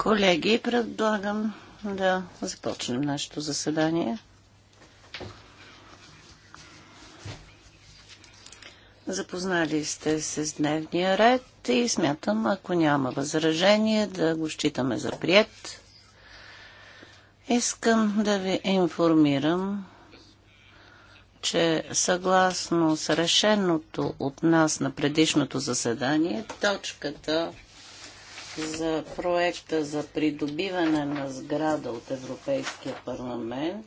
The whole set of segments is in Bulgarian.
Колеги, предлагам да започнем нашето заседание. Запознали сте се с дневния ред и смятам, ако няма възражение, да го считаме за прият. Искам да ви информирам, че съгласно с решеното от нас на предишното заседание, точката за проекта за придобиване на сграда от Европейския парламент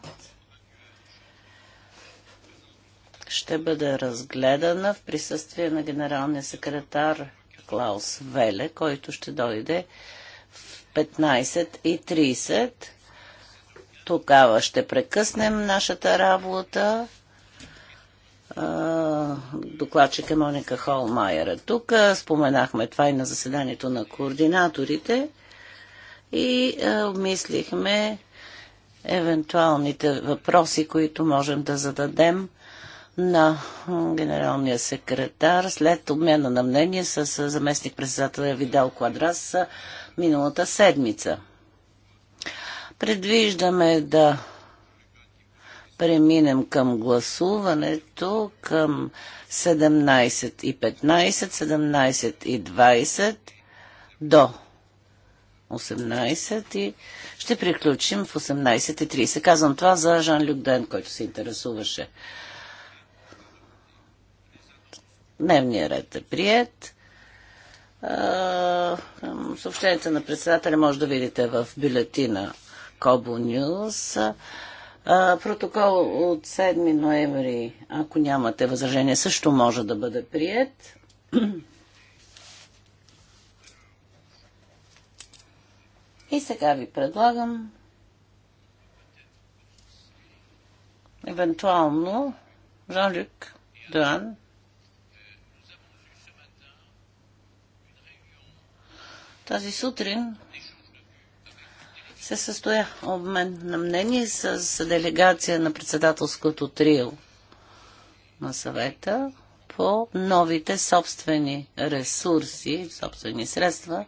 ще бъде разгледана в присъствие на генералния секретар Клаус Веле, който ще дойде в 15.30. Тогава ще прекъснем нашата работа докладчика Моника Холмайер е тук. Споменахме това и на заседанието на координаторите и е, обмислихме евентуалните въпроси, които можем да зададем на генералния секретар след обмена на мнение с заместник председателя Видал Квадрас е, миналата седмица. Предвиждаме да преминем към гласуването към 17 и 15, 17 и 20 до 18 и ще приключим в 18.30. Казвам това за Жан-Люк Ден, който се интересуваше. Дневният ред е прият. Съобщението на председателя може да видите в бюлетина Кобо Ньюс. Протокол от 7 ноември, ако нямате възражение, също може да бъде прият. И сега ви предлагам евентуално Жан-Люк Дуан тази сутрин се състоя обмен на мнение с делегация на председателското трио на съвета по новите собствени ресурси, собствени средства,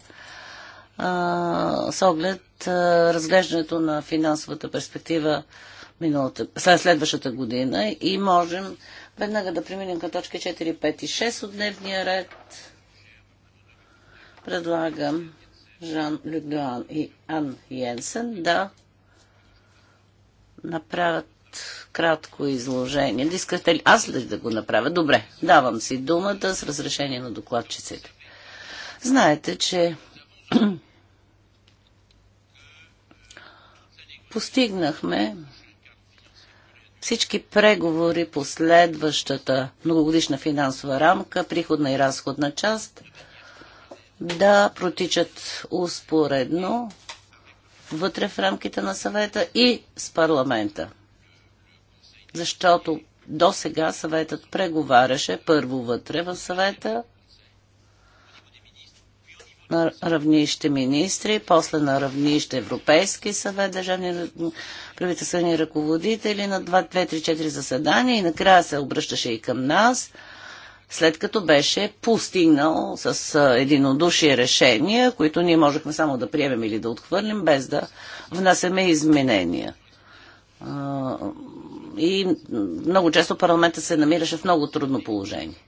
с оглед разглеждането на финансовата перспектива след следващата година и можем веднага да преминем към точки 4, 5 и 6 от дневния ред. Предлагам Жан Людуан и Ан Йенсен да направят кратко изложение. Да искате ли аз ли да го направя? Добре, давам си думата с разрешение на докладчиците. Знаете, че постигнахме всички преговори по следващата многогодишна финансова рамка, приходна и разходна част, да протичат успоредно вътре в рамките на съвета и с парламента. Защото до сега съветът преговаряше първо вътре в съвета на равнище министри, после на равнище Европейски съвет, държавни правителствени ръководители на 2-3-4 заседания и накрая се обръщаше и към нас – след като беше постигнал с единодушие решения, които ние можехме само да приемем или да отхвърлим, без да внасяме изменения. И много често парламентът се намираше в много трудно положение.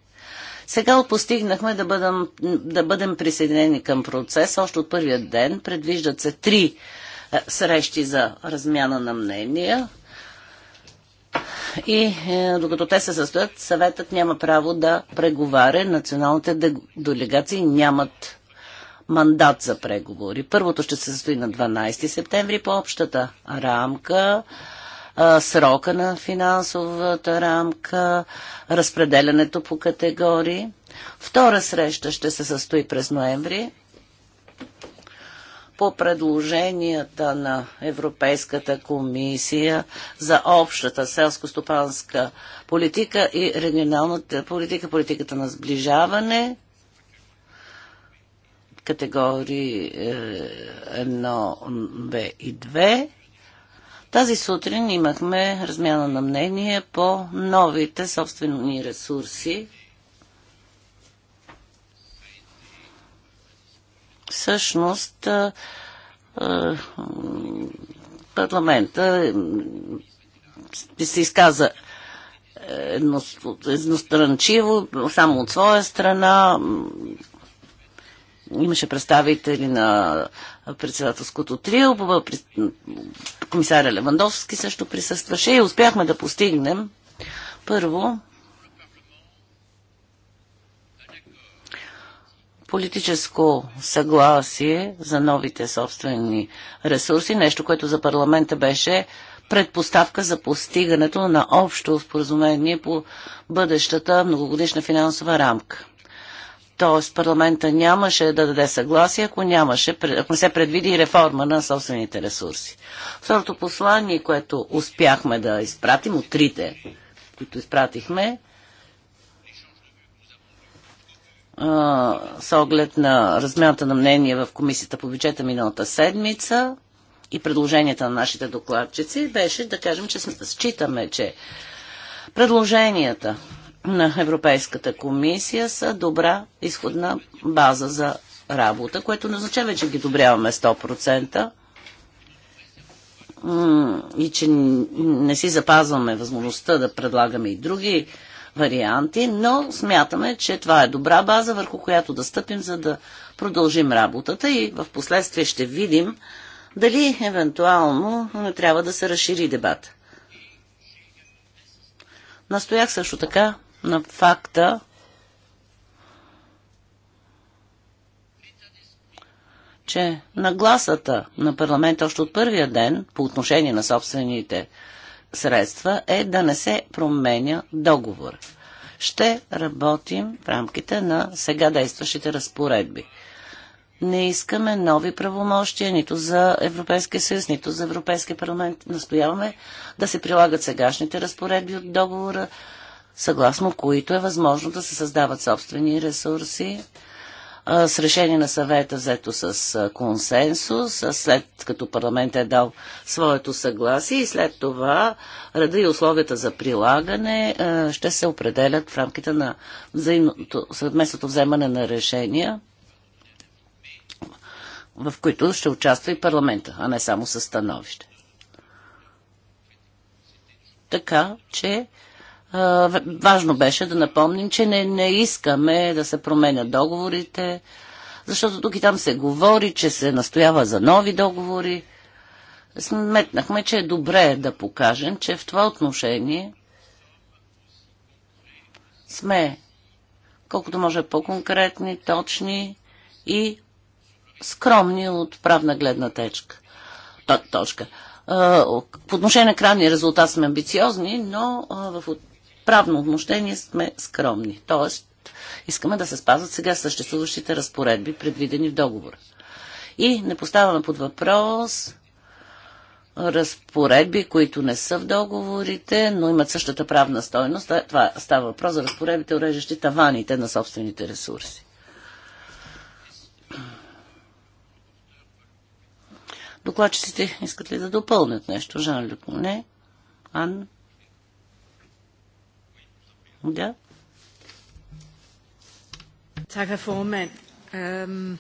Сега постигнахме да бъдем, да бъдем присъединени към процес. Още от първия ден предвиждат се три срещи за размяна на мнения и е, докато те се състоят, съветът няма право да преговаря. Националните делегации нямат мандат за преговори. Първото ще се състои на 12 септември по общата рамка, е, срока на финансовата рамка, разпределянето по категории. Втора среща ще се състои през ноември по предложенията на Европейската комисия за общата селско-стопанска политика и регионалната политика, политиката на сближаване, категории 1, е, Б и 2. Тази сутрин имахме размяна на мнение по новите собствени ресурси всъщност парламента се изказа е, едностранчиво, само от своя страна. Имаше представители на председателското трио, комисаря Левандовски също присъстваше и успяхме да постигнем първо политическо съгласие за новите собствени ресурси, нещо, което за парламента беше предпоставка за постигането на общо споразумение по бъдещата многогодишна финансова рамка. Тоест парламента нямаше да даде съгласие, ако, нямаше, ако не се предвиди реформа на собствените ресурси. Второто послание, което успяхме да изпратим от трите, които изпратихме, с оглед на размяната на мнение в комисията по бюджета миналата седмица и предложенията на нашите докладчици беше да кажем, че считаме, че предложенията на Европейската комисия са добра изходна база за работа, което не означава, че ги добряваме 100% и че не си запазваме възможността да предлагаме и други варианти, но смятаме, че това е добра база, върху която да стъпим, за да продължим работата и в последствие ще видим дали евентуално не трябва да се разшири дебата. Настоях също така на факта, че нагласата на парламента още от първия ден по отношение на собствените средства е да не се променя договор. Ще работим в рамките на сега действащите разпоредби. Не искаме нови правомощия нито за Европейския съюз, нито за Европейския парламент. Настояваме да се прилагат сегашните разпоредби от договора, съгласно които е възможно да се създават собствени ресурси, с решение на съвета взето с консенсус, след като парламент е дал своето съгласие и след това реда и условията за прилагане ще се определят в рамките на съвместното вземане на решения, в които ще участва и парламента, а не само със становище. Така че важно беше да напомним, че не, не искаме да се променят договорите, защото тук и там се говори, че се настоява за нови договори. Сметнахме, че е добре да покажем, че в това отношение сме колкото може по-конкретни, точни и скромни от правна гледна течка. точка. По отношение на крайния резултат сме амбициозни, но в правно отношение сме скромни. Тоест, искаме да се спазват сега съществуващите разпоредби, предвидени в договора. И не поставяме под въпрос разпоредби, които не са в договорите, но имат същата правна стойност. Е, това става въпрос за разпоредбите, уреждащи таваните на собствените ресурси. Докладчиците искат ли да допълнят нещо? Жан Люк, не. Анна? Да. Така, формен. Øh,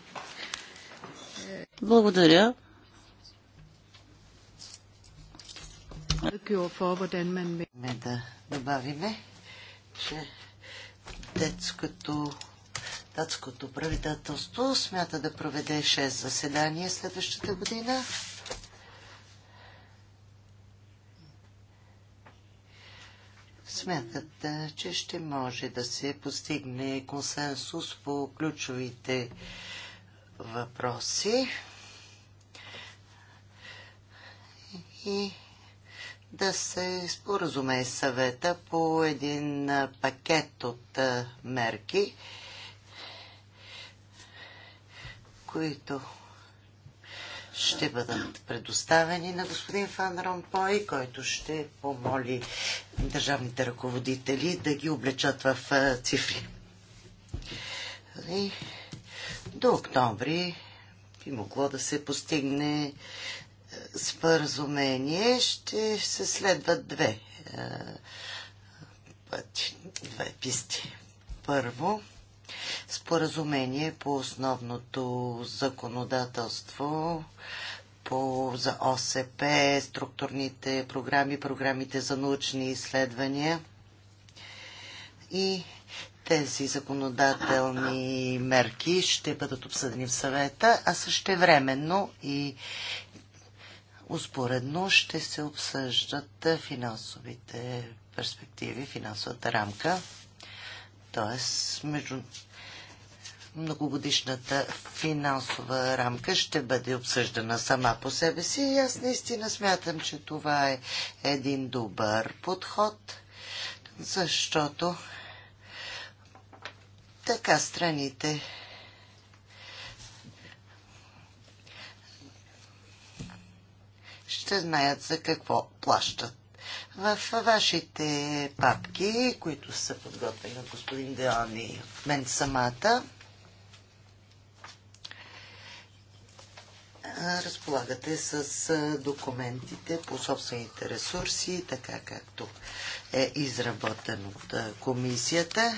Благодаря. Не да добавиме, че детското датското правителство смята да проведе 6 заседания следващата година. смятат, че ще може да се постигне консенсус по ключовите въпроси и да се споразуме съвета по един пакет от мерки, които ще бъдат предоставени на господин Фан Ромпой, който ще помоли държавните ръководители да ги облечат в цифри. И до октомври би могло да се постигне споразумение. Ще се следват две пъти, две писти. Първо, споразумение по основното законодателство по, за ОСП, структурните програми, програмите за научни изследвания и тези законодателни мерки ще бъдат обсъдени в съвета, а също временно и успоредно ще се обсъждат финансовите перспективи, финансовата рамка т.е. между многогодишната финансова рамка ще бъде обсъждана сама по себе си и аз наистина смятам, че това е един добър подход, защото така страните ще знаят за какво плащат. В вашите папки, които са подготвени от господин Деон и от мен самата, разполагате с документите по собствените ресурси, така както е изработен от комисията.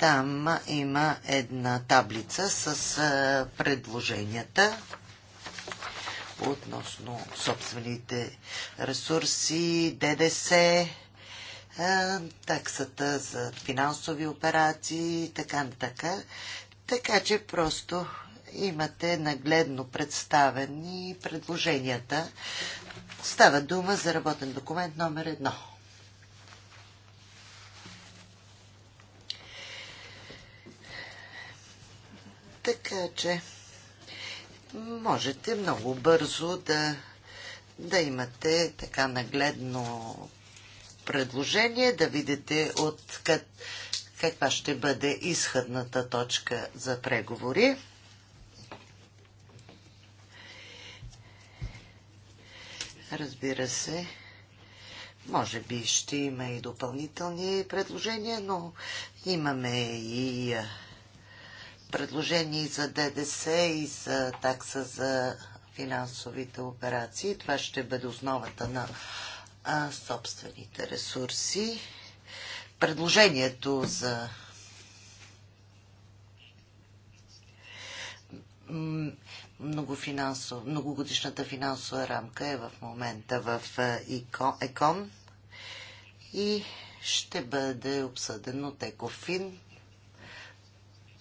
Там има една таблица с предложенията относно собствените ресурси, ДДС, таксата за финансови операции и така така. Така че просто имате нагледно представени предложенията. Става дума за работен документ номер едно. Така че можете много бързо да, да имате така нагледно предложение, да видите от кът, каква ще бъде изходната точка за преговори. Разбира се, може би ще има и допълнителни предложения, но имаме и предложение за ДДС и за такса за финансовите операции. Това ще бъде основата на а, собствените ресурси. Предложението за многофинансов, многогодишната финансова рамка е в момента в ЕКОН и ще бъде обсъдено от ЕКОФИН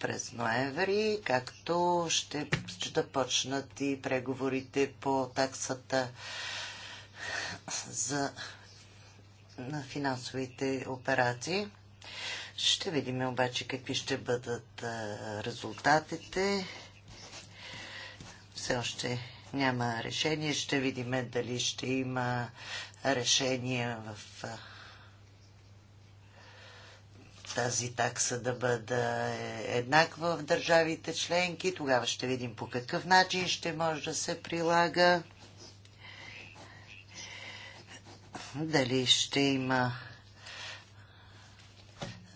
през ноември, както ще, ще почнат и преговорите по таксата за на финансовите операции. Ще видим обаче какви ще бъдат резултатите. Все още няма решение. Ще видим дали ще има решение в тази такса да бъде еднаква в държавите членки. Тогава ще видим по какъв начин ще може да се прилага. Дали ще има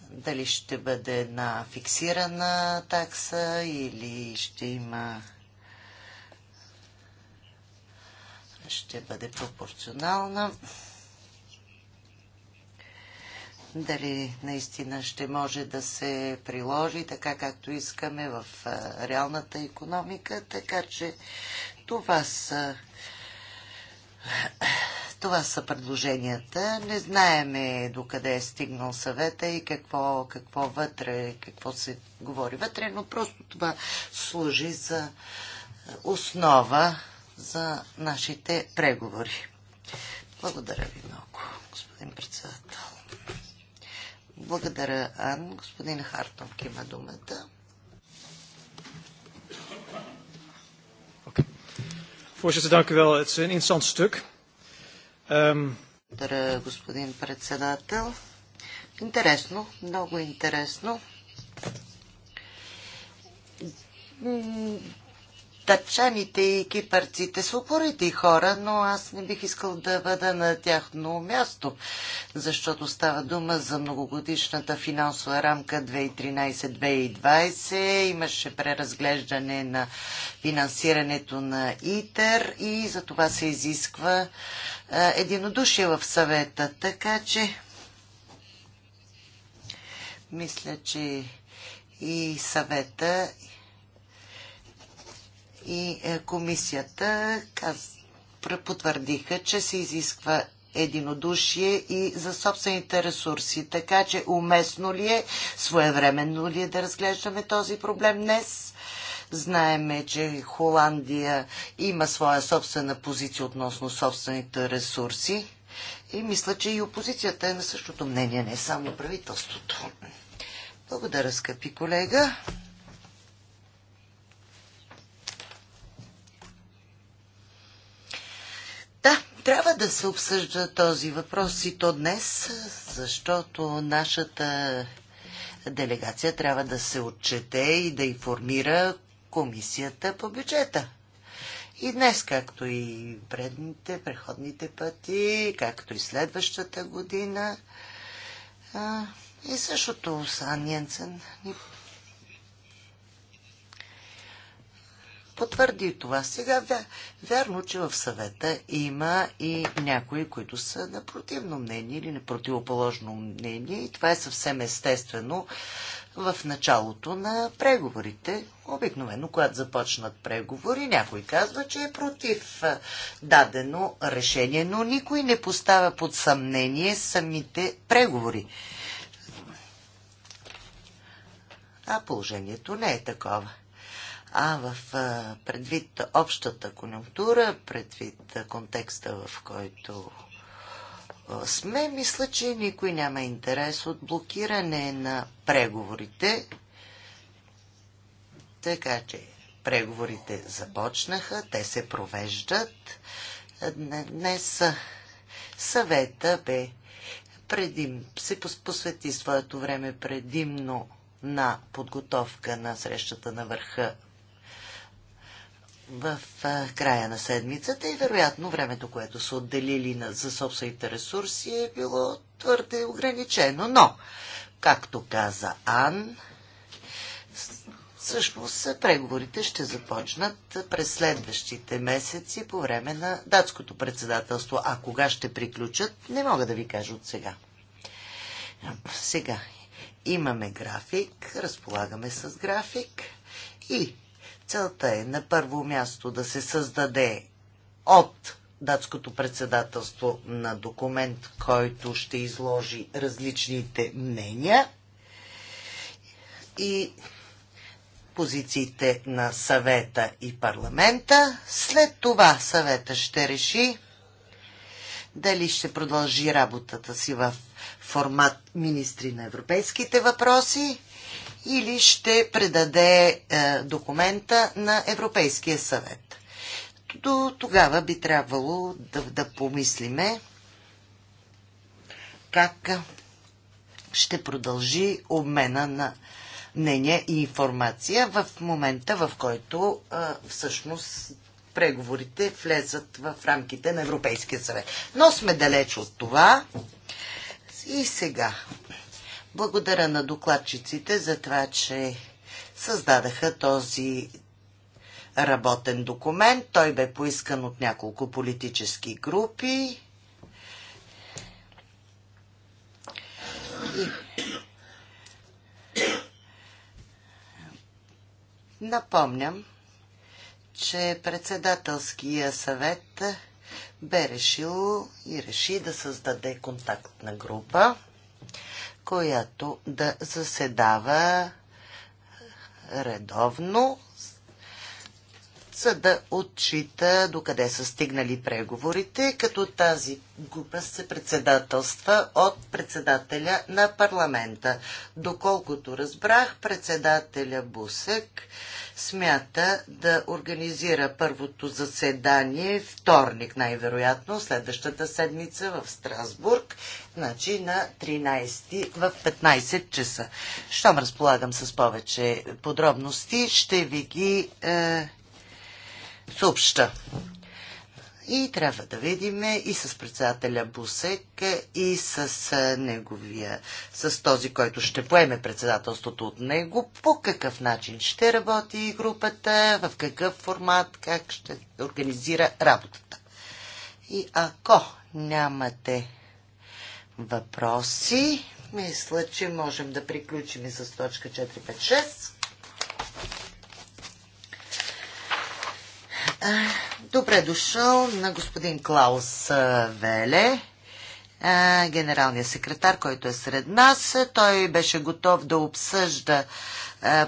дали ще бъде една фиксирана такса или ще има ще бъде пропорционална дали наистина ще може да се приложи така както искаме в реалната економика, така че това са това са предложенията. Не знаеме докъде е стигнал съвета и какво, какво вътре, какво се говори вътре, но просто това служи за основа за нашите преговори. Благодаря ви много, господин председател. Благодаря, Ан. Господин Хартонг има думата. Voorzitter, dank u wel. Het is een interessant stuk. Um... Благодаря, господин председател. Интересно, много интересно. Тачаните и кипърците са упорити хора, но аз не бих искал да бъда на тяхно място, защото става дума за многогодишната финансова рамка 2013-2020. Имаше преразглеждане на финансирането на ИТЕР и за това се изисква е, единодушие в съвета. Така че мисля, че и съвета и е, комисията потвърдиха, че се изисква единодушие и за собствените ресурси. Така че уместно ли е, своевременно ли е да разглеждаме този проблем днес? Знаеме, че Холандия има своя собствена позиция относно собствените ресурси и мисля, че и опозицията е на същото мнение, не само правителството. Благодаря, скъпи колега. Да, трябва да се обсъжда този въпрос и то днес, защото нашата делегация трябва да се отчете и да информира комисията по бюджета. И днес, както и предните, преходните пъти, както и следващата година, и същото Сан Йенсен ни потвърди това. Сега вярно, че в съвета има и някои, които са на противно мнение или на противоположно мнение и това е съвсем естествено в началото на преговорите. Обикновено, когато започнат преговори, някой казва, че е против дадено решение, но никой не поставя под съмнение самите преговори. А положението не е такова. А в предвид общата конюнктура, предвид контекста, в който сме, мисля, че никой няма интерес от блокиране на преговорите. Така че преговорите започнаха, те се провеждат. Днес съвета бе предим, се посвети своето време предимно на подготовка на срещата на върха в края на седмицата и вероятно времето, което са отделили на, за собствените ресурси е било твърде ограничено. Но, както каза Ан, всъщност преговорите ще започнат през следващите месеци по време на датското председателство. А кога ще приключат, не мога да ви кажа от сега. Сега имаме график, разполагаме с график и Целта е на първо място да се създаде от датското председателство на документ, който ще изложи различните мнения и позициите на съвета и парламента. След това съвета ще реши дали ще продължи работата си в формат министри на европейските въпроси или ще предаде е, документа на Европейския съвет. До тогава би трябвало да, да помислиме как ще продължи обмена на мнения и информация в момента, в който а, е, всъщност преговорите влезат в рамките на Европейския съвет. Но сме далеч от това. И сега благодаря на докладчиците за това, че създадаха този работен документ. Той бе поискан от няколко политически групи. И... Напомням, че председателския съвет бе решил и реши да създаде контактна група която да заседава редовно за да отчита докъде са стигнали преговорите, като тази група се председателства от председателя на парламента. Доколкото разбрах, председателя Бусек смята да организира първото заседание вторник, най-вероятно, следващата седмица в Страсбург, значи на 13 в 15 часа. Щом разполагам с повече подробности, ще ви ги е, съобща. И трябва да видим и с председателя Бусек, и с неговия, с този, който ще поеме председателството от него, по какъв начин ще работи групата, в какъв формат, как ще организира работата. И ако нямате въпроси, мисля, че можем да приключим с точка 456. Добре дошъл на господин Клаус Веле, генералният секретар, който е сред нас. Той беше готов да обсъжда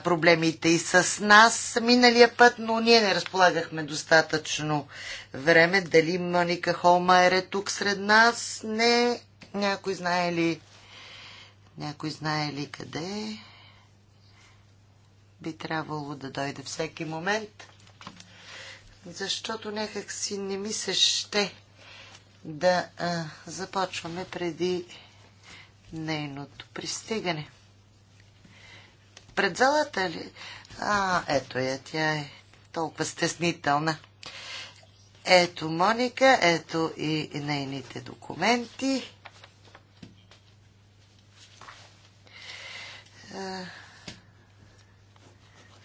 проблемите и с нас миналия път, но ние не разполагахме достатъчно време. Дали Моника Холмайер е тук сред нас? Не. Някой знае ли? Някой знае ли къде? Би трябвало да дойде всеки момент защото някак си не ми се ще да а, започваме преди нейното пристигане. Пред залата ли? А, ето я, тя е толкова стеснителна. Ето Моника, ето и нейните документи.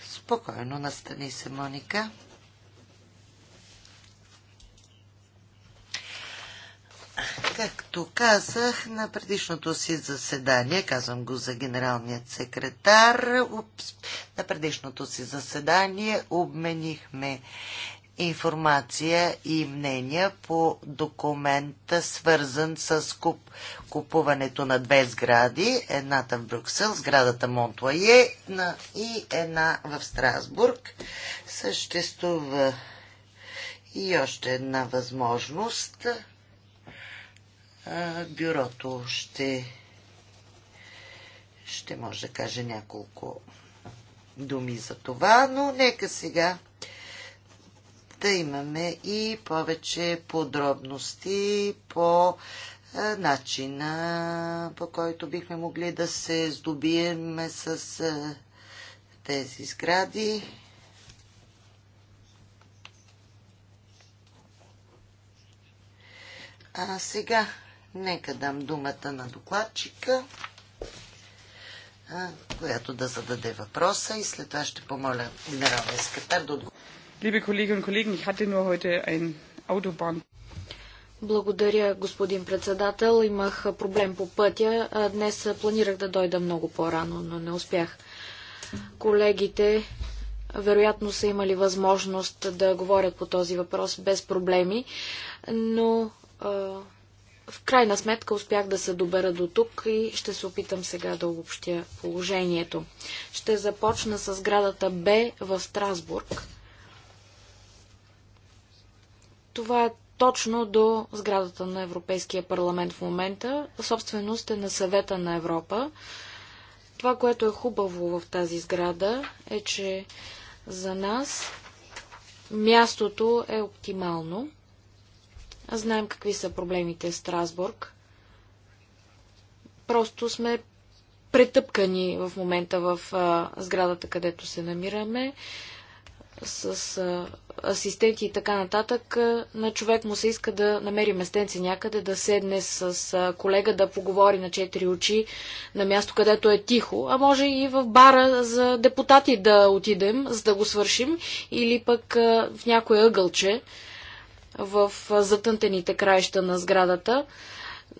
Спокойно настани се, Моника. Както казах на предишното си заседание, казвам го за генералният секретар, на предишното си заседание обменихме информация и мнения по документа, свързан с куп, купуването на две сгради. Едната в Брюксел, сградата Монтлае и една в Страсбург. Съществува и още една възможност – бюрото ще, ще може да каже няколко думи за това, но нека сега да имаме и повече подробности по начина, по който бихме могли да се здобием с тези сгради. А сега Нека дам думата на докладчика, която да зададе въпроса и след това ще помоля генералния секретар да отговори. Благодаря, господин председател. Имах проблем по пътя. Днес планирах да дойда много по-рано, но не успях. Колегите вероятно са имали възможност да говорят по този въпрос без проблеми, но в крайна сметка успях да се добера до тук и ще се опитам сега да обобщя положението. Ще започна с градата Б в Страсбург. Това е точно до сградата на Европейския парламент в момента. Собственост е на съвета на Европа. Това, което е хубаво в тази сграда е, че за нас мястото е оптимално. Аз Знаем какви са проблемите в Страсбург. Просто сме претъпкани в момента в а, сградата, където се намираме, с а, асистенти и така нататък. на човек му се иска да намери местенце някъде, да седне с а, колега, да поговори на четири очи на място, където е тихо, а може и в бара за депутати да отидем, за да го свършим, или пък а, в някое ъгълче в затънтените краища на сградата,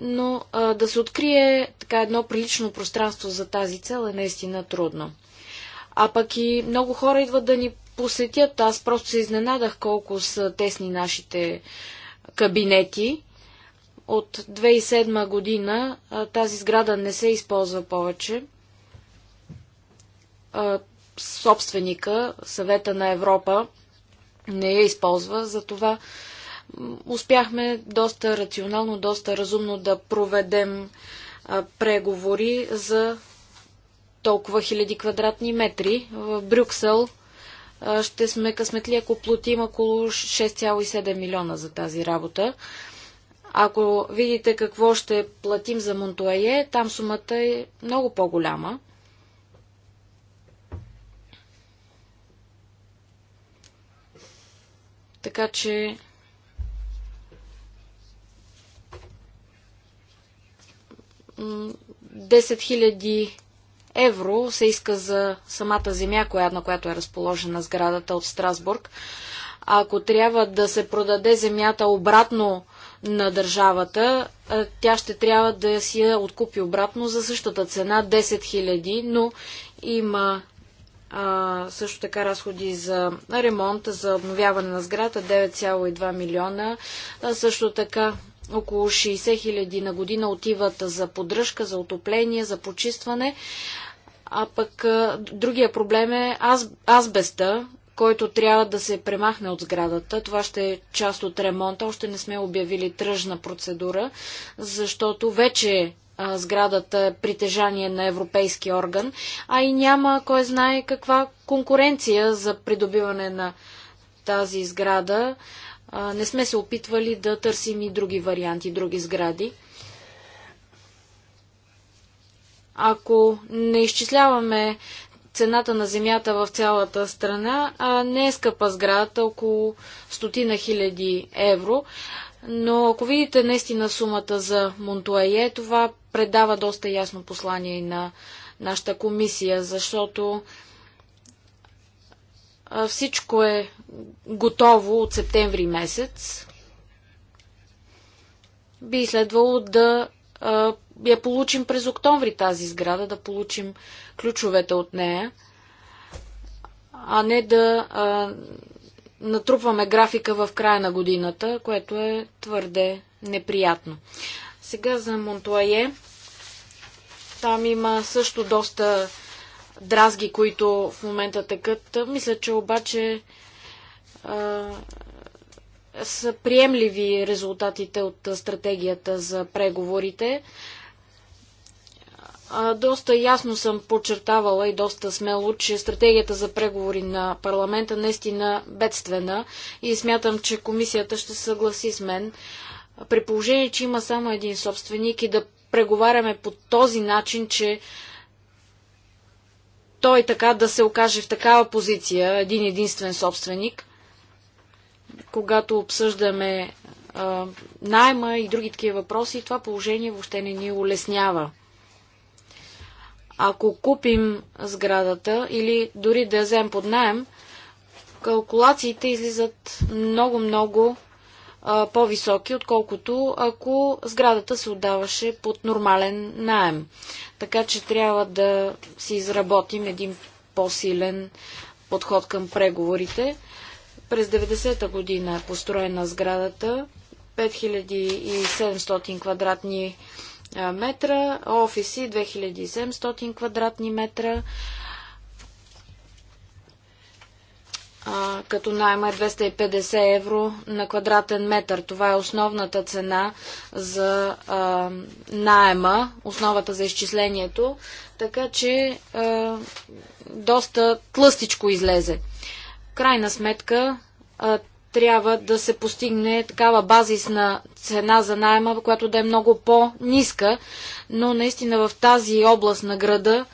но а, да се открие така едно прилично пространство за тази цел е наистина трудно. А пък и много хора идват да ни посетят. Аз просто се изненадах колко са тесни нашите кабинети. От 2007 година а, тази сграда не се използва повече. А, собственика, съвета на Европа, не я използва, затова успяхме доста рационално, доста разумно да проведем преговори за толкова хиляди квадратни метри. В Брюксел ще сме късметли, ако платим около 6,7 милиона за тази работа. Ако видите какво ще платим за Монтуае, там сумата е много по-голяма. Така че 10 000 евро се иска за самата земя, на която е разположена сградата от Страсбург. ако трябва да се продаде земята обратно на държавата, тя ще трябва да си я откупи обратно за същата цена 10 000, но има а, също така разходи за ремонт, за обновяване на сграда 9,2 милиона. А, също така около 60 хиляди на година отиват за поддръжка, за отопление, за почистване. А пък другия проблем е аз, азбеста, който трябва да се премахне от сградата. Това ще е част от ремонта. Още не сме обявили тръжна процедура, защото вече сградата е притежание на европейски орган, а и няма кой знае каква конкуренция за придобиване на тази сграда не сме се опитвали да търсим и други варианти, други сгради. Ако не изчисляваме цената на земята в цялата страна, а не е скъпа сградата, около стотина хиляди евро. Но ако видите наистина сумата за Монтуае, това предава доста ясно послание и на нашата комисия, защото всичко е готово от септември месец. Би следвало да я получим през октомври тази сграда, да получим ключовете от нея, а не да а, натрупваме графика в края на годината, което е твърде неприятно. Сега за Монтуае. Там има също доста дразги, които в момента тъкат. Мисля, че обаче а, са приемливи резултатите от стратегията за преговорите. А, доста ясно съм подчертавала и доста смело, че стратегията за преговори на парламента наистина бедствена и смятам, че комисията ще съгласи с мен. При положение, че има само един собственик и да преговаряме по този начин, че той така да се окаже в такава позиция, един единствен собственик, когато обсъждаме а, найма и други такива въпроси, това положение въобще не ни улеснява. Ако купим сградата или дори да я вземем под найем, калкулациите излизат много-много по-високи, отколкото ако сградата се отдаваше под нормален найем. Така че трябва да си изработим един по-силен подход към преговорите. През 90-та година е построена сградата, 5700 квадратни метра, офиси 2700 квадратни метра, а, като найма е 250 евро на квадратен метър. Това е основната цена за а, найема, основата за изчислението, така че а, доста тлъстичко излезе. Крайна сметка а, трябва да се постигне такава базисна цена за найема, която да е много по-ниска, но наистина в тази област на града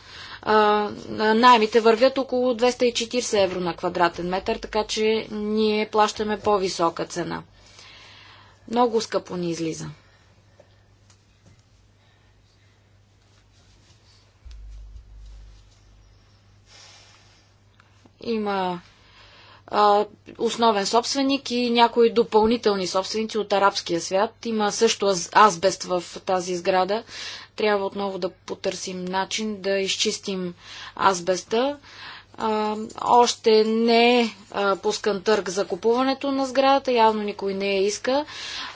найемите вървят около 240 евро на квадратен метър, така че ние плащаме по-висока цена. Много скъпо ни излиза. Има а, основен собственик и някои допълнителни собственици от арабския свят. Има също аз, азбест в тази сграда трябва отново да потърсим начин да изчистим азбеста. А, още не е пускан търг за купуването на сградата, явно никой не я иска.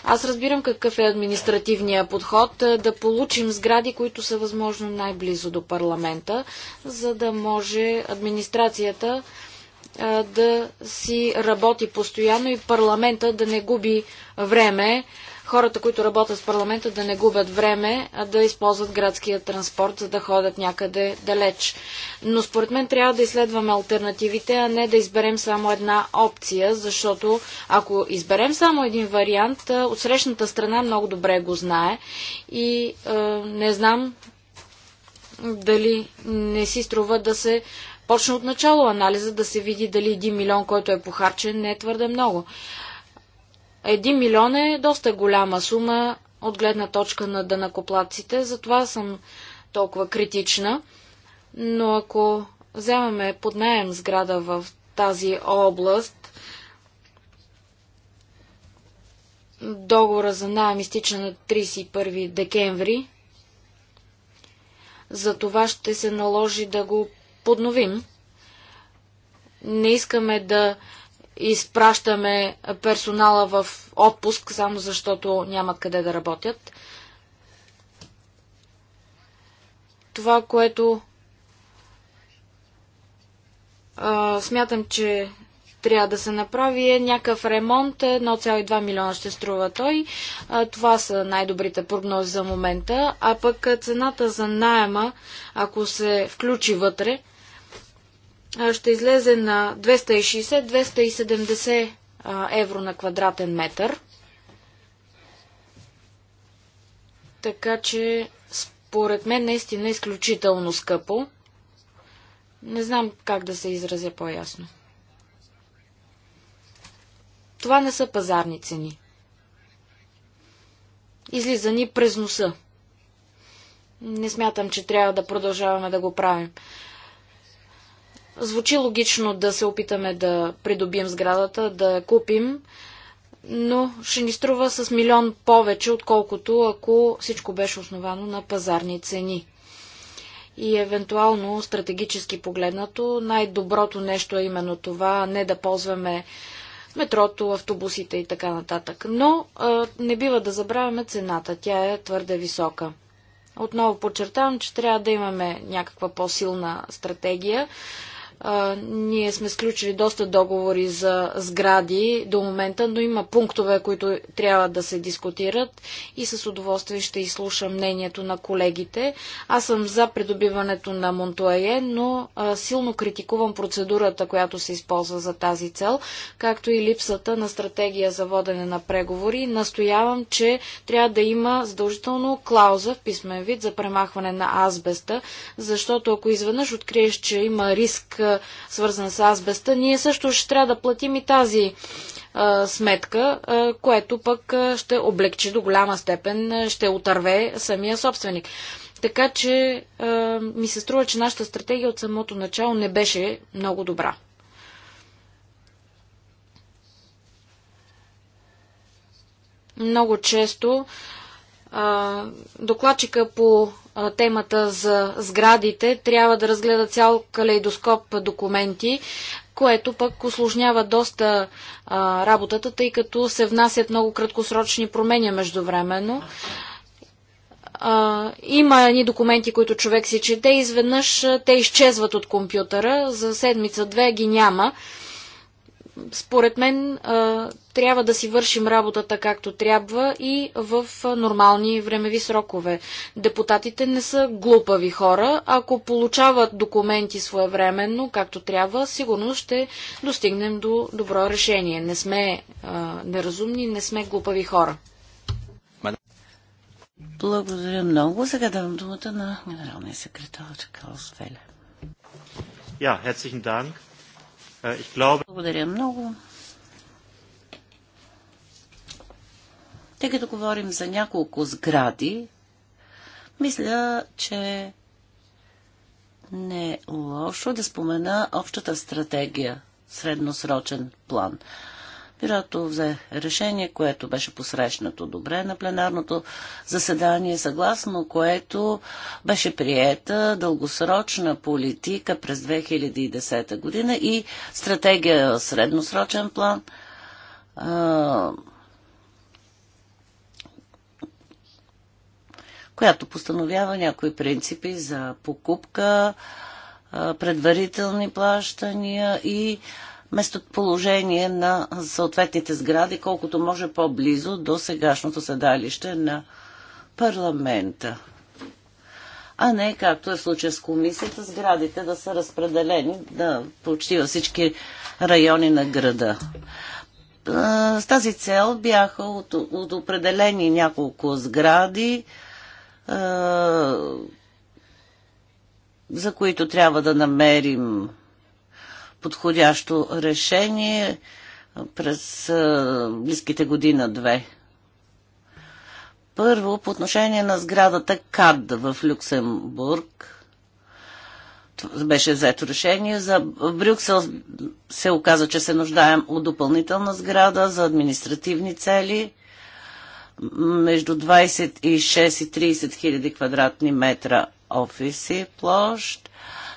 Аз разбирам какъв е административния подход да получим сгради, които са възможно най-близо до парламента, за да може администрацията а, да си работи постоянно и парламента да не губи време хората, които работят в парламента, да не губят време, а да използват градския транспорт, за да ходят някъде далеч. Но според мен трябва да изследваме альтернативите, а не да изберем само една опция, защото ако изберем само един вариант, от срещната страна много добре го знае и е, не знам дали не си струва да се почне от начало анализа, да се види дали един милион, който е похарчен, не е твърде много. Един милион е доста голяма сума от гледна точка на дънакоплатците, затова съм толкова критична. Но ако вземаме под наем сграда в тази област, договора за найем изтича на 31 декември, за това ще се наложи да го подновим. Не искаме да изпращаме персонала в отпуск, само защото нямат къде да работят. Това, което а, смятам, че трябва да се направи е някакъв ремонт. 1,2 милиона ще струва той. А, това са най-добрите прогнози за момента. А пък цената за найема, ако се включи вътре, ще излезе на 260-270 евро на квадратен метър. Така че, според мен, наистина е изключително скъпо. Не знам как да се изразя по-ясно. Това не са пазарни цени. Излиза ни през носа. Не смятам, че трябва да продължаваме да го правим. Звучи логично да се опитаме да придобием сградата, да я купим, но ще ни струва с милион повече, отколкото ако всичко беше основано на пазарни цени. И евентуално, стратегически погледнато, най-доброто нещо е именно това, не да ползваме метрото, автобусите и така нататък. Но а, не бива да забравяме цената. Тя е твърде висока. Отново подчертавам, че трябва да имаме някаква по-силна стратегия, а, ние сме сключили доста договори за сгради до момента, но има пунктове, които трябва да се дискутират и с удоволствие ще изслуша мнението на колегите. Аз съм за придобиването на Монтуае, но а, силно критикувам процедурата, която се използва за тази цел, както и липсата на стратегия за водене на преговори. Настоявам, че трябва да има задължително клауза в писмен вид за премахване на азбеста, защото ако изведнъж откриеш, че има риск свързан с азбеста, ние също ще трябва да платим и тази сметка, което пък ще облегчи до голяма степен, ще отърве самия собственик. Така че ми се струва, че нашата стратегия от самото начало не беше много добра. Много често докладчика по темата за сградите, трябва да разгледа цял калейдоскоп документи, което пък осложнява доста а, работата, тъй като се внасят много краткосрочни промени междувременно. А, има едни документи, които човек си чете, изведнъж те изчезват от компютъра, за седмица-две ги няма според мен трябва да си вършим работата както трябва и в нормални времеви срокове. Депутатите не са глупави хора. Ако получават документи своевременно, както трябва, сигурно ще достигнем до добро решение. Не сме неразумни, не сме глупави хора. Благодаря много. Сега давам думата на генералния секретар Чакалс Веле. Ja, herzlichen Dank. Е, Благодаря много. Тъй като говорим за няколко сгради, мисля, че не е лошо да спомена общата стратегия, средносрочен план. Бюрото взе решение, което беше посрещнато добре на пленарното заседание, съгласно което беше приета дългосрочна политика през 2010 година и стратегия средносрочен план която постановява някои принципи за покупка, предварителни плащания и местоположение на съответните сгради, колкото може по-близо до сегашното седалище на парламента. А не, както е в случая с комисията, сградите да са разпределени да, почти във всички райони на града. С тази цел бяха от, от определени няколко сгради, за които трябва да намерим подходящо решение през близките година-две. Първо, по отношение на сградата КАД в Люксембург, беше взето решение. За Брюксел се оказа, че се нуждаем от допълнителна сграда за административни цели между 26 и 30 хиляди квадратни метра офиси площ.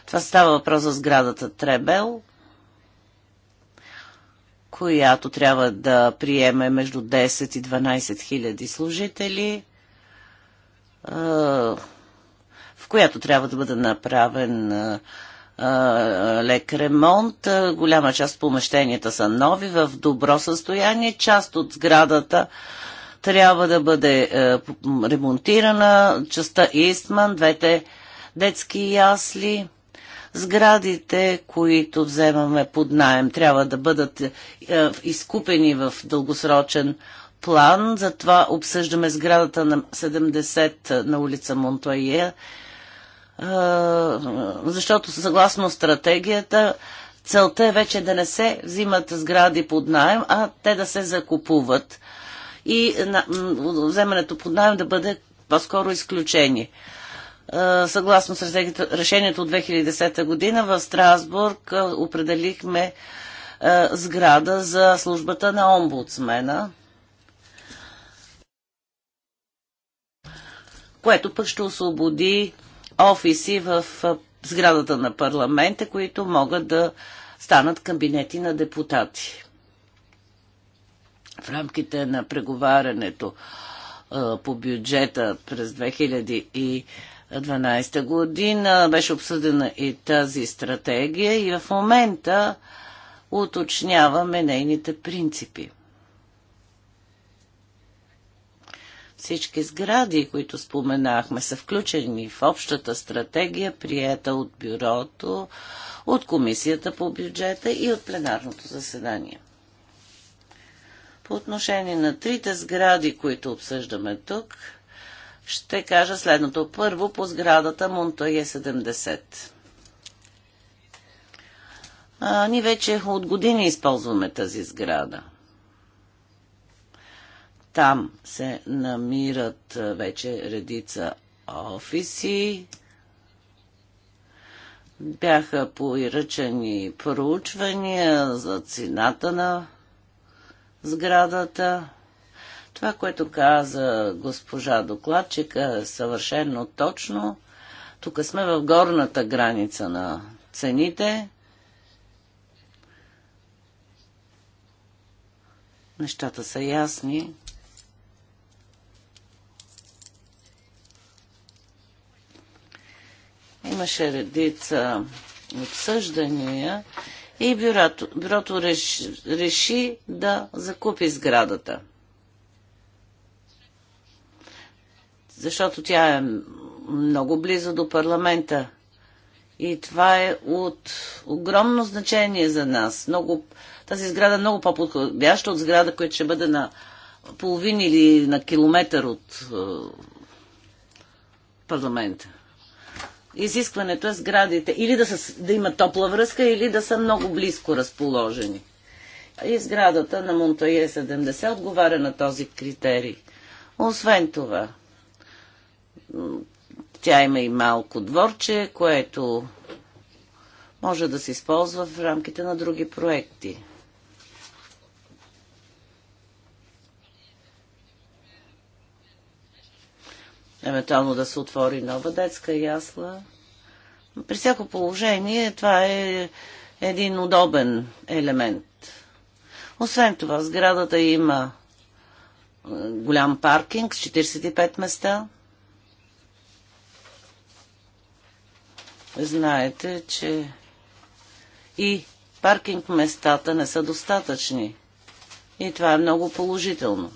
Това става въпрос за сградата Требел – която трябва да приеме между 10 и 12 хиляди служители, в която трябва да бъде направен лек ремонт. Голяма част от помещенията са нови, в добро състояние. Част от сградата трябва да бъде е, ремонтирана. Частта Истман, двете детски ясли Сградите, които вземаме под найем, трябва да бъдат е, изкупени в дългосрочен план. Затова обсъждаме сградата на 70 е, на улица Монтуайе, е, защото съгласно стратегията целта е вече да не се взимат сгради под найем, а те да се закупуват и вземането под найем да бъде по-скоро изключение. Е, съгласно с решението от 2010 година в Страсбург е, определихме е, сграда за службата на омбудсмена, което пък ще освободи офиси в сградата на парламента, които могат да станат кабинети на депутати. В рамките на преговарянето по бюджета през 2000 и 2012 година беше обсъдена и тази стратегия и в момента уточняваме нейните принципи. Всички сгради, които споменахме, са включени в общата стратегия, приета от бюрото, от комисията по бюджета и от пленарното заседание. По отношение на трите сгради, които обсъждаме тук, ще кажа следното. Първо по сградата Монтое 70. А, ние вече от години използваме тази сграда. Там се намират вече редица офиси. Бяха поиръчени проучвания за цената на сградата. Това, което каза госпожа докладчика, е съвършено точно. Тук сме в горната граница на цените. Нещата са ясни. Имаше редица обсъждания и бюрото, бюрото реши, реши да закупи сградата. защото тя е много близо до парламента. И това е от огромно значение за нас. Много, тази сграда е много по-подходяща от сграда, която ще бъде на половин или на километър от е, парламента. Изискването е сградите или да, са, да има топла връзка, или да са много близко разположени. И сградата на Монтое 70 отговаря на този критерий. Освен това, тя има и малко дворче, което може да се използва в рамките на други проекти. Евентуално да се отвори нова детска ясла. При всяко положение това е един удобен елемент. Освен това, сградата има е, голям паркинг с 45 места – Знаете, че и паркинг местата не са достатъчни. И това е много положително.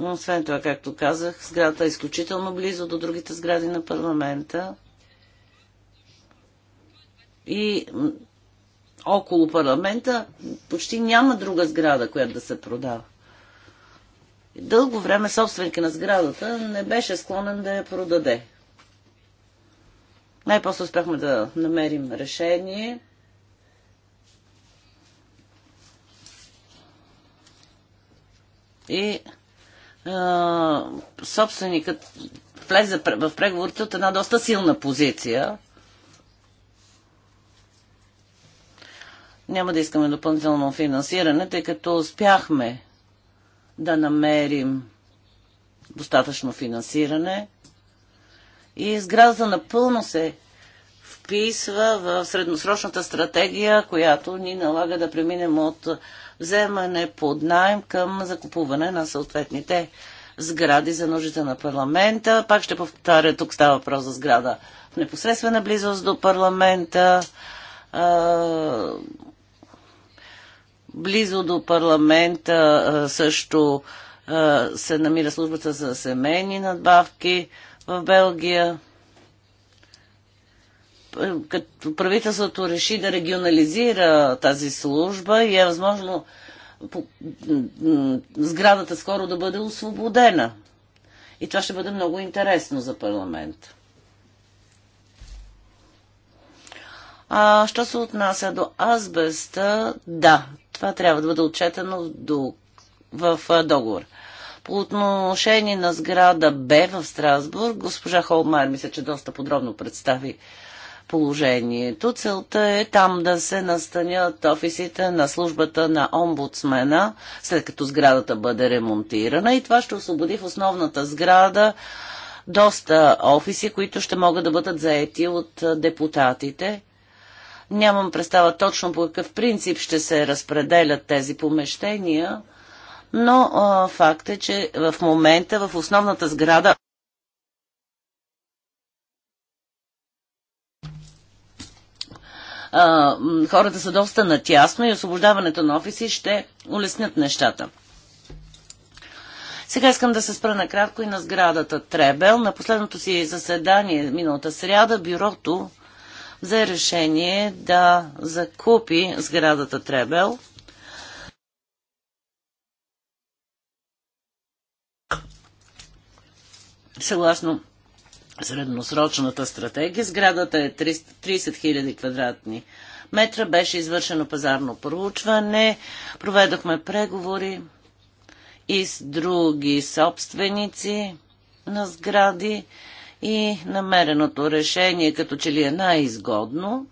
Освен това, както казах, сградата е изключително близо до другите сгради на парламента. И около парламента почти няма друга сграда, която да се продава. Дълго време собственика на сградата не беше склонен да я продаде. Най-после успяхме да намерим решение. И а, собственикът влезе в преговорите от една доста силна позиция. Няма да искаме допълнително финансиране, тъй като успяхме да намерим достатъчно финансиране и сграда напълно се вписва в средносрочната стратегия, която ни налага да преминем от вземане под найем към закупуване на съответните сгради за нуждите на парламента. Пак ще повторя, тук става въпрос за сграда в непосредствена близост до парламента. Близо до парламента също се намира службата за семейни надбавки в Белгия. Като правителството реши да регионализира тази служба и е възможно сградата скоро да бъде освободена. И това ще бъде много интересно за парламент. А, що се отнася до азбеста, да, това трябва да бъде отчетено в договор. По отношение на сграда Б в Страсбург, госпожа Холмайер мисля, че доста подробно представи положението. Целта е там да се настанят офисите на службата на омбудсмена, след като сградата бъде ремонтирана и това ще освободи в основната сграда доста офиси, които ще могат да бъдат заети от депутатите. Нямам представа точно по какъв принцип ще се разпределят тези помещения, но а, факт е, че в момента в основната сграда а, хората са доста натясно и освобождаването на офиси ще улеснят нещата. Сега искам да се спра накратко и на сградата Требел. На последното си заседание миналата сряда бюрото взе решение да закупи сградата Требел. Съгласно средносрочната стратегия, сградата е 30 000 квадратни метра. Беше извършено пазарно проучване, проведохме преговори и с други собственици на сгради и намереното решение като че ли е най-изгодно.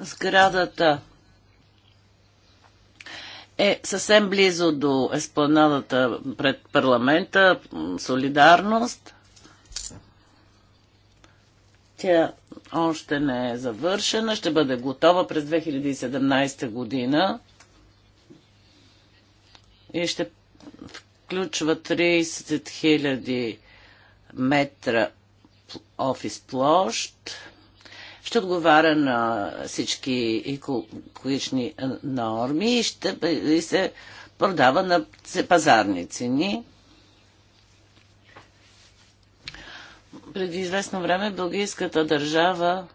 Сградата е съвсем близо до еспланадата пред парламента Солидарност. Тя още не е завършена, ще бъде готова през 2017 година и ще включва 30 000 метра офис площ. Ще отговаря на всички екологични е, норми и ще и се продава на пазарни цени. Преди известно време бългийската държава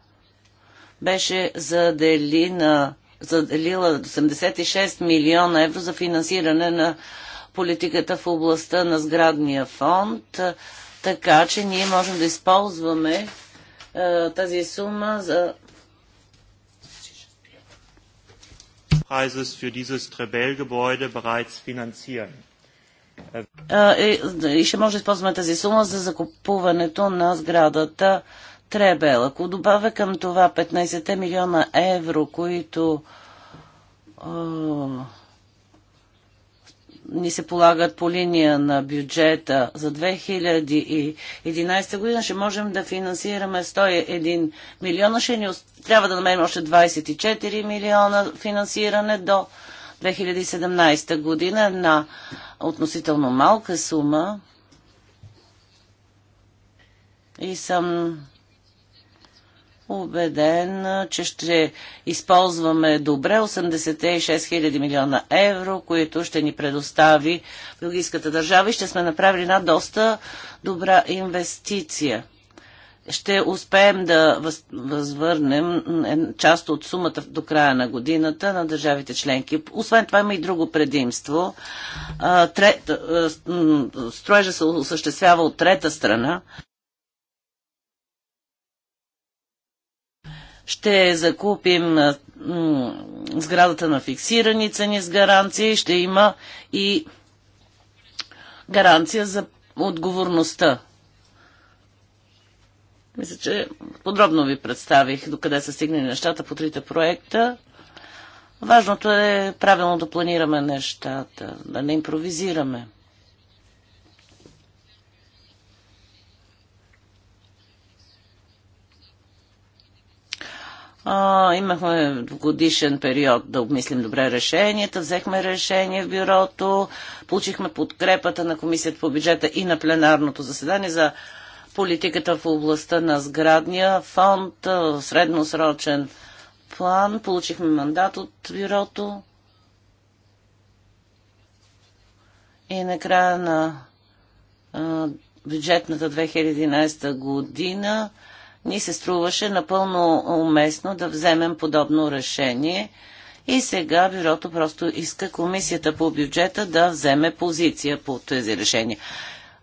беше задели на заделила 86 милиона евро за финансиране на политиката в областта на сградния фонд, така че ние можем да използваме е, тази сума за Preises für dieses bereits finanzieren. Е, е, и ще може да използваме тази сума за закупуването на сградата Требел. Ако добавя към това 15 милиона евро, които а, ни се полагат по линия на бюджета за 2011 година, ще можем да финансираме 101 милиона. Ще ни, трябва да намерим още 24 милиона финансиране до 2017 година. Една относително малка сума. И съм Убеден, че ще използваме добре 86 000 милиона евро, които ще ни предостави Белгийската държава и ще сме направили една доста добра инвестиция. Ще успеем да възвърнем част от сумата до края на годината на държавите членки. Освен това има и друго предимство. Строежа се осъществява от трета страна. ще закупим сградата на фиксирани цени с гаранция и ще има и гаранция за отговорността. Мисля, че подробно ви представих докъде са стигнали нещата по трите проекта. Важното е правилно да планираме нещата, да не импровизираме. А, имахме годишен период да обмислим добре решенията, взехме решение в бюрото, получихме подкрепата на Комисията по бюджета и на пленарното заседание за политиката в областта на сградния фонд, средносрочен план. Получихме мандат от бюрото. И накрая на бюджетната 2011 година ни се струваше напълно уместно да вземем подобно решение. И сега бюрото просто иска комисията по бюджета да вземе позиция по тези решения.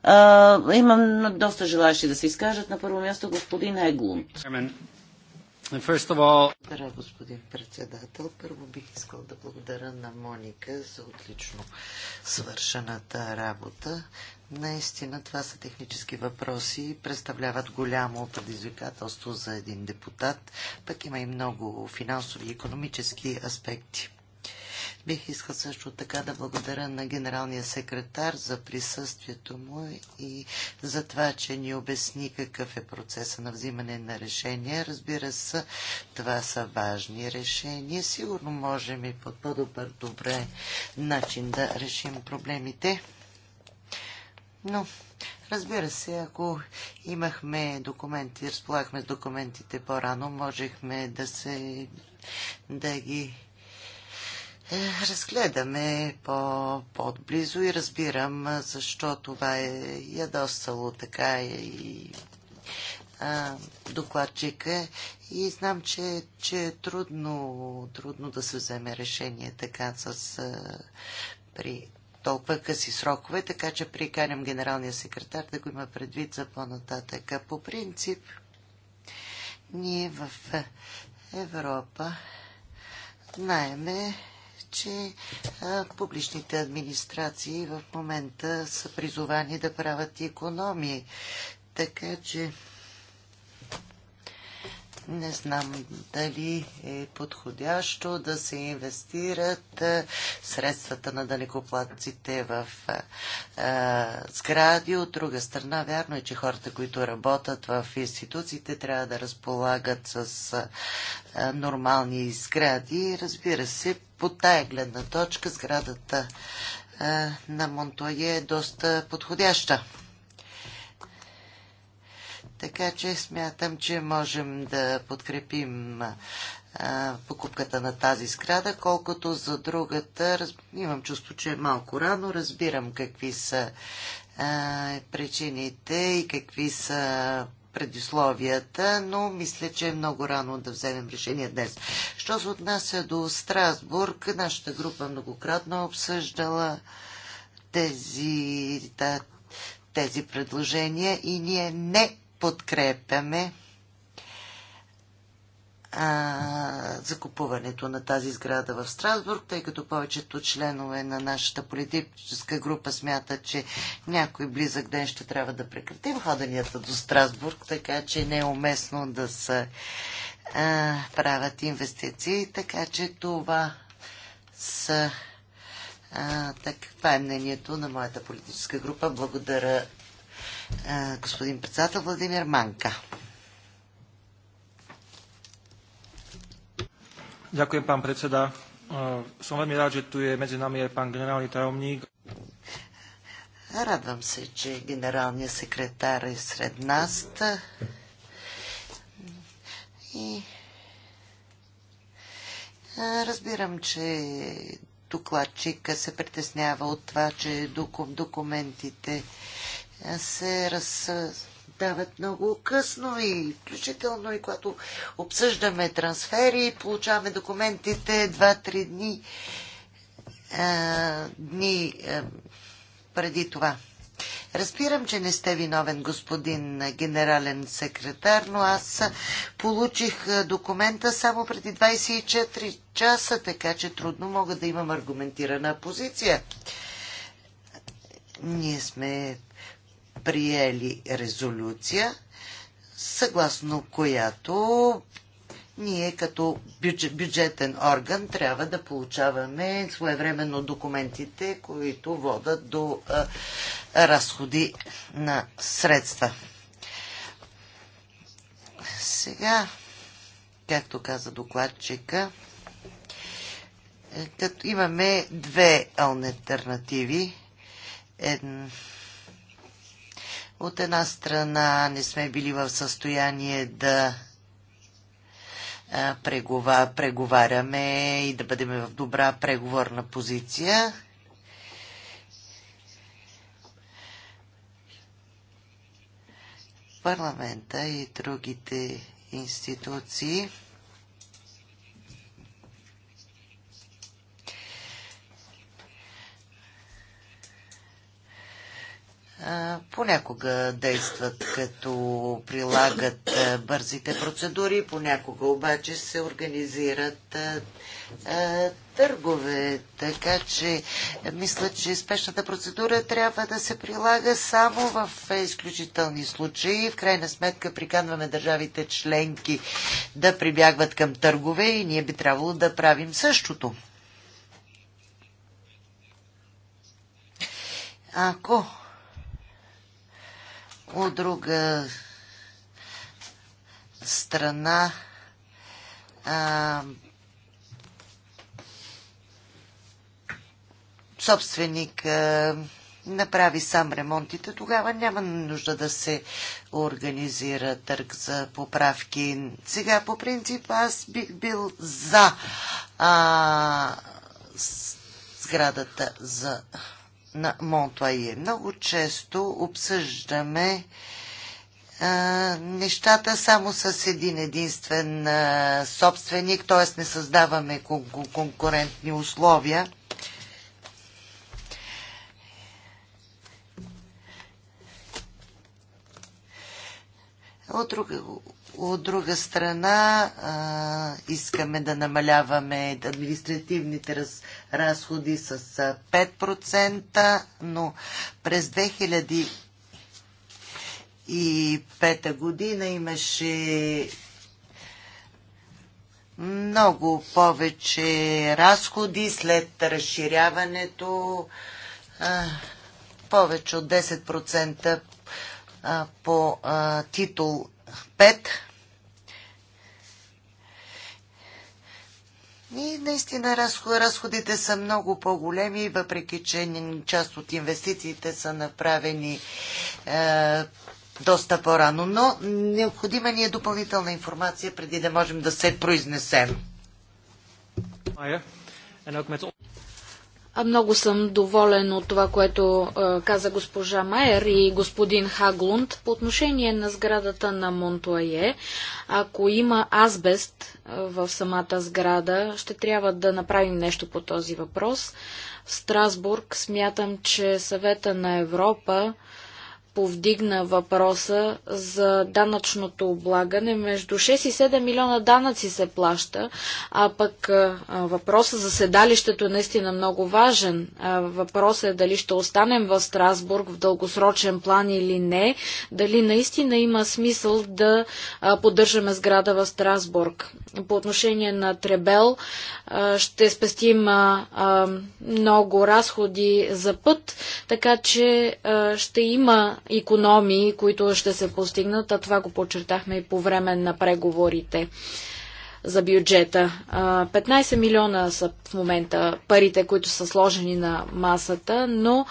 А, имам доста желащи да се изкажат. На първо място господин Еглунд. Благодаря, господин председател. Първо бих искал да благодаря на Моника за отлично свършената работа. Наистина това са технически въпроси и представляват голямо предизвикателство за един депутат, пък има и много финансови и економически аспекти. Бих искал също така да благодаря на генералния секретар за присъствието му и за това, че ни обясни какъв е процеса на взимане на решения. Разбира се, това са важни решения. Сигурно можем и по по-добър, добре начин да решим проблемите. Но, разбира се, ако имахме документи, разполагахме с документите по-рано, можехме да се да ги е, разгледаме по, близо и разбирам защо това е ядосало така е и докладчика и знам, че, че е трудно, трудно да се вземе решение така с, при толкова къси срокове, така че приканям генералния секретар да го има предвид за по-нататък. По принцип, ние в Европа знаеме, че а, публичните администрации в момента са призовани да правят економии. Така че не знам дали е подходящо да се инвестират средствата на далекоплатците в сгради. От друга страна, вярно е, че хората, които работят в институциите, трябва да разполагат с нормални сгради. Разбира се, по тая гледна точка сградата на Монтуае е доста подходяща. Така че смятам, че можем да подкрепим а, покупката на тази сграда, колкото за другата. Раз... Имам чувство, че е малко рано. Разбирам какви са а, причините и какви са предисловията, но мисля, че е много рано да вземем решение днес. Що се отнася до Страсбург, нашата група многократно е обсъждала тези, да, тези предложения и ние не подкрепяме а, закупуването на тази сграда в Страсбург, тъй като повечето членове на нашата политическа група смятат, че някой близък ден ще трябва да прекратим ходенията до Страсбург, така че не е уместно да се а, правят инвестиции, така че това са а, така, това е мнението на моята политическа група. Благодаря господин председател Владимир Манка. Ďakujem, pán predseda. Som veľmi rád, že tu je medzi nami aj pán generálny tajomník. Радвам се, че генералният секретар е сред нас. И разбирам, че докладчика се притеснява от това, че документите се раздават много късно и включително и когато обсъждаме трансфери, получаваме документите 2-3 дни, а, дни а, преди това. Разбирам, че не сте виновен, господин генерален секретар, но аз получих документа само преди 24 часа, така че трудно мога да имам аргументирана позиция. Ние сме приели резолюция, съгласно която ние като бюджетен орган трябва да получаваме своевременно документите, които водат до разходи на средства. Сега, както каза докладчика, е, като имаме две альтернативи. Една от една страна не сме били в състояние да преговаряме и да бъдем в добра преговорна позиция. Парламента и другите институции понякога действат като прилагат бързите процедури, понякога обаче се организират търгове. Така че мисля, че спешната процедура трябва да се прилага само в изключителни случаи. В крайна сметка приканваме държавите членки да прибягват към търгове и ние би трябвало да правим същото. Ако от друга страна а, собственик а, направи сам ремонтите, тогава няма нужда да се организира търг за поправки. Сега, по принцип, аз бих бил за а, сградата за на Монтуае. Много често обсъждаме нещата само с един единствен а, собственик, т.е. не създаваме кон конкурентни условия. От друга, от друга страна а, искаме да намаляваме административните раз, разходи с 5%, но през 2005 година имаше много повече разходи след разширяването, повече от 10% по титул 5 И наистина разходите са много по-големи, въпреки че част от инвестициите са направени е, доста по-рано. Но необходима ни е допълнителна информация, преди да можем да се произнесем. Много съм доволен от това, което каза госпожа Майер и господин Хаглунд. По отношение на сградата на Монтуае, ако има азбест в самата сграда, ще трябва да направим нещо по този въпрос. В Страсбург смятам, че съвета на Европа повдигна въпроса за данъчното облагане. Между 6 и 7 милиона данъци се плаща, а пък въпросът за седалището е наистина много важен. Въпросът е дали ще останем в Страсбург в дългосрочен план или не, дали наистина има смисъл да поддържаме сграда в Страсбург. По отношение на Требел ще спестим много разходи за път, така че ще има економии, които ще се постигнат, а това го подчертахме и по време на преговорите за бюджета. 15 милиона са в момента парите, които са сложени на масата, но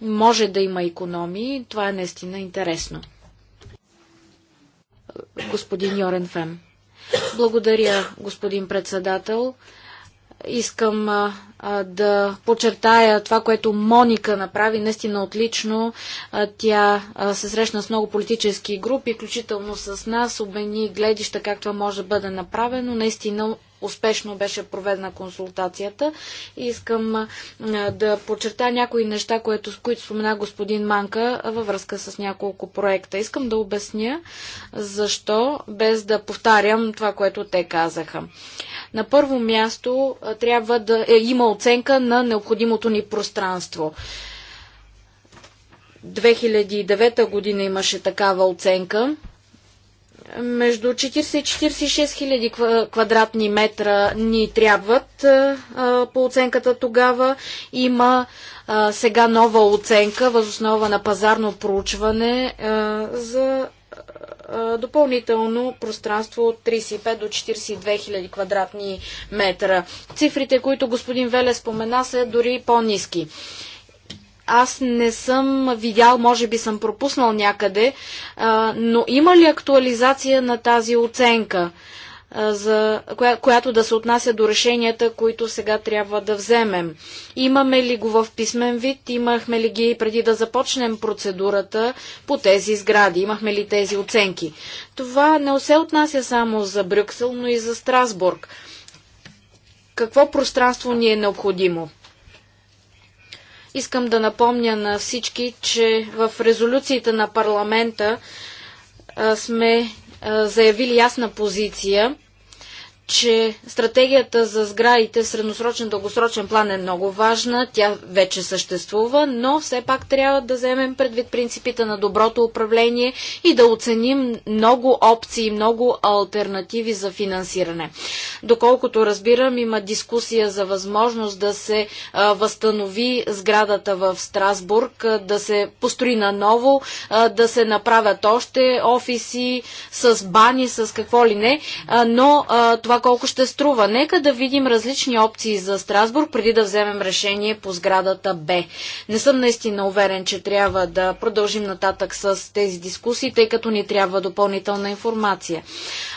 може да има економии. Това е наистина интересно. Господин Йорен Фем. Благодаря, господин председател. Искам а, да подчертая това, което Моника направи наистина отлично. А, тя а, се срещна с много политически групи, включително с нас, обмени гледища как това може да бъде направено. Наистина успешно беше проведена консултацията. И искам а, да подчертая някои неща, което, които спомена господин Манка във връзка с няколко проекта. Искам да обясня защо, без да повтарям това, което те казаха. На първо място трябва да е, има оценка на необходимото ни пространство. 2009 година имаше такава оценка между 40 и 46 хиляди квадратни метра ни трябват по оценката тогава. Има сега нова оценка възоснова на пазарно проучване за допълнително пространство от 35 до 42 хиляди квадратни метра. Цифрите, които господин Веле спомена, са дори по-низки аз не съм видял, може би съм пропуснал някъде, но има ли актуализация на тази оценка? за, коя, която да се отнася до решенията, които сега трябва да вземем. Имаме ли го в писмен вид? Имахме ли ги преди да започнем процедурата по тези сгради? Имахме ли тези оценки? Това не се отнася само за Брюксел, но и за Страсбург. Какво пространство ни е необходимо? Искам да напомня на всички, че в резолюциите на парламента сме заявили ясна позиция че стратегията за сградите в средносрочен дългосрочен план е много важна, тя вече съществува, но все пак трябва да вземем предвид принципите на доброто управление и да оценим много опции, много альтернативи за финансиране. Доколкото разбирам, има дискусия за възможност да се възстанови сградата в Страсбург, да се построи наново, да се направят още офиси с бани, с какво ли не, но това, колко ще струва. Нека да видим различни опции за Страсбург, преди да вземем решение по сградата Б. Не съм наистина уверен, че трябва да продължим нататък с тези дискусии, тъй като ни трябва допълнителна информация.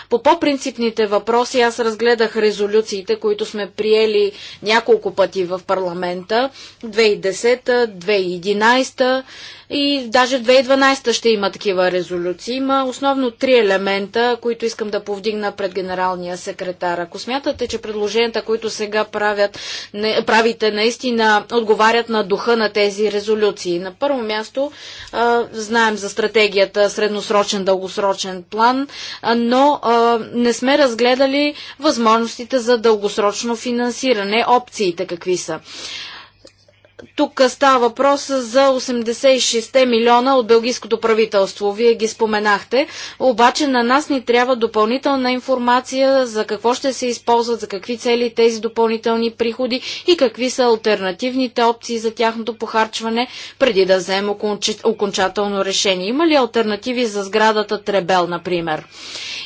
По по-принципните въпроси аз разгледах резолюциите, които сме приели няколко пъти в парламента. 2010, 2011 и даже 2012 ще има такива резолюции. Има основно три елемента, които искам да повдигна пред генералния секретар. Ако смятате, че предложенията, които сега правят, не, правите, наистина отговарят на духа на тези резолюции. На първо място а, знаем за стратегията средносрочен, дългосрочен план, а, но а, не сме разгледали възможностите за дългосрочно финансиране, опциите какви са. Тук става въпрос за 86 милиона от бългийското правителство. Вие ги споменахте. Обаче на нас ни трябва допълнителна информация за какво ще се използват, за какви цели тези допълнителни приходи и какви са альтернативните опции за тяхното похарчване, преди да вземем окончателно решение. Има ли альтернативи за сградата Требел, например?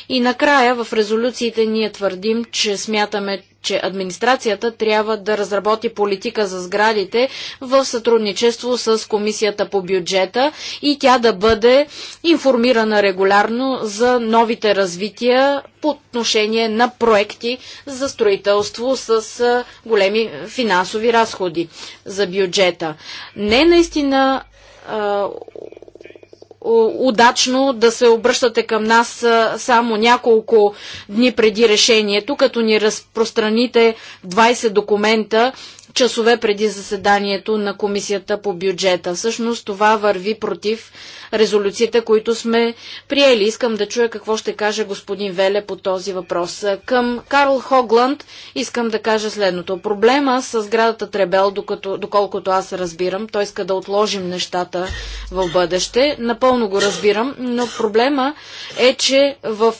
И накрая в резолюциите ние твърдим, че смятаме, че администрацията трябва да разработи политика за сградите в сътрудничество с Комисията по бюджета и тя да бъде информирана регулярно за новите развития по отношение на проекти за строителство с големи финансови разходи за бюджета. Не наистина удачно да се обръщате към нас само няколко дни преди решението, като ни разпространите 20 документа часове преди заседанието на комисията по бюджета. Всъщност това върви против резолюциите, които сме приели. Искам да чуя какво ще каже господин Веле по този въпрос. Към Карл Хогланд искам да кажа следното. Проблема с сградата Требел, докато, доколкото аз разбирам, той иска да отложим нещата в бъдеще. Напълно го разбирам, но проблема е, че в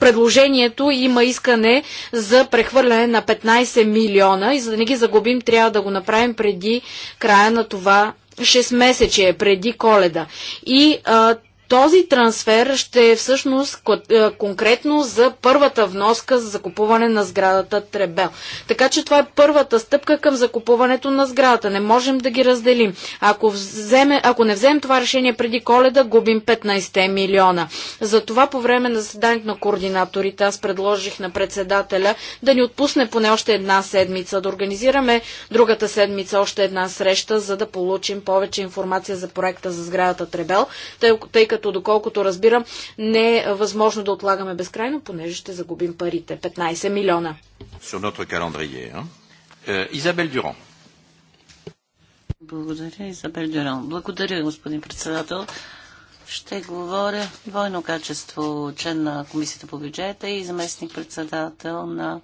предложението има искане за прехвърляне на 15 милиона и за да не ги загубим, трябва да го направим преди края на това 6 месече, преди коледа. И а, този трансфер ще е всъщност е, конкретно за първата вноска за закупуване на сградата Требел. Така че това е първата стъпка към закупуването на сградата. Не можем да ги разделим. Ако, вземе, ако не вземем това решение преди коледа, губим 15 милиона. Затова по време на заседанието на координаторите аз предложих на председателя да ни отпусне поне още една седмица, да организираме другата седмица още една среща, за да получим повече информация за проекта за сградата Требел, тъй, тъй като което, доколкото разбирам, не е възможно да отлагаме безкрайно, понеже ще загубим парите. 15 милиона. Е, Изабел Дюран. Благодаря, Изабел Дюран. Благодаря, господин председател. Ще говоря двойно качество член на Комисията по бюджета и заместник председател на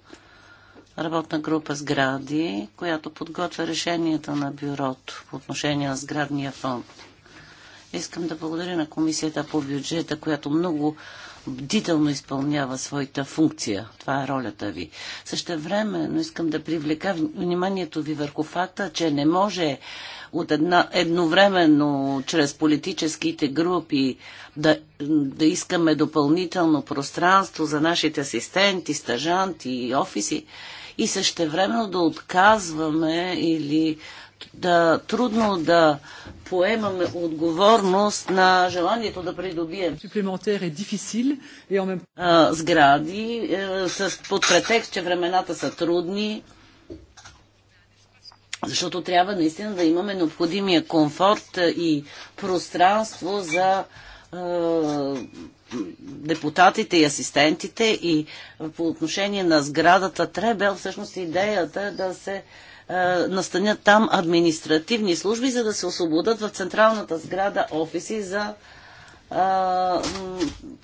работна група сгради, която подготвя решенията на бюрото по отношение на сградния фонд. Искам да благодаря на комисията по бюджета, която много бдително изпълнява своята функция. Това е ролята ви. Също време, но искам да привлека вниманието ви върху факта, че не може от една, едновременно чрез политическите групи да, да искаме допълнително пространство за нашите асистенти, стажанти и офиси и също времено да отказваме или да, трудно да поемаме отговорност на желанието да придобием сгради е, с, под претекст, че времената са трудни, защото трябва наистина да имаме необходимия комфорт е, и пространство за е, депутатите и асистентите и по отношение на сградата Требел всъщност идеята да се е, настанят там административни служби, за да се освободят в централната сграда офиси за а, е,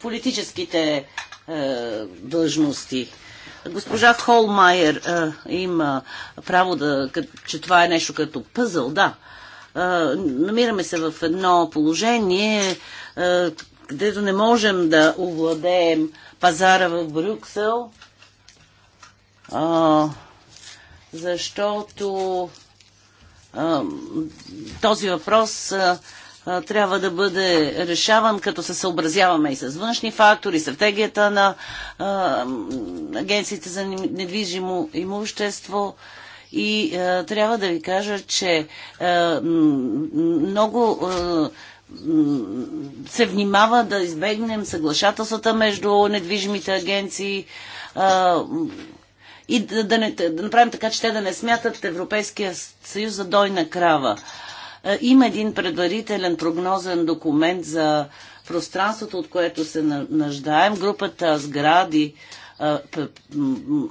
политическите а, е, длъжности. Госпожа Холмайер а, има право да, че това е нещо като пъзъл, да. А, намираме се в едно положение, а, където не можем да овладеем пазара в Брюксел. А, защото този въпрос трябва да бъде решаван, като се съобразяваме и с външни фактори, стратегията на агенциите за недвижимо имущество. И трябва да ви кажа, че много. се внимава да избегнем съглашателствата между недвижимите агенции и да, да, не, да направим така, че те да не смятат Европейския съюз за дойна крава. Е, има един предварителен прогнозен документ за пространството, от което се нуждаем. Групата сгради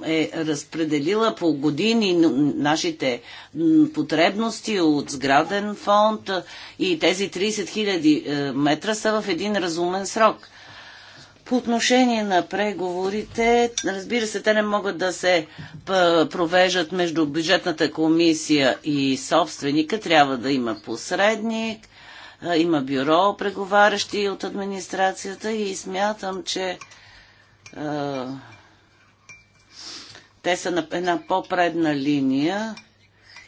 е, е разпределила по години нашите потребности от сграден фонд е, и тези 30 000 метра са в един разумен срок. По отношение на преговорите, разбира се, те не могат да се провеждат между бюджетната комисия и собственика. Трябва да има посредник, има бюро, преговарящи от администрацията и смятам, че те са на една по-предна линия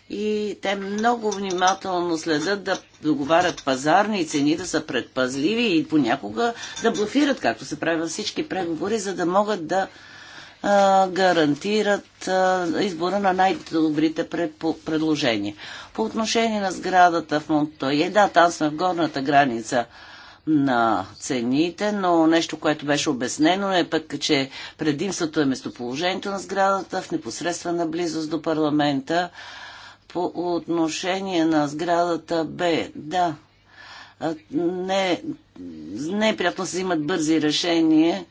и те много внимателно следят да договарят пазарни цени, да са предпазливи и понякога да блофират, както се прави във всички преговори, за да могат да а, гарантират а, избора на най-добрите предложения. По отношение на сградата в Монтойе, да, там сме в горната граница на цените, но нещо, което беше обяснено е пък, че предимството е местоположението на сградата в непосредствена близост до парламента. По отношение на сградата Б, да, не, не е приятно се взимат бързи решения.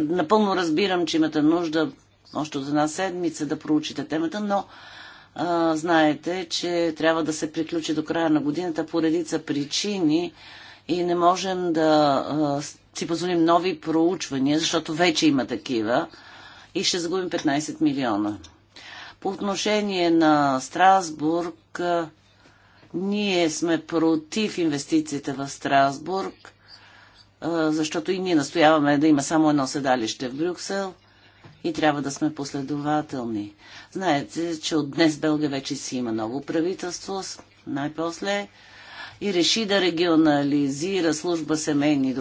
Напълно разбирам, че имате нужда още от една седмица да проучите темата, но а, знаете, че трябва да се приключи до края на годината по редица причини и не можем да а, си позволим нови проучвания, защото вече има такива и ще загубим 15 милиона. По отношение на Страсбург, ние сме против инвестициите в Страсбург, защото и ние настояваме да има само едно седалище в Брюксел и трябва да сме последователни. Знаете, че от днес Белгия вече си има ново правителство, най-после, и реши да регионализира служба семейни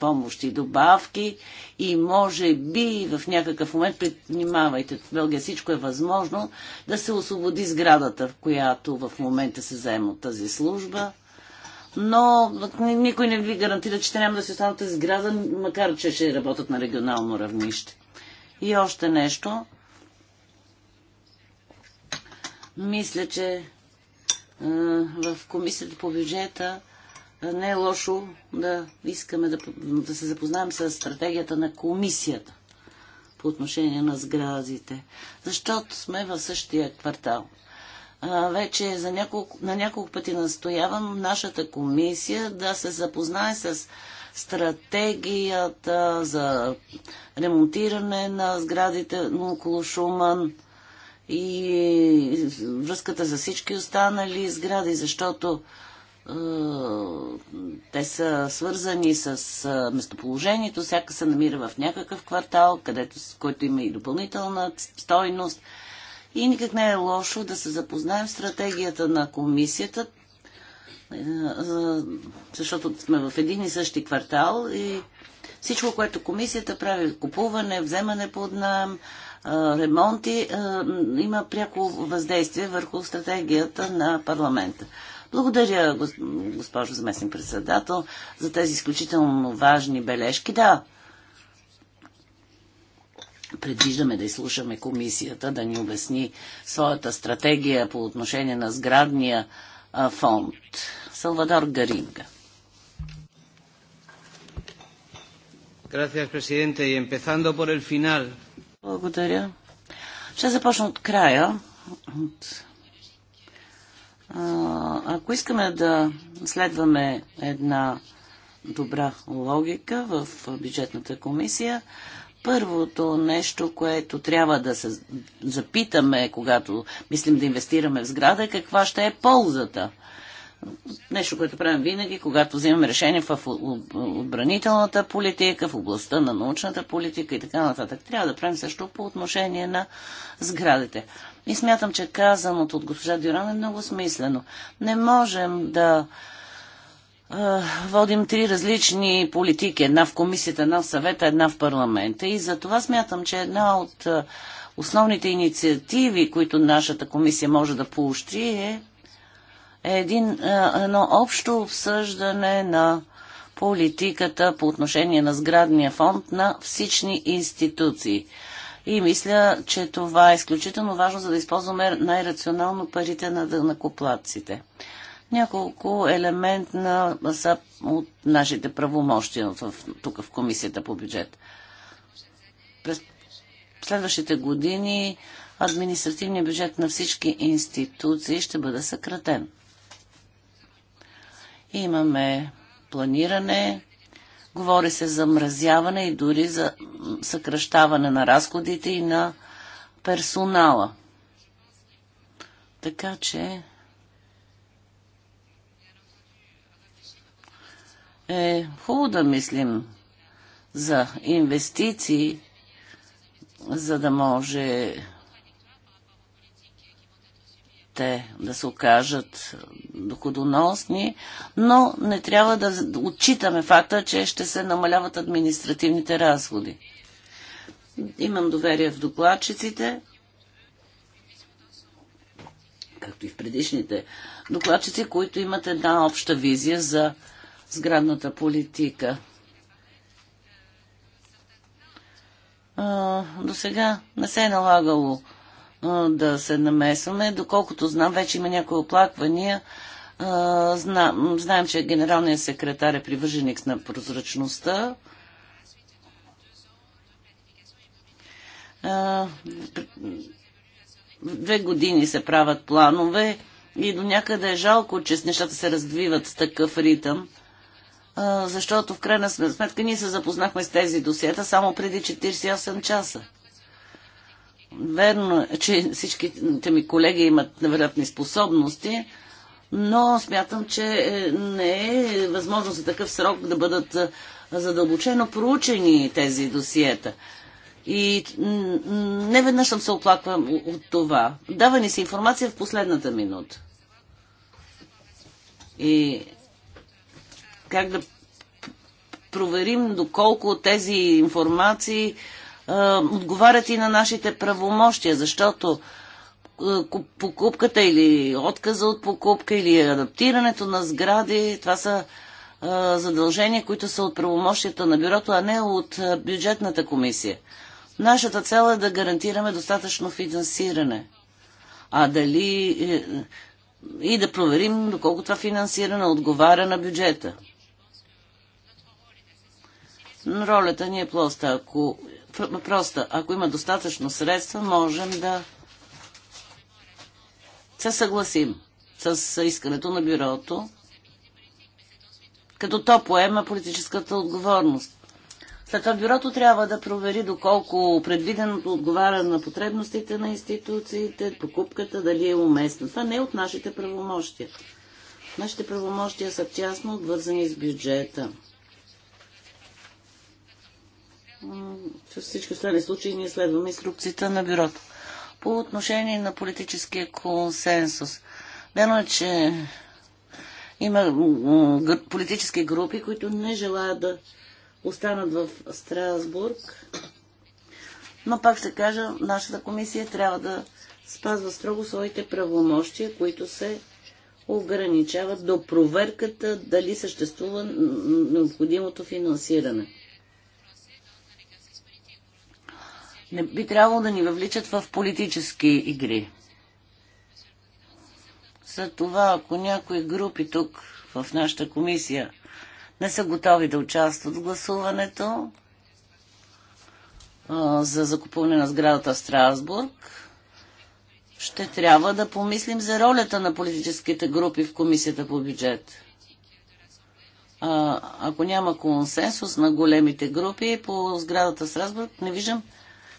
помощи и добавки и може би в някакъв момент, предпринимавайте, в Белгия всичко е възможно, да се освободи сградата, в която в момента се заема тази служба. Но никой не ви гарантира, че няма да се останат тази сграда, макар че ще работят на регионално равнище. И още нещо. Мисля, че в комисията по бюджета не е лошо да искаме да, да се запознаем с стратегията на комисията по отношение на сградите. защото сме в същия квартал. А, вече за няколко, на няколко пъти настоявам нашата комисия да се запознае с стратегията за ремонтиране на сградите на около Шуман и връзката за всички останали сгради, защото те са свързани с местоположението, всяка се намира в някакъв квартал, където, с който има и допълнителна стойност. И никак не е лошо да се запознаем с стратегията на комисията, защото сме в един и същи квартал и всичко, което комисията прави, купуване, вземане под нам, ремонти, има пряко въздействие върху стратегията на парламента. Благодаря, госпожо заместник председател, за тези изключително важни бележки. Да, предвиждаме да изслушаме комисията, да ни обясни своята стратегия по отношение на сградния фонд. Салвадор Гаринга. Благодаря. Ще започна от края, от ако искаме да следваме една добра логика в бюджетната комисия, първото нещо, което трябва да се запитаме, когато мислим да инвестираме в сграда, е каква ще е ползата. Нещо, което правим винаги, когато взимаме решение в отбранителната политика, в областта на научната политика и така нататък. Трябва да правим също по отношение на сградите. И смятам, че казаното от госпожа Дюран е много смислено. Не можем да водим три различни политики. Една в комисията, една в съвета, една в парламента. И за това смятам, че една от основните инициативи, които нашата комисия може да поощри е, е един, едно общо обсъждане на политиката по отношение на сградния фонд на всички институции – и мисля, че това е изключително важно, за да използваме най-рационално парите на дънакоплатците. Няколко елемент на, са от нашите правомощия тук в Комисията по бюджет. През следващите години административният бюджет на всички институции ще бъде съкратен. Имаме планиране, Говори се за мразяване и дори за съкръщаване на разходите и на персонала. Така че е хубаво да мислим за инвестиции, за да може те да се окажат доходоносни, но не трябва да отчитаме факта, че ще се намаляват административните разходи. Имам доверие в докладчиците, както и в предишните докладчици, които имат една обща визия за сградната политика. до сега не се е налагало да се намесваме. Доколкото знам, вече има някои оплаквания. знаем, че генералният секретар е привърженик на прозрачността. Две години се правят планове и до някъде е жалко, че с нещата се развиват с такъв ритъм, защото в крайна сметка ние се запознахме с тези досиета само преди 48 часа. Верно е, че всичките ми колеги имат невероятни способности, но смятам, че е, не е възможно за такъв срок да бъдат е, задълбочено проучени тези досиета. И не веднъж съм се оплаквам от това. Дава ни се информация в последната минута. И как да проверим доколко тези информации отговарят и на нашите правомощия, защото покупката или отказа от покупка или адаптирането на сгради, това са задължения, които са от правомощията на бюрото, а не от бюджетната комисия. Нашата цел е да гарантираме достатъчно финансиране. А дали е, и да проверим доколко това финансиране отговаря на бюджета. Ролята ни е плоста. Ако Просто, Ако има достатъчно средства, можем да се съгласим с искането на бюрото, като то поема политическата отговорност. След това бюрото трябва да провери доколко предвиденото отговаря на потребностите на институциите, покупката, дали е уместно. Това не е от нашите правомощия. Нашите правомощия са тясно обвързани с бюджета. С всички останали случаи ние следваме инструкцията на бюрото. По отношение на политическия консенсус. Вярно е, че има политически групи, които не желаят да останат в Страсбург. Но пак ще кажа, нашата комисия трябва да спазва строго своите правомощия, които се ограничават до проверката дали съществува необходимото финансиране. не би трябвало да ни въвличат в политически игри. За това, ако някои групи тук в нашата комисия не са готови да участват в гласуването а, за закупуване на сградата в Страсбург, ще трябва да помислим за ролята на политическите групи в комисията по бюджет. А, ако няма консенсус на големите групи по сградата в Страсбург, не виждам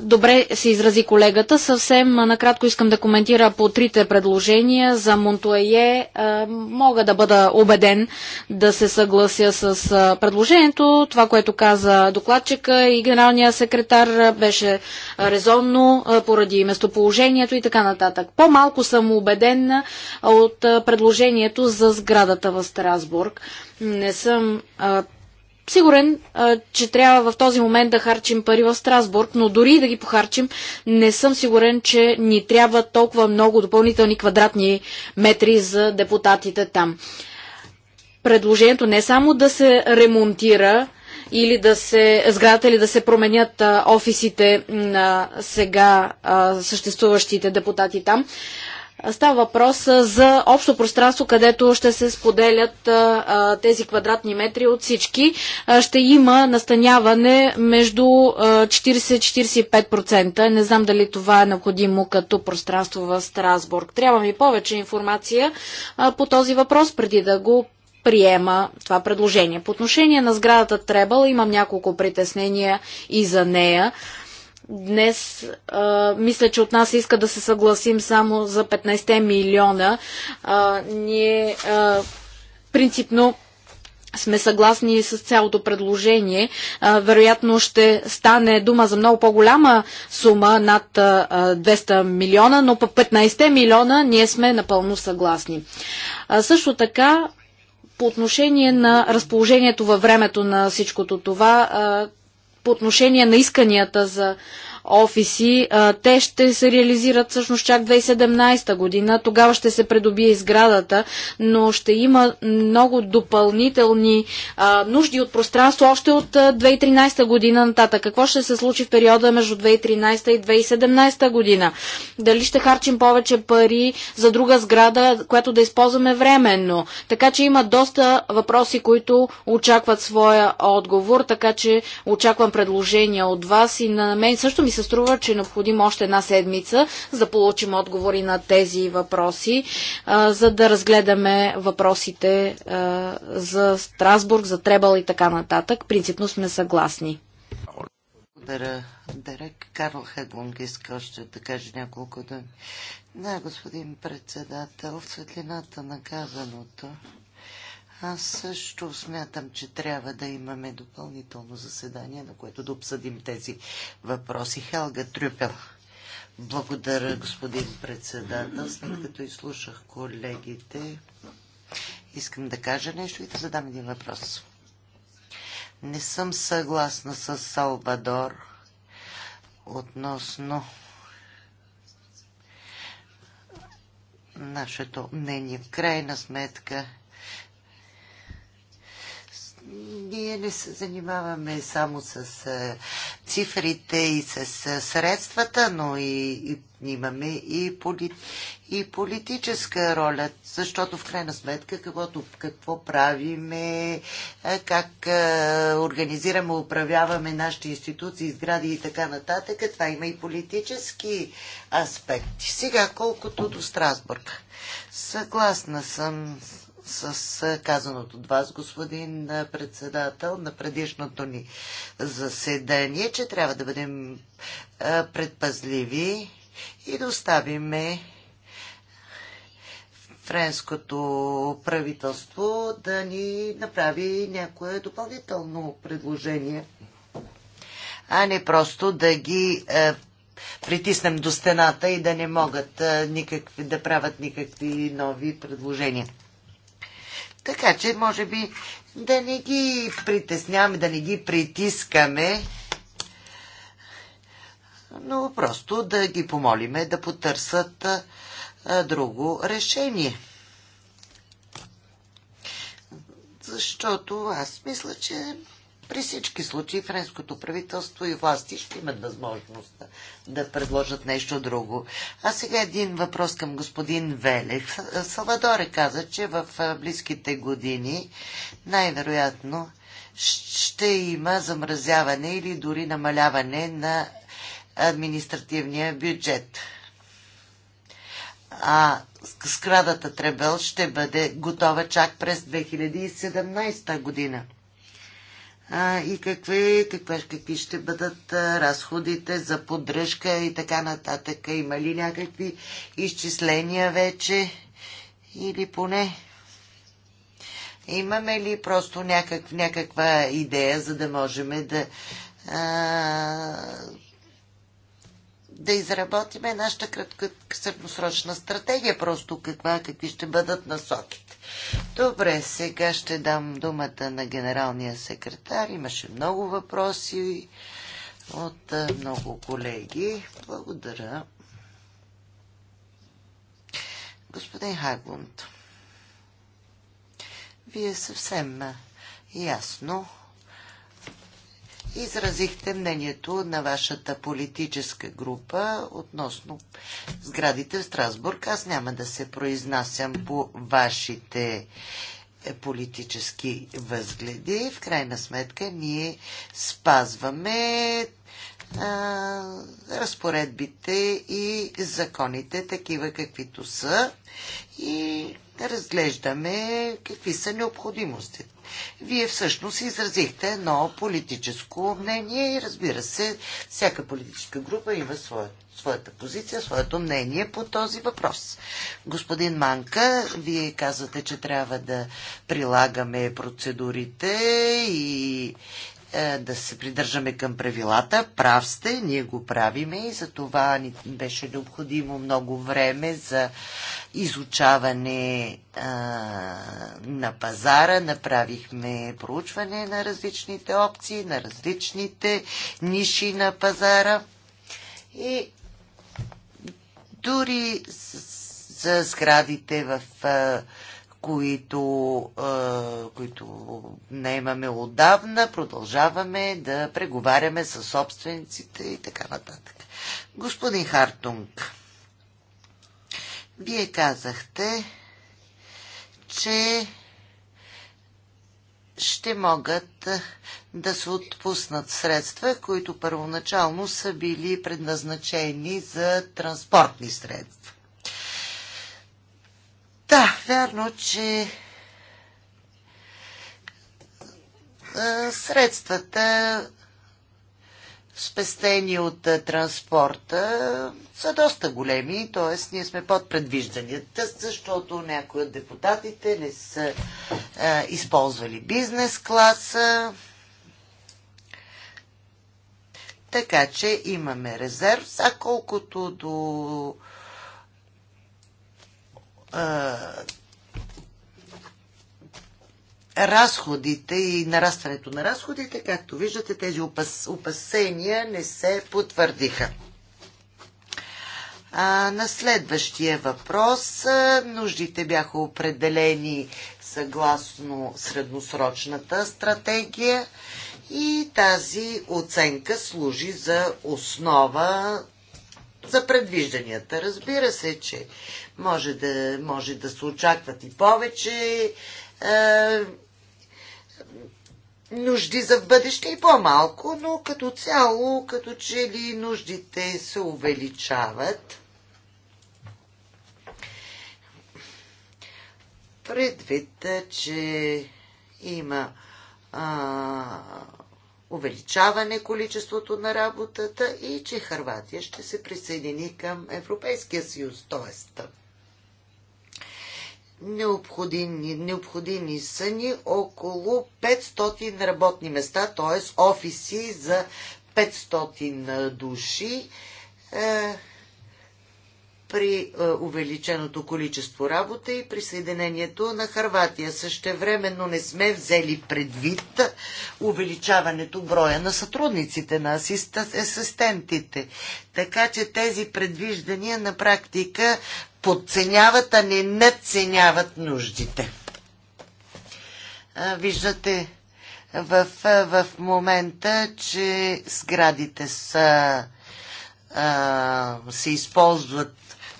Добре се изрази колегата. Съвсем накратко искам да коментира по трите предложения. За Монтуае мога да бъда убеден да се съглася с предложението. Това, което каза докладчика и генералния секретар беше резонно поради местоположението и така нататък. По-малко съм убеден от предложението за сградата в Страсбург. Не съм сигурен, че трябва в този момент да харчим пари в Страсбург, но дори да ги похарчим, не съм сигурен, че ни трябва толкова много допълнителни квадратни метри за депутатите там. Предложението не е само да се ремонтира или да се, сградата или да се променят офисите на сега съществуващите депутати там, Става въпрос за общо пространство, където ще се споделят тези квадратни метри от всички. ще има настаняване между 40-45%. Не знам дали това е необходимо като пространство в Страсбург. Трябва ми повече информация по този въпрос, преди да го приема това предложение. По отношение на сградата Требъл имам няколко притеснения и за нея. Днес а, мисля, че от нас иска да се съгласим само за 15 милиона. А, ние а, принципно сме съгласни с цялото предложение. А, вероятно ще стане дума за много по-голяма сума над а, 200 милиона, но по 15 милиона ние сме напълно съгласни. А, също така по отношение на разположението във времето на всичкото това, по отношение на исканията за офиси. Те ще се реализират всъщност чак 2017 година. Тогава ще се предобие изградата, но ще има много допълнителни а, нужди от пространство още от 2013 година нататък. Какво ще се случи в периода между 2013 и 2017 година? Дали ще харчим повече пари за друга сграда, която да използваме временно? Така че има доста въпроси, които очакват своя отговор, така че очаквам предложения от вас и на мен също ми се струва, че е необходимо още една седмица, за да получим отговори на тези въпроси, а, за да разгледаме въпросите а, за Страсбург, за Требал и така нататък. Принципно сме съгласни. Благодаря, Дерек. Карл Хедлунг иска още да каже няколко думи. Да, господин председател, в светлината на казаното аз също смятам, че трябва да имаме допълнително заседание, на което да обсъдим тези въпроси. Хелга Трюпел. Благодаря, господин председател. След като изслушах колегите, искам да кажа нещо и да задам един въпрос. Не съм съгласна с Салвадор относно нашето мнение. В крайна сметка ние не се занимаваме само с е, цифрите и с е, средствата, но и, и имаме и, поли, и политическа роля, защото в крайна сметка каквото, какво правиме, е, как организираме, управляваме нашите институции, сгради и така нататък, това има и политически аспекти. Сега, колкото до Страсбург. Съгласна съм с е, казаното от вас, господин е, председател, на предишното ни заседание, че трябва да бъдем е, предпазливи и да френското правителство да ни направи някое допълнително предложение, а не просто да ги притиснем до стената и да не могат никакви, да правят никакви нови предложения. Така че, може би, да не ги притесняваме, да не ги притискаме, но просто да ги помолиме да потърсят друго решение. Защото аз мисля, че при всички случаи френското правителство и власти ще имат възможност да предложат нещо друго. А сега един въпрос към господин Салвадор Салвадоре каза, че в близките години най-вероятно ще има замразяване или дори намаляване на административния бюджет. А сградата Требел ще бъде готова чак през 2017 година а, и какви, каква, какви ще бъдат разходите за поддръжка и така нататък. Има ли някакви изчисления вече или поне? Имаме ли просто някак, някаква идея, за да можем да а, да изработиме нашата краткосрочна стратегия, просто каква, какви ще бъдат насоките. Добре, сега ще дам думата на генералния секретар. Имаше много въпроси от много колеги. Благодаря. Господин Хагунд, вие съвсем ясно изразихте мнението на вашата политическа група относно сградите в Страсбург. Аз няма да се произнасям по вашите е, политически възгледи. В крайна сметка ние спазваме а, разпоредбите и законите, такива каквито са, и разглеждаме какви са необходимостите вие всъщност изразихте едно политическо мнение и разбира се, всяка политическа група има своя, своята позиция, своето мнение по този въпрос. Господин Манка, вие казвате, че трябва да прилагаме процедурите и е, да се придържаме към правилата. Прав сте, ние го правиме и за това ни беше необходимо много време за изучаване а, на пазара. Направихме проучване на различните опции, на различните ниши на пазара и дори за сградите в а, които, които имаме отдавна, продължаваме да преговаряме с собствениците и така нататък. Господин Хартунг, вие казахте, че ще могат да се отпуснат средства, които първоначално са били предназначени за транспортни средства. Да, вярно, че средствата спестени от транспорта са доста големи, т.е. ние сме под предвижданията, защото някои от депутатите не са а, използвали бизнес класа. Така че имаме резерв, а колкото до разходите и нарастването на разходите, както виждате, тези опас, опасения не се потвърдиха. А, на следващия въпрос нуждите бяха определени съгласно средносрочната стратегия и тази оценка служи за основа за предвижданията. Разбира се, че може да, може да се очакват и повече е, нужди за в бъдеще и по-малко, но като цяло, като че ли нуждите се увеличават. Предвид, е, че има а, увеличаване количеството на работата и че Харватия ще се присъедини към Европейския съюз. Тоест, необходими, необходими са ни около 500 работни места, т.е. офиси за 500 души. Е, при е, увеличеното количество работа и присъединението на Харватия. Същевременно не сме взели предвид увеличаването броя на сътрудниците, на асистентите. Така че тези предвиждания на практика подценяват, а не надценяват нуждите. Виждате в, в момента, че сградите са се използват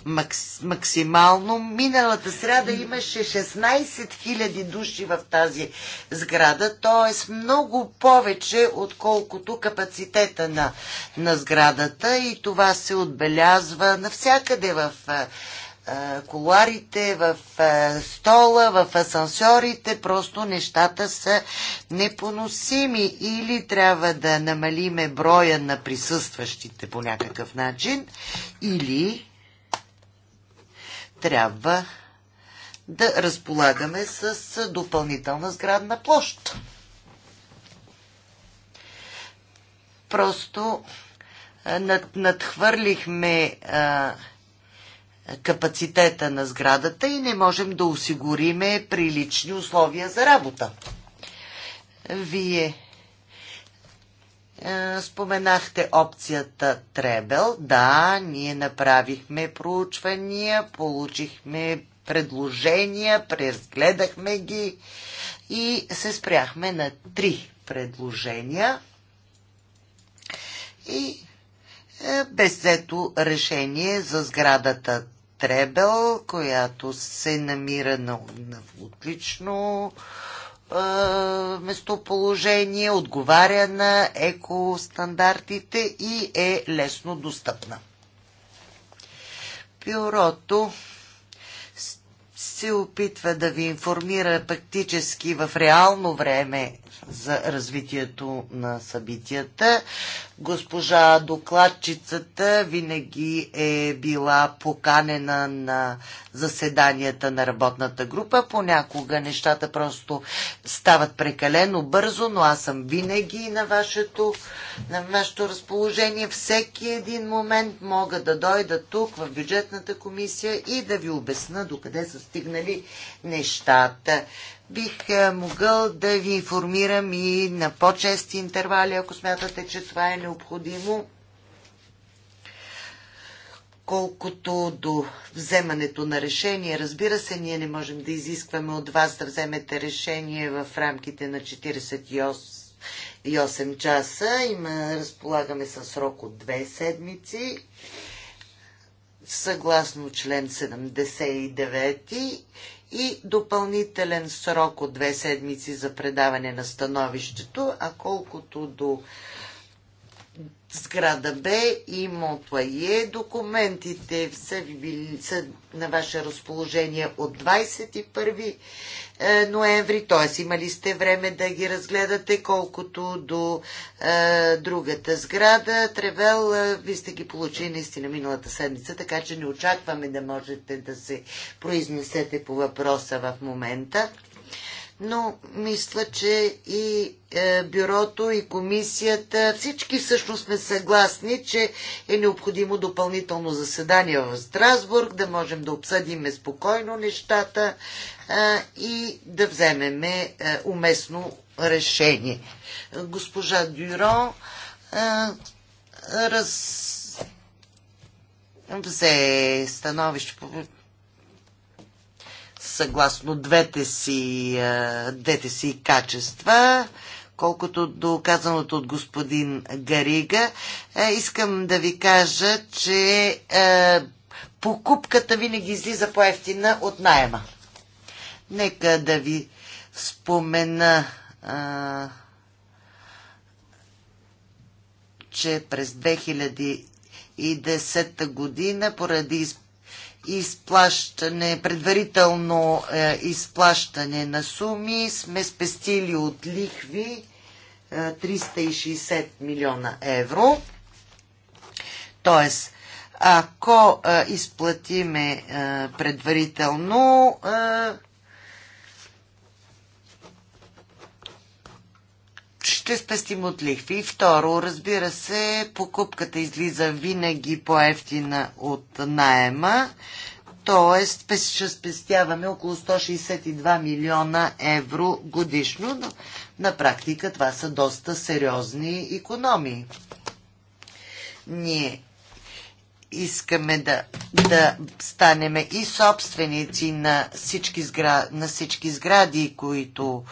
макс, максимално. Миналата сряда имаше 16 000 души в тази сграда, т.е. много повече, отколкото капацитета на, на сградата и това се отбелязва навсякъде в коларите, в стола, в асансьорите, просто нещата са непоносими или трябва да намалиме броя на присъстващите по някакъв начин, или трябва да разполагаме с допълнителна сградна площ. Просто над, надхвърлихме а, капацитета на сградата и не можем да осигуриме прилични условия за работа. Вие е, споменахте опцията Требел. Да, ние направихме проучвания, получихме предложения, преразгледахме ги и се спряхме на три предложения и е, без взето решение за сградата Требел, която се намира на, на отлично е, местоположение, отговаря на екостандартите и е лесно достъпна. Бюрото се опитва да ви информира практически в реално време за развитието на събитията. Госпожа докладчицата винаги е била поканена на заседанията на работната група. Понякога нещата просто стават прекалено бързо, но аз съм винаги на вашето, на вашето разположение. Всеки един момент мога да дойда тук в бюджетната комисия и да ви обясна докъде са стигнали напреднали нещата. Бих е, могъл да ви информирам и на по-чести интервали, ако смятате, че това е необходимо. Колкото до вземането на решение, разбира се, ние не можем да изискваме от вас да вземете решение в рамките на 48 часа. Има, разполагаме с срок от две седмици съгласно член 79 и допълнителен срок от две седмици за предаване на становището, а колкото до сграда Б, има Е. Документите са, били, са на ваше разположение от 21 е, ноември, т.е. имали сте време да ги разгледате, колкото до е, другата сграда. Тревел, е, ви сте ги получили наистина миналата седмица, така че не очакваме да можете да се произнесете по въпроса в момента но мисля, че и е, бюрото, и комисията, всички всъщност сме съгласни, че е необходимо допълнително заседание в Страсбург, да можем да обсъдиме спокойно нещата е, и да вземеме е, уместно решение. Госпожа Дюро раз... взе становище по съгласно двете си, двете си качества. Колкото до казаното от господин Гарига, е, искам да ви кажа, че е, покупката винаги излиза по-ефтина от найема. Нека да ви спомена, че през 2010 година поради изплащане, предварително е, изплащане на суми сме спестили от лихви 360 е, милиона евро. Тоест, ако е, изплатиме предварително ще спестим от лихви. И второ, разбира се, покупката излиза винаги по-ефтина от найема, т.е. ще спестяваме около 162 милиона евро годишно, но на практика това са доста сериозни економии. Ние искаме да, да станеме и собственици на всички, сгра, на всички сгради, които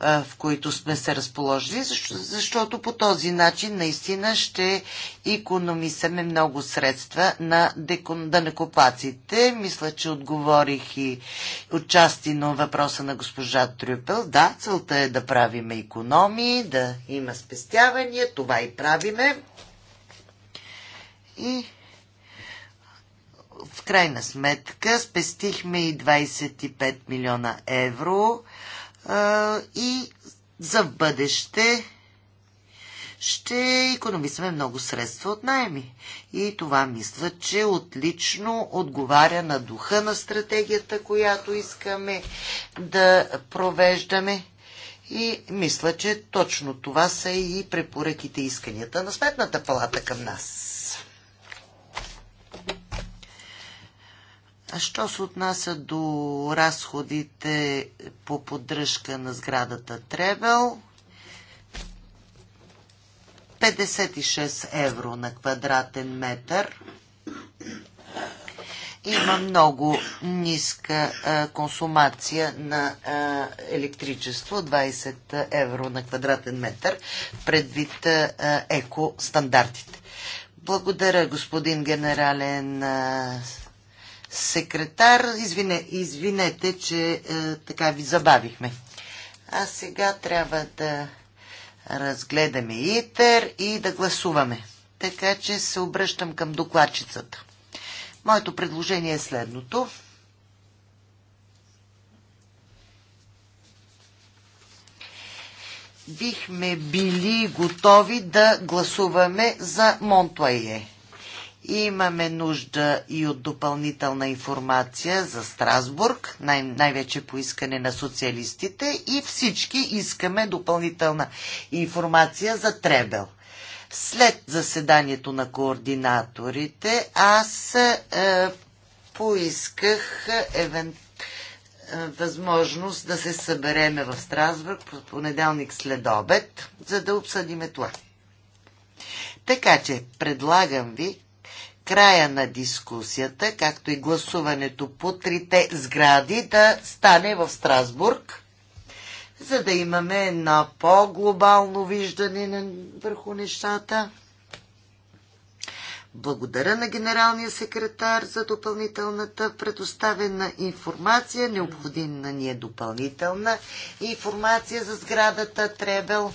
в които сме се разположили, защото по този начин наистина ще економисаме много средства на данекопаците. Мисля, че отговорих и отчасти на въпроса на госпожа Трюпел. Да, целта е да правиме економии, да има спестявания, това и правиме. И в крайна сметка спестихме и 25 милиона евро и за в бъдеще ще економисаме много средства от найми. И това мисля, че отлично отговаря на духа на стратегията, която искаме да провеждаме. И мисля, че точно това са и препоръките и исканията на Сметната палата към нас. А що се отнася до разходите по поддръжка на сградата Тревел? 56 евро на квадратен метър. Има много ниска а, консумация на а, електричество, 20 евро на квадратен метър, предвид а, екостандартите. Благодаря, господин генерален а, секретар. Извине, извинете, че е, така ви забавихме. А сега трябва да разгледаме ИТЕР и да гласуваме. Така че се обръщам към докладчицата. Моето предложение е следното. Бихме били готови да гласуваме за Монтуае. Имаме нужда и от допълнителна информация за Страсбург, най- най-вече по искане на социалистите и всички искаме допълнителна информация за Требел. След заседанието на координаторите аз е, поисках е, евентуално е, възможност да се събереме в Страсбург по понеделник след обед, за да обсъдиме това. Така че предлагам ви края на дискусията, както и гласуването по трите сгради, да стане в Страсбург, за да имаме едно по-глобално виждане на, върху нещата. Благодаря на генералния секретар за допълнителната предоставена информация. Необходима ни е допълнителна информация за сградата Требел.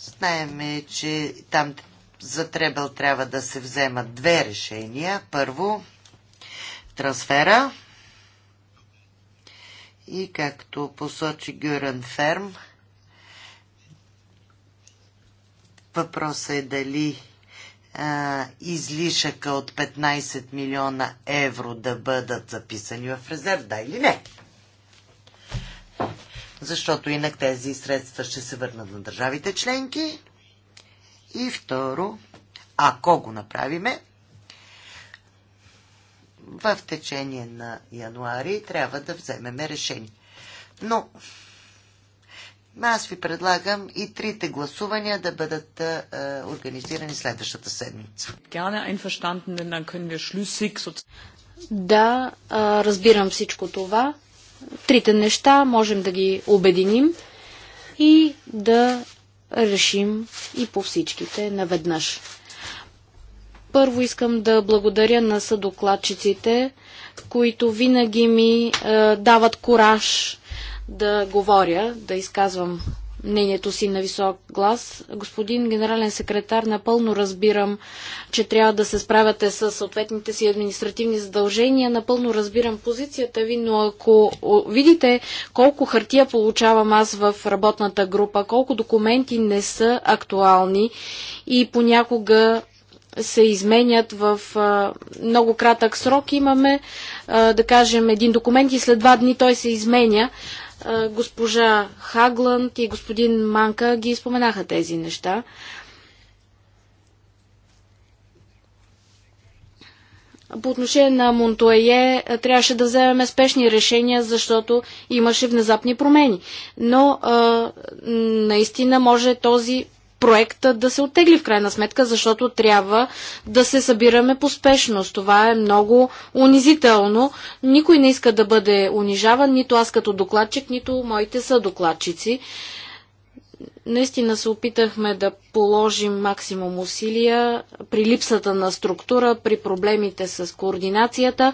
Знаеме, че там за Требел трябва да се вземат две решения. Първо, трансфера и както посочи Гюрен Ферм, въпросът е дали а, излишъка от 15 милиона евро да бъдат записани в резерв, да или не защото инак тези средства ще се върнат на държавите членки. И второ, ако го направиме, в течение на януари трябва да вземеме решение. Но аз ви предлагам и трите гласувания да бъдат е, организирани следващата седмица. Да, разбирам всичко това трите неща можем да ги обединим и да решим и по всичките наведнъж. Първо искам да благодаря на съдокладчиците, които винаги ми е, дават кораж да говоря, да изказвам мнението си на висок глас. Господин генерален секретар, напълно разбирам, че трябва да се справяте с съответните си административни задължения. Напълно разбирам позицията ви, но ако видите колко хартия получавам аз в работната група, колко документи не са актуални и понякога се изменят в а, много кратък срок. Имаме, а, да кажем, един документ и след два дни той се изменя. Госпожа Хагланд и господин Манка ги споменаха тези неща. По отношение на Монтуае трябваше да вземем спешни решения, защото имаше внезапни промени. Но а, наистина може този проекта да се оттегли в крайна сметка, защото трябва да се събираме по спешност. Това е много унизително. Никой не иска да бъде унижаван, нито аз като докладчик, нито моите са докладчици. Наистина се опитахме да положим максимум усилия при липсата на структура, при проблемите с координацията.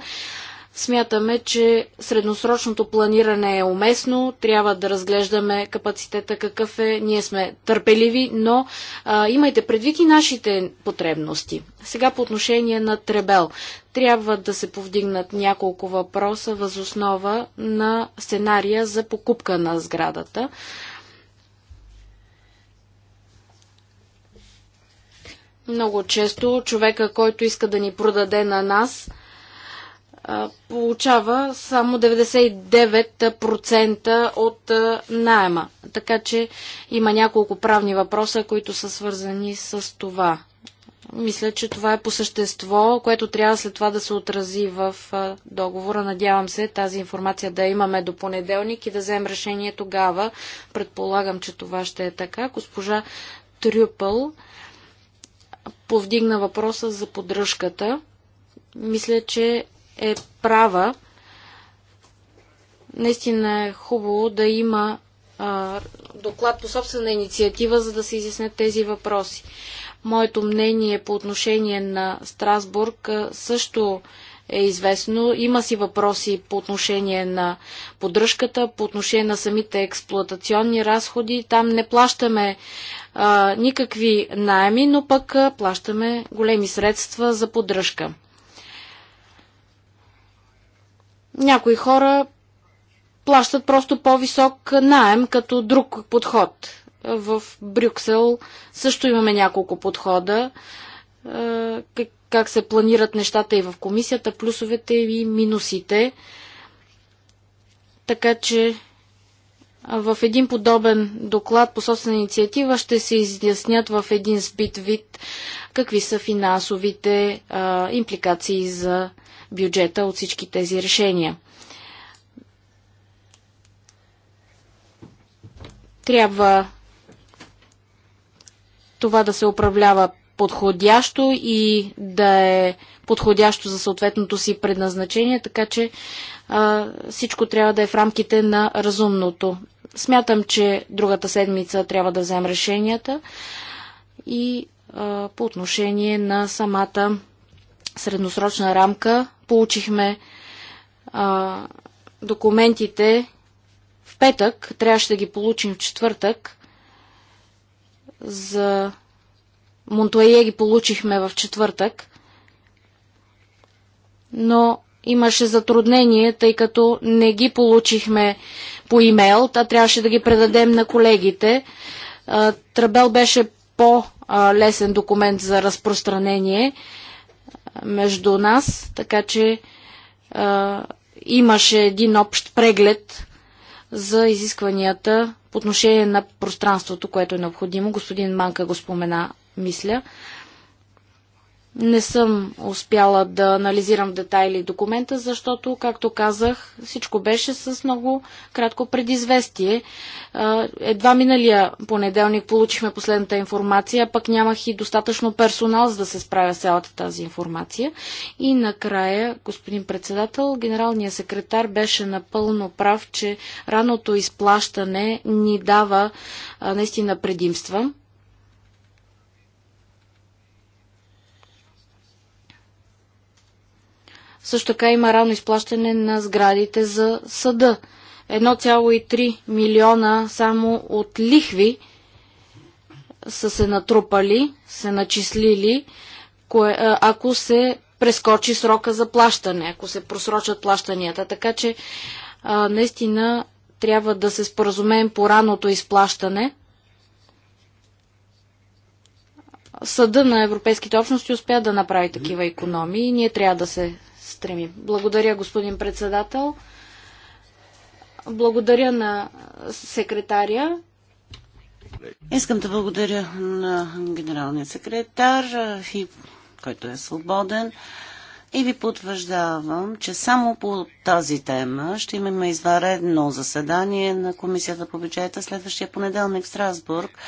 Смятаме, че средносрочното планиране е уместно, трябва да разглеждаме капацитета какъв е, ние сме търпеливи, но а, имайте предвид и нашите потребности. Сега по отношение на Требел. Трябва да се повдигнат няколко въпроса възоснова на сценария за покупка на сградата. Много често човека, който иска да ни продаде на нас, получава само 99% от найема. Така че има няколко правни въпроса, които са свързани с това. Мисля, че това е по същество, което трябва след това да се отрази в договора. Надявам се тази информация да имаме до понеделник и да вземем решение тогава. Предполагам, че това ще е така. Госпожа Трюпъл повдигна въпроса за поддръжката. Мисля, че е права. Наистина е хубаво да има а, доклад по собствена инициатива, за да се изяснят тези въпроси. Моето мнение по отношение на Страсбург също е известно. Има си въпроси по отношение на поддръжката, по отношение на самите експлуатационни разходи. Там не плащаме а, никакви найми, но пък а, плащаме големи средства за поддръжка. Някои хора плащат просто по-висок наем като друг подход. В Брюксел също имаме няколко подхода. Е, как се планират нещата и в комисията, плюсовете и минусите. Така че в един подобен доклад по собствена инициатива ще се изяснят в един сбит вид какви са финансовите а, импликации за бюджета от всички тези решения. Трябва това да се управлява подходящо и да е подходящо за съответното си предназначение, така че а, всичко трябва да е в рамките на разумното. Смятам, че другата седмица трябва да вземем решенията и а, по отношение на самата средносрочна рамка Получихме а, документите в петък, трябваше да ги получим в четвъртък. За Монтуае ги получихме в четвъртък, но имаше затруднение, тъй като не ги получихме по имейл, а трябваше да ги предадем на колегите. Трабел беше по-лесен документ за разпространение между нас, така че а, имаше един общ преглед за изискванията по отношение на пространството, което е необходимо. Господин Манка го спомена, мисля. Не съм успяла да анализирам детайли документа, защото, както казах, всичко беше с много кратко предизвестие. Едва миналия понеделник получихме последната информация, пък нямах и достатъчно персонал, за да се справя с цялата тази информация. И накрая, господин председател, генералният секретар беше напълно прав, че раното изплащане ни дава наистина предимства Също така има рано изплащане на сградите за съда. 1,3 милиона само от лихви са се натрупали, се начислили, кое, ако се прескочи срока за плащане, ако се просрочат плащанията. Така че а, наистина трябва да се споразумеем по раното изплащане. Съда на европейските общности успя да направи такива економии и ние трябва да се стремим. Благодаря, господин председател. Благодаря на секретаря. Искам да благодаря на генералния секретар, който е свободен. И ви потвърждавам, че само по тази тема ще имаме изваредно заседание на Комисията по бюджета следващия понеделник в Страсбург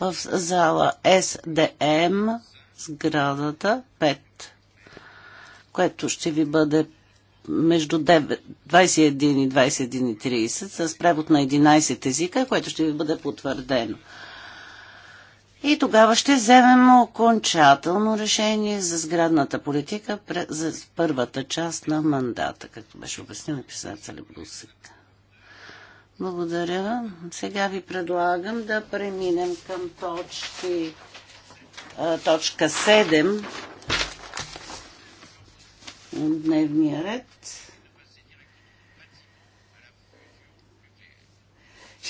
в зала СДМ, сградата 5 което ще ви бъде между 9, 21 и 21.30 с превод на 11 езика, което ще ви бъде потвърдено. И тогава ще вземем окончателно решение за сградната политика за първата част на мандата, както беше обяснено писател Брусик. Благодаря. Сега ви предлагам да преминем към точки, точка 7 дневния ред.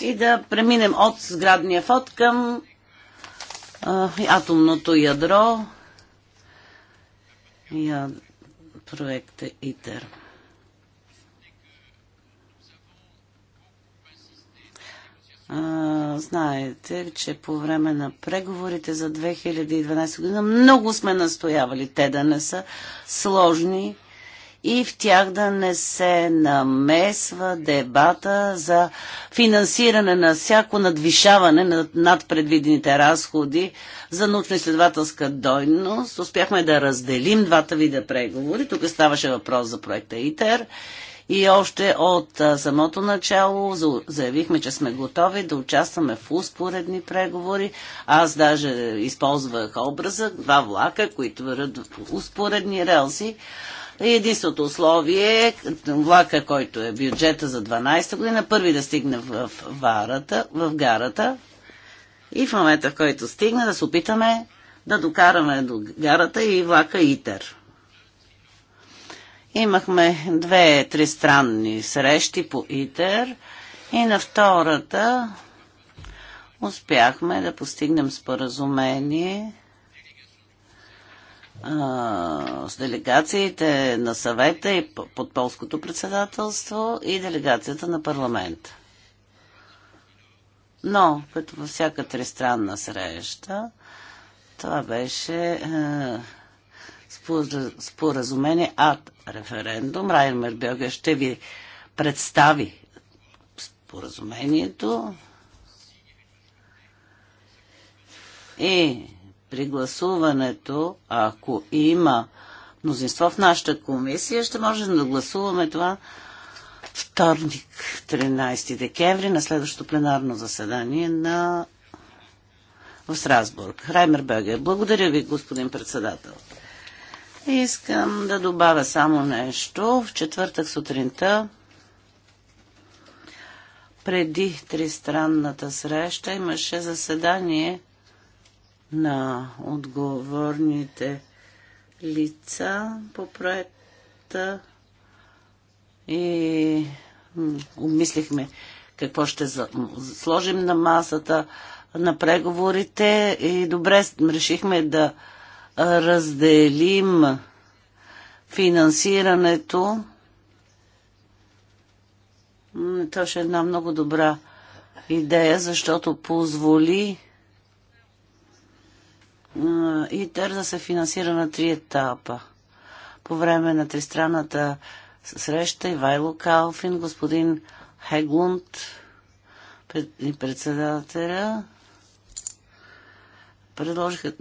И да преминем от сградния фот към а, атомното ядро. Я, проекта ИТЕР. знаете, че по време на преговорите за 2012 година много сме настоявали те да не са сложни и в тях да не се намесва дебата за финансиране на всяко надвишаване на над предвидените разходи за научно-изследователска дойност. Успяхме да разделим двата вида преговори. Тук ставаше въпрос за проекта ИТЕР и още от самото начало заявихме, че сме готови да участваме в успоредни преговори. Аз даже използвах образа, два влака, които върват в успоредни релси. Единственото условие е влака, който е бюджета за 12 година, първи да стигне в, варата, в гарата и в момента, в който стигне, да се опитаме да докараме до гарата и влака ИТЕР. Имахме две тристранни срещи по ИТЕР и на втората успяхме да постигнем споразумение с делегациите на съвета и под полското председателство и делегацията на парламента. Но, като във всяка тристранна среща, това беше споразумение ад референдум. Райан Бьоге ще ви представи споразумението и при гласуването, ако има мнозинство в нашата комисия, ще можем да гласуваме това вторник, 13 декември, на следващото пленарно заседание на в Страсбург. Раймер Бегер. Благодаря ви, господин председател. Искам да добавя само нещо. В четвъртък сутринта, преди тристранната среща, имаше заседание на отговорните лица по проекта и обмислихме какво ще сложим на масата на преговорите и добре решихме да разделим финансирането. То ще е една много добра идея, защото позволи ИТЕР да се финансира на три етапа. По време на тристранната среща Ивайло Калфин, господин Хеглунд и председателя предложиха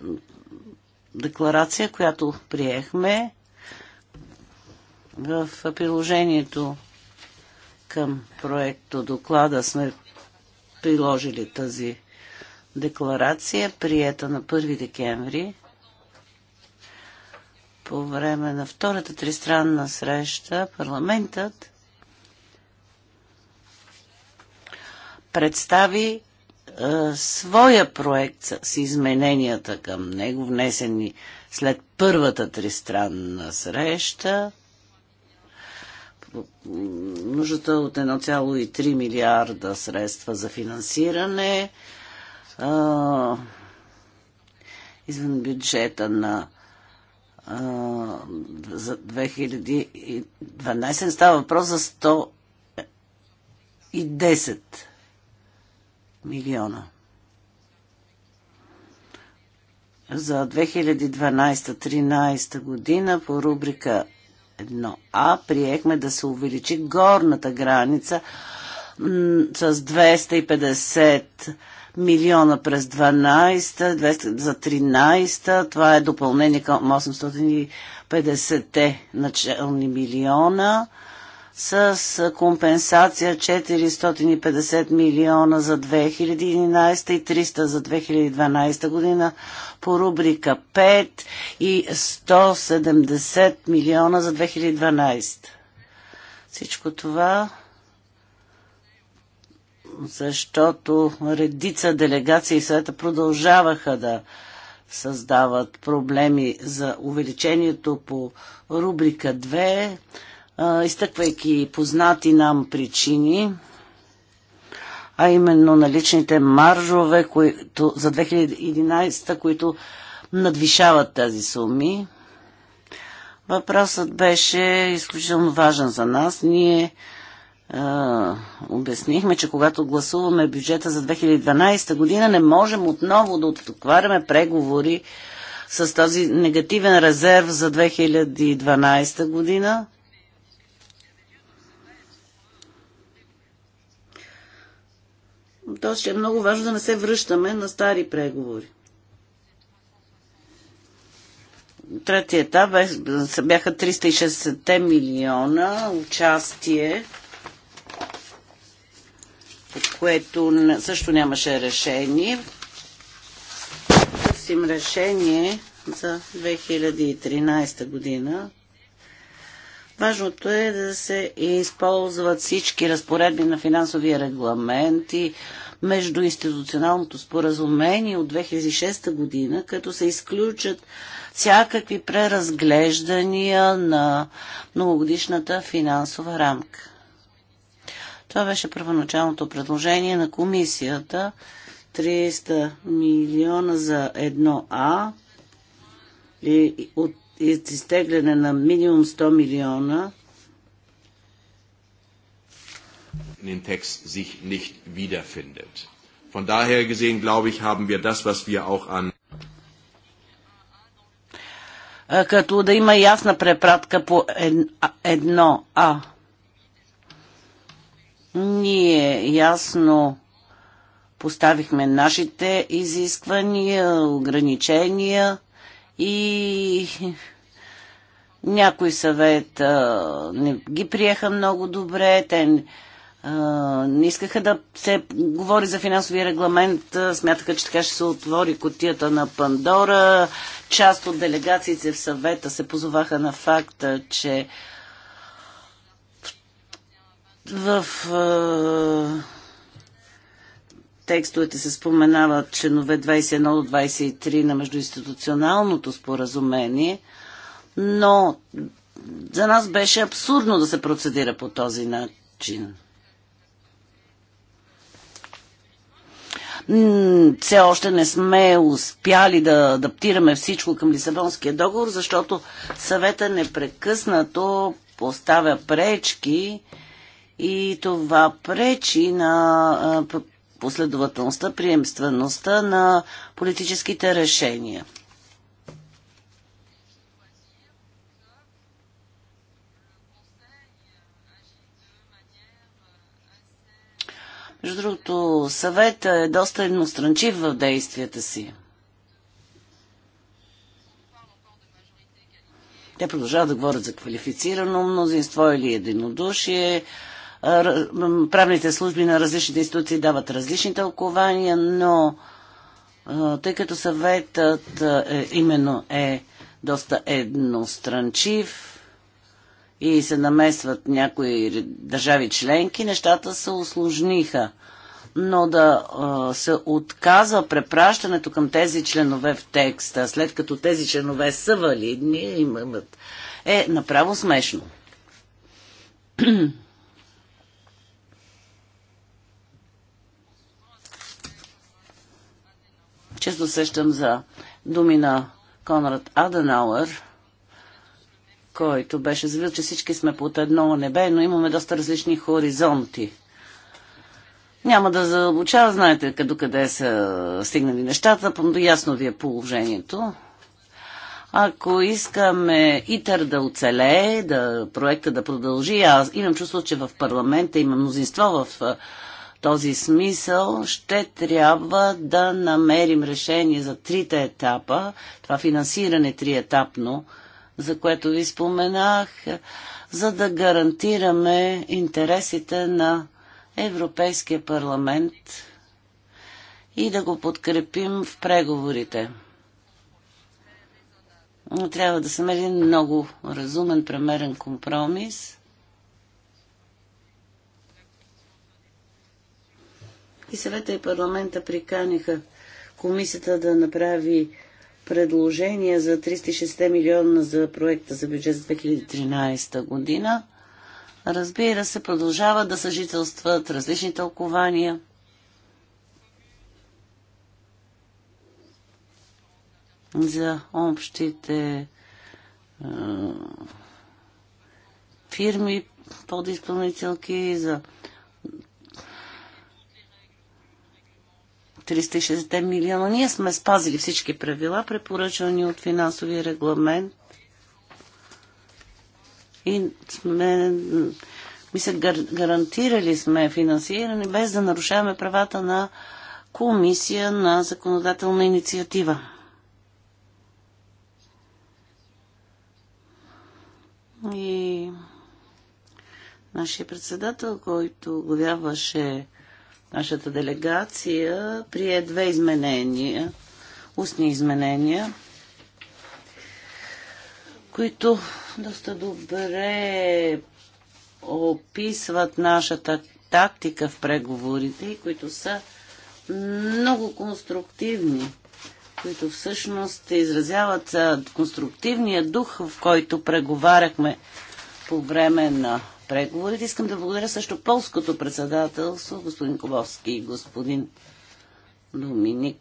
декларация, която приехме в приложението към проекто доклада сме приложили тази декларация, приета на 1 декември по време на втората тристранна среща парламентът представи своя проект с, измененията към него, внесени след първата тристранна среща. Нуждата от 1,3 милиарда средства за финансиране. извън бюджета на за 2012 става въпрос за 110 милиона. За 2012-13 година по рубрика 1А приехме да се увеличи горната граница с 250 милиона през 12 за 13 Това е допълнение към 850 начални милиона с компенсация 450 милиона за 2011 и 300 за 2012 година по рубрика 5 и 170 милиона за 2012. Всичко това защото редица делегации света продължаваха да създават проблеми за увеличението по рубрика 2, изтъквайки познати нам причини, а именно наличните маржове които, за 2011, които надвишават тази суми. Въпросът беше изключително важен за нас. Ние е, обяснихме, че когато гласуваме бюджета за 2012 година, не можем отново да отваряме преговори с този негативен резерв за 2012 година. Тоест, че е много важно да не се връщаме на стари преговори. Третия етап бяха 360 милиона участие, от което също нямаше решение. Търсим решение за 2013 година Важното е да се използват всички разпоредби на финансовия регламент и между институционалното споразумение от 2006 година, като се изключат всякакви преразглеждания на многогодишната финансова рамка. Това беше първоначалното предложение на комисията 300 милиона за 1А и от изтегляне на минимум 100 милиона. den Text sich nicht wiederfindet. Von daher gesehen, glaube ich, haben wir das, was wir auch an е, като да има ясна препратка по едно А. Ние ясно поставихме нашите изисквания, ограничения и някой съвет а, не ги приеха много добре, те а, не искаха да се говори за финансовия регламент, а, смятаха, че така ще се отвори котията на Пандора. Част от делегациите в съвета се позоваха на факта, че в, в, в текстовете се споменават членове 21 до 23 на междуинституционалното споразумение, но за нас беше абсурдно да се процедира по този начин. все още не сме успяли да адаптираме всичко към Лисабонския договор, защото съвета непрекъснато поставя пречки и това пречи на последователността, приемствеността на политическите решения. Между другото, съвета е доста едностранчив в действията си. Те продължават да говорят за квалифицирано мнозинство или единодушие правните служби на различните институции дават различни тълкования, но тъй като съветът е, именно е доста едностранчив и се намесват някои държави членки, нещата се осложниха. Но да а, се отказва препращането към тези членове в текста, след като тези членове са валидни, имат, е направо смешно. често сещам за думи на Конрад Аденауер, който беше заявил, че всички сме под едно небе, но имаме доста различни хоризонти. Няма да заобучава, знаете къде, къде са стигнали нещата, но ясно ви е положението. Ако искаме ИТЕР да оцелее, да, проекта да продължи, аз имам чувство, че в парламента има мнозинство в този смисъл ще трябва да намерим решение за трите етапа, това финансиране триетапно, за което ви споменах, за да гарантираме интересите на Европейския парламент и да го подкрепим в преговорите. Но трябва да се намери много разумен, премерен компромис – Министерски съвет и парламента приканиха комисията да направи предложение за 306 милиона за проекта за бюджет за 2013 година. Разбира се, продължават да съжителстват различни тълкования. за общите е, фирми, подизпълнителки, за 360 милиона. Ние сме спазили всички правила, препоръчани от финансовия регламент. И сме, мисля, гарантирали сме финансиране, без да нарушаваме правата на комисия на законодателна инициатива. И нашия председател, който главяваше Нашата делегация прие две изменения, устни изменения, които доста добре описват нашата тактика в преговорите и които са много конструктивни, които всъщност изразяват конструктивния дух, в който преговаряхме по време на преговорите. Искам да благодаря също полското председателство, господин Кобовски и господин Доминик,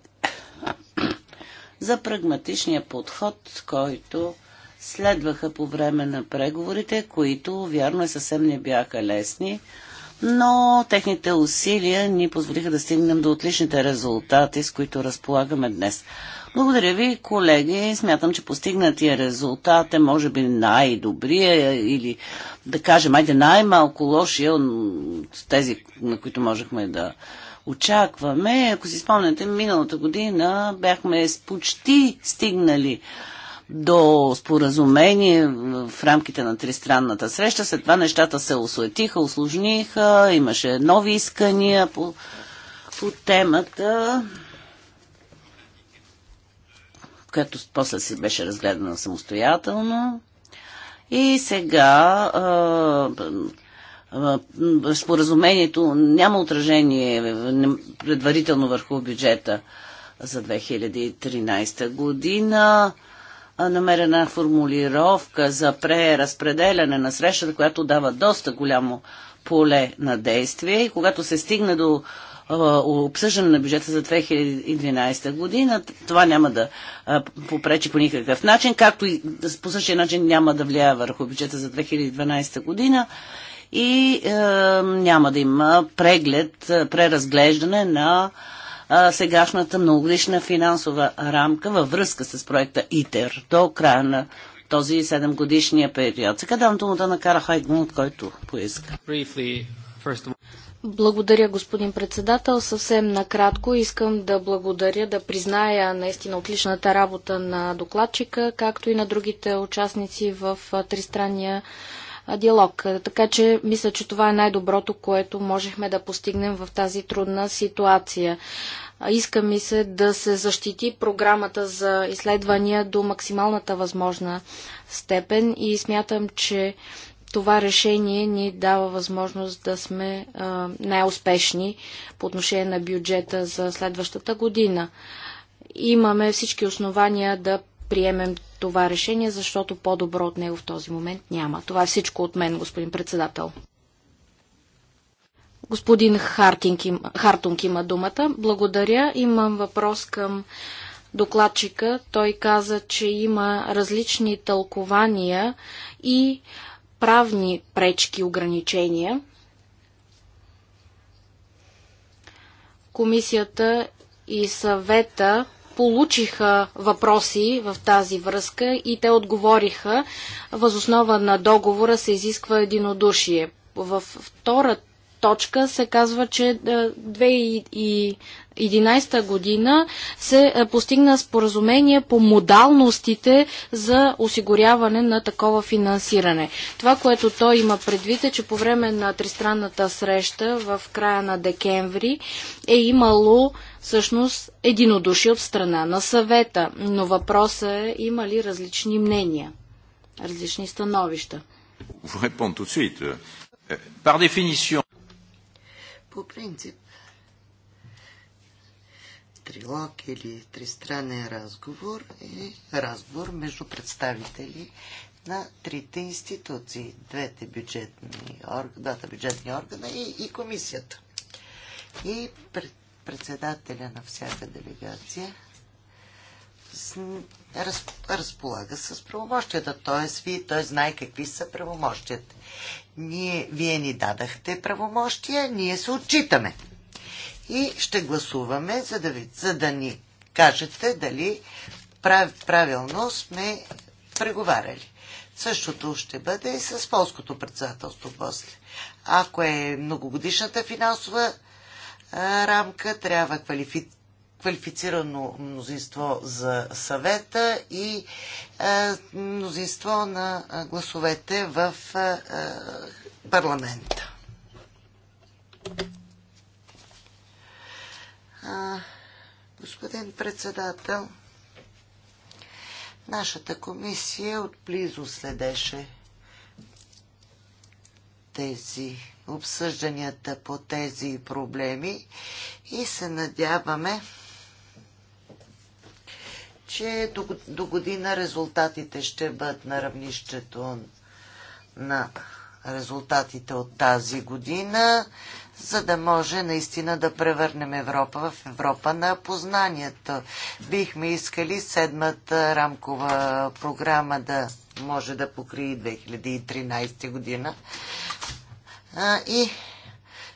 за прагматичния подход, който следваха по време на преговорите, които, вярно е, съвсем не бяха лесни, но техните усилия ни позволиха да стигнем до отличните резултати, с които разполагаме днес. Благодаря ви, колеги. Смятам, че постигнатия резултат е може би най-добрия или да кажем, айде най-малко лошия от тези, на които можехме да очакваме. Ако си спомняте, миналата година бяхме почти стигнали до споразумение в рамките на тристранната среща. След това нещата се осуетиха, осложниха, имаше нови искания по, по темата което после си беше разгледана самостоятелно. И сега споразумението няма отражение е, предварително върху бюджета за 2013 година. Намерена формулировка за преразпределяне на срещата, която дава доста голямо поле на действие и когато се стигне до обсъждане на бюджета за 2012 година. Това няма да попречи по никакъв начин, както и по същия начин няма да влияе върху бюджета за 2012 година и е, няма да има преглед, е, преразглеждане на е, сегашната многогодишна финансова рамка във връзка с проекта ИТЕР до края на този 7 годишния период. Сега давам думата на Кара от който поиска. Благодаря, господин председател. Съвсем накратко искам да благодаря, да призная наистина отличната работа на докладчика, както и на другите участници в тристранния диалог. Така че мисля, че това е най-доброто, което можехме да постигнем в тази трудна ситуация. Иска ми се да се защити програмата за изследвания до максималната възможна степен и смятам, че това решение ни дава възможност да сме най-успешни по отношение на бюджета за следващата година. Имаме всички основания да приемем това решение, защото по-добро от него в този момент няма. Това е всичко от мен, господин председател. Господин Хартинг Хартунг има думата. Благодаря. Имам въпрос към докладчика. Той каза, че има различни тълкования и правни пречки, ограничения. Комисията и съвета получиха въпроси в тази връзка и те отговориха. Възоснова на договора се изисква единодушие. Във втората точка се казва, че е, 2011 година се е, постигна споразумение по модалностите за осигуряване на такова финансиране. Това, което той има предвид е, че по време на тристранната среща в края на декември е имало всъщност единодушие от страна на съвета, но въпросът е има ли различни мнения, различни становища. Euh, по принцип, трилог или тристранен разговор е разговор между представители на трите институции, двете бюджетни, двата бюджетни органа и, и комисията. И пред, председателя на всяка делегация с, раз, разполага с правомощията, т.е. той знае какви са правомощията. Ние, вие ни дадахте правомощия, ние се отчитаме и ще гласуваме, за да, ви, за да ни кажете дали прав, правилно сме преговаряли. Същото ще бъде и с полското председателство после. Ако е многогодишната финансова а, рамка, трябва квалифи, квалифицирано мнозинство за съвета и а, мнозинство на а, гласовете в а, а, парламента. А, господин председател, нашата комисия отблизо следеше тези обсъжданията по тези проблеми и се надяваме, че до, до година резултатите ще бъдат на равнището на резултатите от тази година за да може наистина да превърнем Европа в Европа на познанието. Бихме искали седмата рамкова програма да може да покрие 2013 година. А, и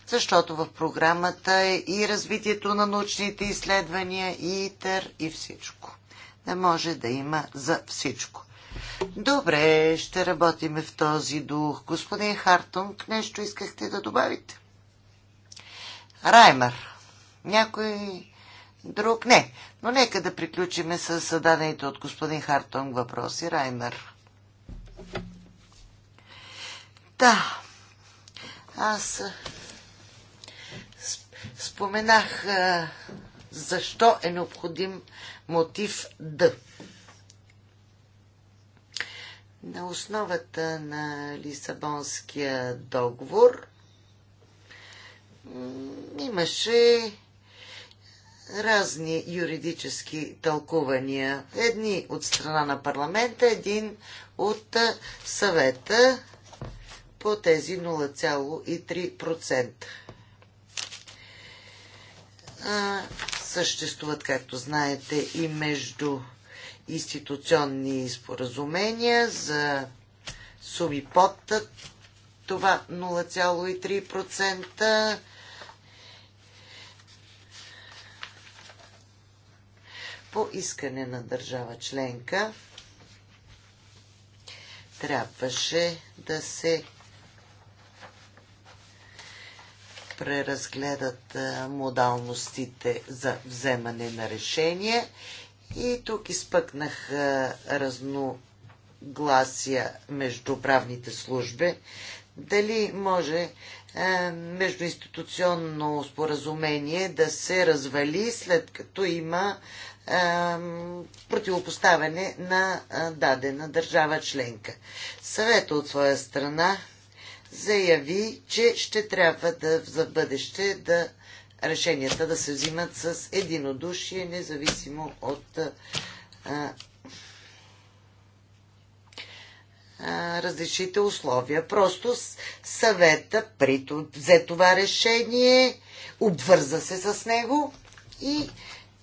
защото в програмата е и развитието на научните изследвания, и ИТЕР, и всичко. Да може да има за всичко. Добре, ще работиме в този дух. Господин Хартунг, нещо искахте да добавите? Раймер. Някой друг? Не. Но нека да приключиме с зададените от господин Хартонг въпроси. Раймер. Да. Аз споменах защо е необходим мотив Д. На основата на Лисабонския договор – имаше разни юридически тълкувания. Едни от страна на парламента, един от съвета по тези 0,3%. Съществуват, както знаете, и между институционни споразумения за суми под това 0,3%. по искане на държава членка трябваше да се преразгледат модалностите за вземане на решение и тук изпъкнах разногласия между правните служби. Дали може междуинституционно споразумение да се развали след като има противопоставяне на дадена държава членка. Съвета от своя страна заяви, че ще трябва да, за бъдеще да решенията да се взимат с единодушие, независимо от различните условия. Просто съвета при взе това решение, обвърза се с него и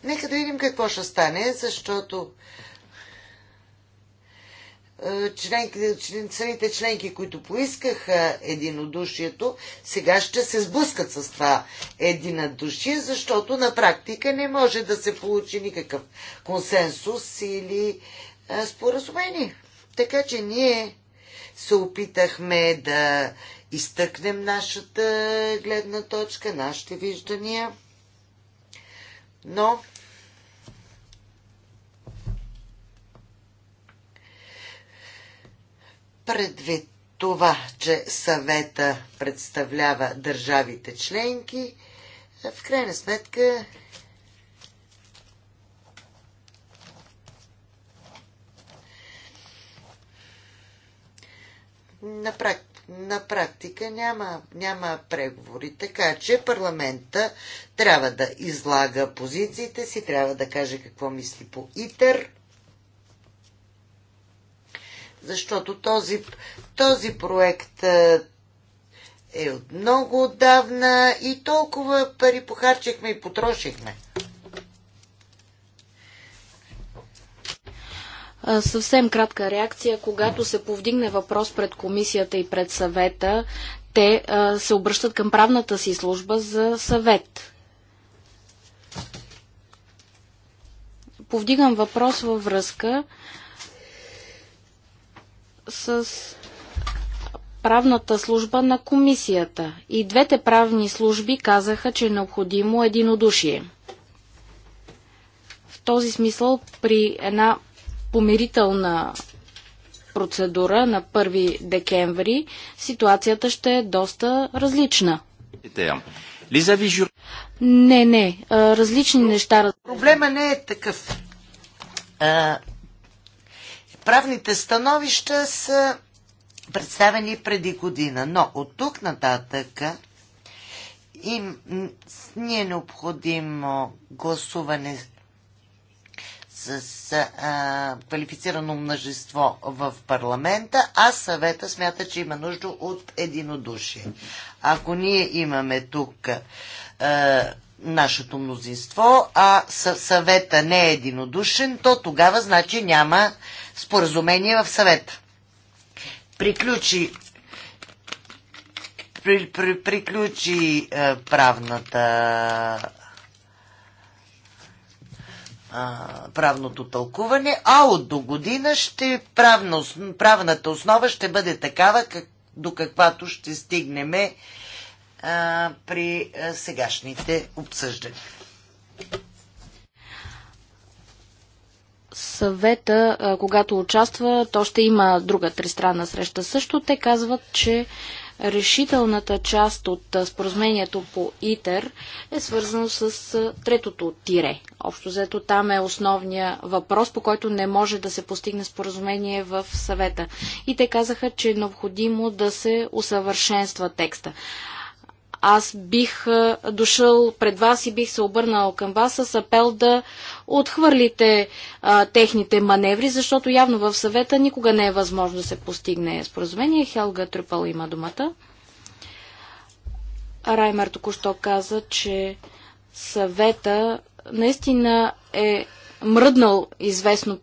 Нека да видим какво ще стане, защото е, член, член, самите членки, които поискаха единодушието, сега ще се сблъскат с това единодушие, защото на практика не може да се получи никакъв консенсус или а, е, споразумение. Така че ние се опитахме да изтъкнем нашата гледна точка, нашите виждания но предвид това, че съвета представлява държавите членки, в крайна сметка на практика на практика няма, няма преговори. Така че парламента трябва да излага позициите си, трябва да каже какво мисли по ИТЕР, защото този, този проект е, е от много отдавна и толкова пари похарчихме и потрошихме. Съвсем кратка реакция, когато се повдигне въпрос пред комисията и пред съвета, те се обръщат към правната си служба за съвет. Повдигам въпрос във връзка с правната служба на комисията. И двете правни служби казаха, че е необходимо единодушие. В този смисъл при една помирителна процедура на 1 декември, ситуацията ще е доста различна. Не, не, различни неща. Проблема не е такъв. правните становища са представени преди година, но от тук нататък им ни е необходимо гласуване с квалифицирано множество в парламента, а съвета смята, че има нужда от единодушие. Ако ние имаме тук а, нашето мнозинство, а съвета не е единодушен, то тогава значи няма споразумение в съвета. Приключи при, при, приключи е, правната а, правното тълкуване, а от до година ще правна, правната основа ще бъде такава, как, до каквато ще стигнеме а, при а, сегашните обсъждания. Съвета, когато участва, то ще има друга тристранна среща. Също те казват, че решителната част от споразумението по ИТЕР е свързано с третото тире. Общо взето там е основния въпрос, по който не може да се постигне споразумение в съвета. И те казаха, че е необходимо да се усъвършенства текста аз бих дошъл пред вас и бих се обърнал към вас с апел да отхвърлите а, техните маневри, защото явно в съвета никога не е възможно да се постигне споразумение. Хелга Трюпал има думата. Раймер току-що каза, че съвета наистина е мръднал известно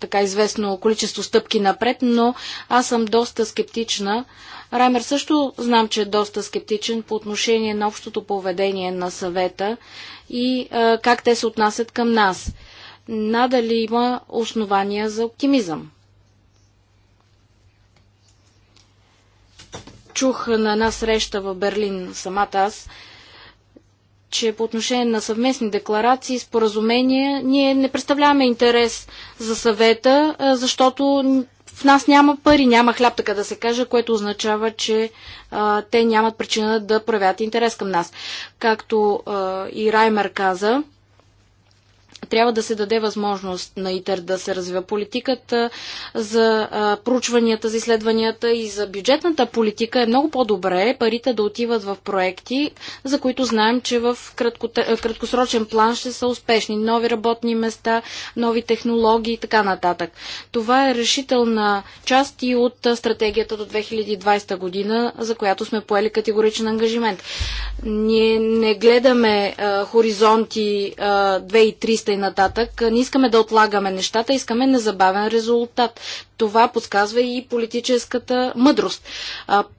така известно количество стъпки напред, но аз съм доста скептична Раймер също знам, че е доста скептичен по отношение на общото поведение на съвета и а, как те се отнасят към нас. Надали има основания за оптимизъм. Чух на една среща в Берлин самата аз, че по отношение на съвместни декларации и споразумения ние не представляваме интерес за съвета, защото в нас няма пари, няма хляб, така да се каже, което означава, че а, те нямат причина да проявят интерес към нас. Както а, и Раймер каза, трябва да се даде възможност на ИТЕР да се развива политиката за проучванията, за изследванията и за бюджетната политика е много по-добре парите да отиват в проекти, за които знаем, че в краткосрочен план ще са успешни. Нови работни места, нови технологии и така нататък. Това е решителна част и от стратегията до 2020 година, за която сме поели категоричен ангажимент. Ние не гледаме а, хоризонти а, 2300 и нататък. Е, не искаме да отлагаме нещата, искаме незабавен резултат. Това подсказва и политическата мъдрост.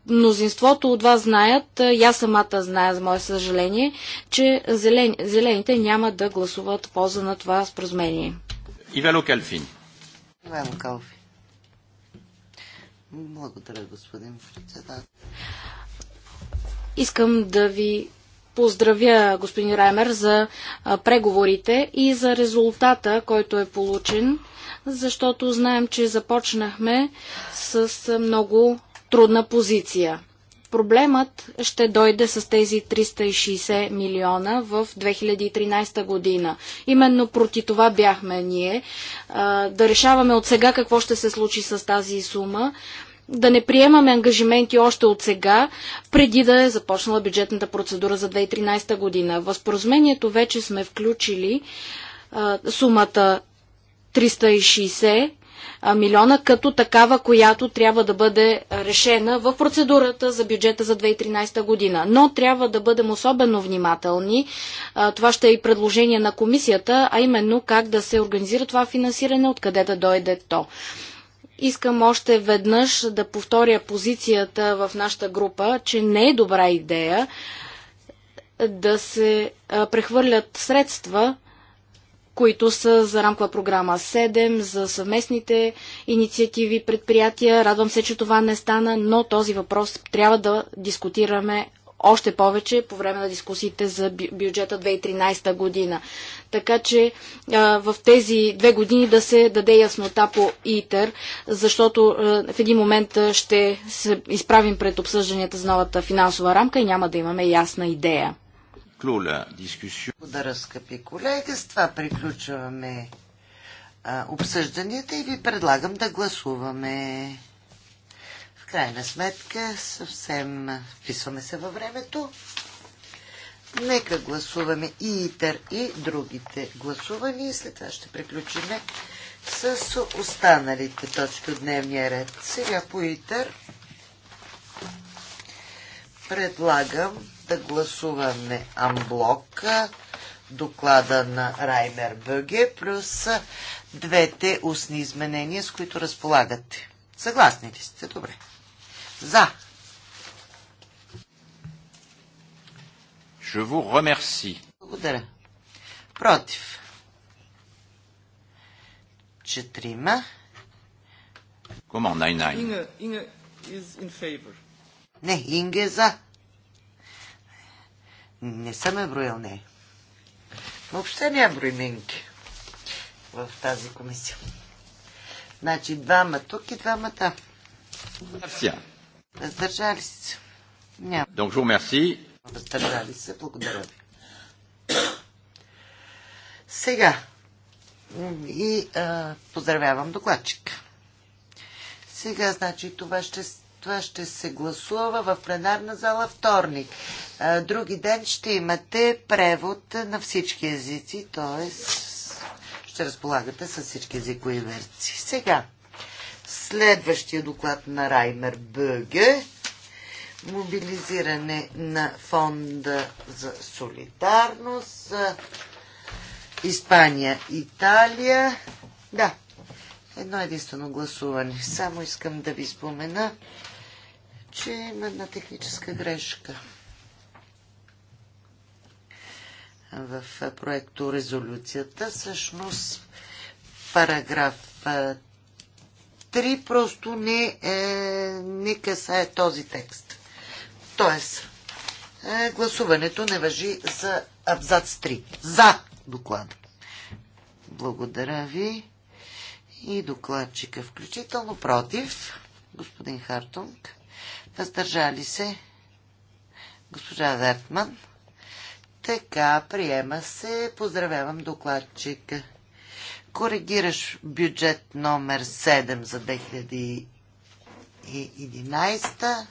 Мнозинството от вас знаят, я е, самата зная, за мое съжаление, че зелен, зелените няма да гласуват в полза на това споразумение. Ивело Калфин. Ивело Калфин. Благодаря, господин председател. Искам да ви поздравя господин Раймер за преговорите и за резултата, който е получен, защото знаем, че започнахме с много трудна позиция. Проблемът ще дойде с тези 360 милиона в 2013 година. Именно против това бяхме ние. Да решаваме от сега какво ще се случи с тази сума да не приемаме ангажименти още от сега, преди да е започнала бюджетната процедура за 2013 година. В споразумението вече сме включили а, сумата 360 милиона като такава, която трябва да бъде решена в процедурата за бюджета за 2013 година. Но трябва да бъдем особено внимателни. Това ще е и предложение на комисията, а именно как да се организира това финансиране, откъде да дойде то. Искам още веднъж да повторя позицията в нашата група, че не е добра идея да се прехвърлят средства, които са за рамкова програма 7, за съвместните инициативи, предприятия. Радвам се, че това не стана, но този въпрос трябва да дискутираме още повече по време на дискусиите за бюджета 2013 година. Така че в тези две години да се даде яснота по ИТЕР, защото в един момент ще се изправим пред обсъжданията за новата финансова рамка и няма да имаме ясна идея. Благодаря, скъпи колеги. С това приключваме обсъжданията и ви предлагам да гласуваме крайна сметка съвсем вписваме се във времето. Нека гласуваме и ИТЕР и другите гласувани и след това ще приключим с останалите точки от дневния ред. Сега по ИТЕР предлагам да гласуваме амблок доклада на Раймер Бъге плюс двете устни изменения, с които разполагате. Съгласни ли сте? Добре. За. Je vous remercie. Благодаря. Против. Четрима. Comment, най Inge, Inge is in favor. Не, Инге е за. Не съм е броил, не. Въобще няма броим Инге в тази комисия. Значи двама тук и двама там. Абсия. Въздържали се. Няма. Donc, Въздържали се. Благодаря ви. Сега. И а, поздравявам докладчика. Сега, значи, това ще, това ще се гласува в пленарна зала вторник. А, други ден ще имате превод на всички езици, т.е. ще разполагате с всички езикови версии. Сега. Следващия доклад на Раймер Бъге мобилизиране на фонда за солидарност Испания, Италия. Да, едно единствено гласуване. Само искам да ви спомена, че има една техническа грешка в проекто резолюцията. Всъщност, параграф 3 просто не, е, не касае този текст. Тоест, е, гласуването не въжи за абзац 3. За доклада. Благодаря ви. И докладчика включително против. Господин Хартунг. Въздържали се. Госпожа Вертман. Така, приема се. Поздравявам докладчика коригираш бюджет номер 7 за 2011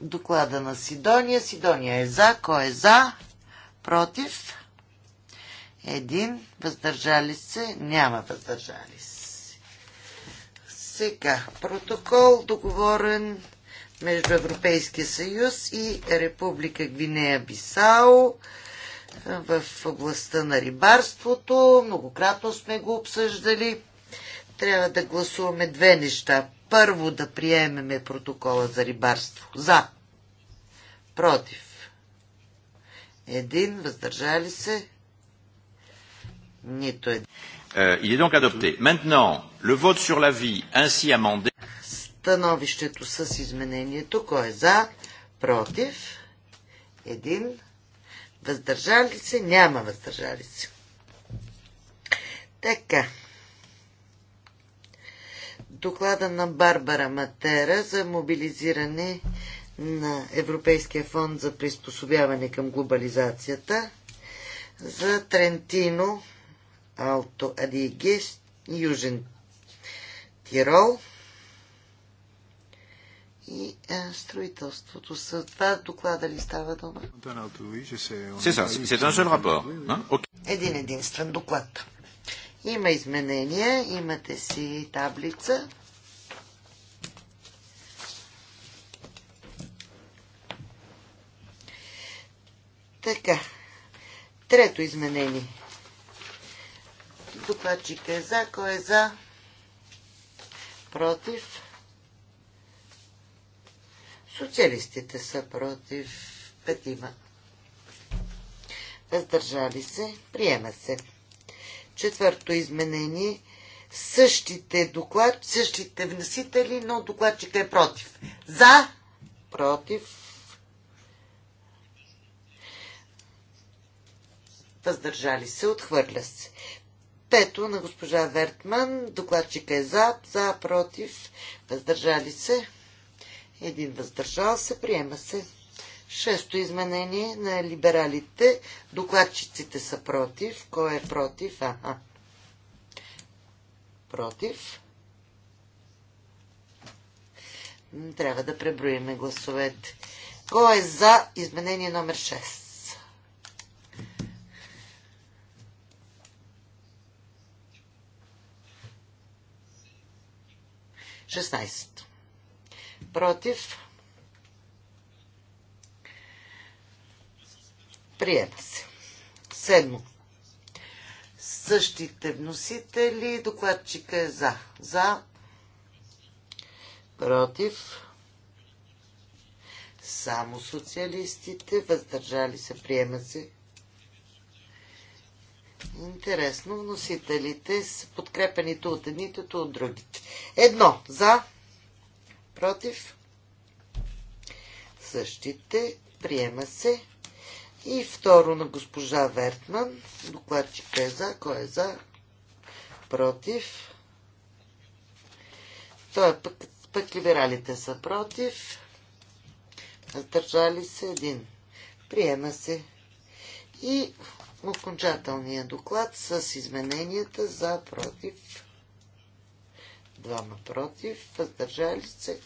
доклада на Сидония. Сидония е за. Кой е за? Против? Един. Въздържали се? Няма въздържали се. Сега, протокол договорен между Европейския съюз и Република Гвинея-Бисао в областта на рибарството. Многократно сме го обсъждали. Трябва да гласуваме две неща. Първо да приемеме протокола за рибарство. За. Против. Един. Въздържали се. Нито един. Е, il est donc adopté. Maintenant, le vote sur vie ainsi amendé. Становището с изменението. Кой е за? Против. Един. Въздържали се? Няма въздържали се. Така. Доклада на Барбара Матера за мобилизиране на Европейския фонд за приспособяване към глобализацията за Трентино, Алто Адиге, Южен Тирол – и е, строителството. С два доклада ли става дума? Е, един единствен доклад. Има изменения, имате си таблица. Така. Трето изменение. Докладчик е за, кой е за? Против? Социалистите са против петима. Въздържали се. Приема се. Четвърто изменение. Същите доклад, същите вносители, но докладчика е против. За. Против. Въздържали се. Отхвърля се. Пето на госпожа Вертман. Докладчика е за, за, против. Въздържали се един въздържал се, приема се. Шесто изменение на либералите. Докладчиците са против. Кой е против? Ага. Против. Трябва да преброиме гласовете. Кой е за изменение номер 6? Шестнайсет против, приема се. Седмо. Същите вносители, докладчика е за. За, против, само социалистите, въздържали се, приема се. Интересно, вносителите са подкрепените от едните, от другите. Едно за, против. Същите. Приема се. И второ на госпожа Вертман. Докладчик е за. Кой е за? Против. Той е пък, пък либералите са против. задържали се един. Приема се. И окончателният доклад с измененията за против двама против, въздържали се,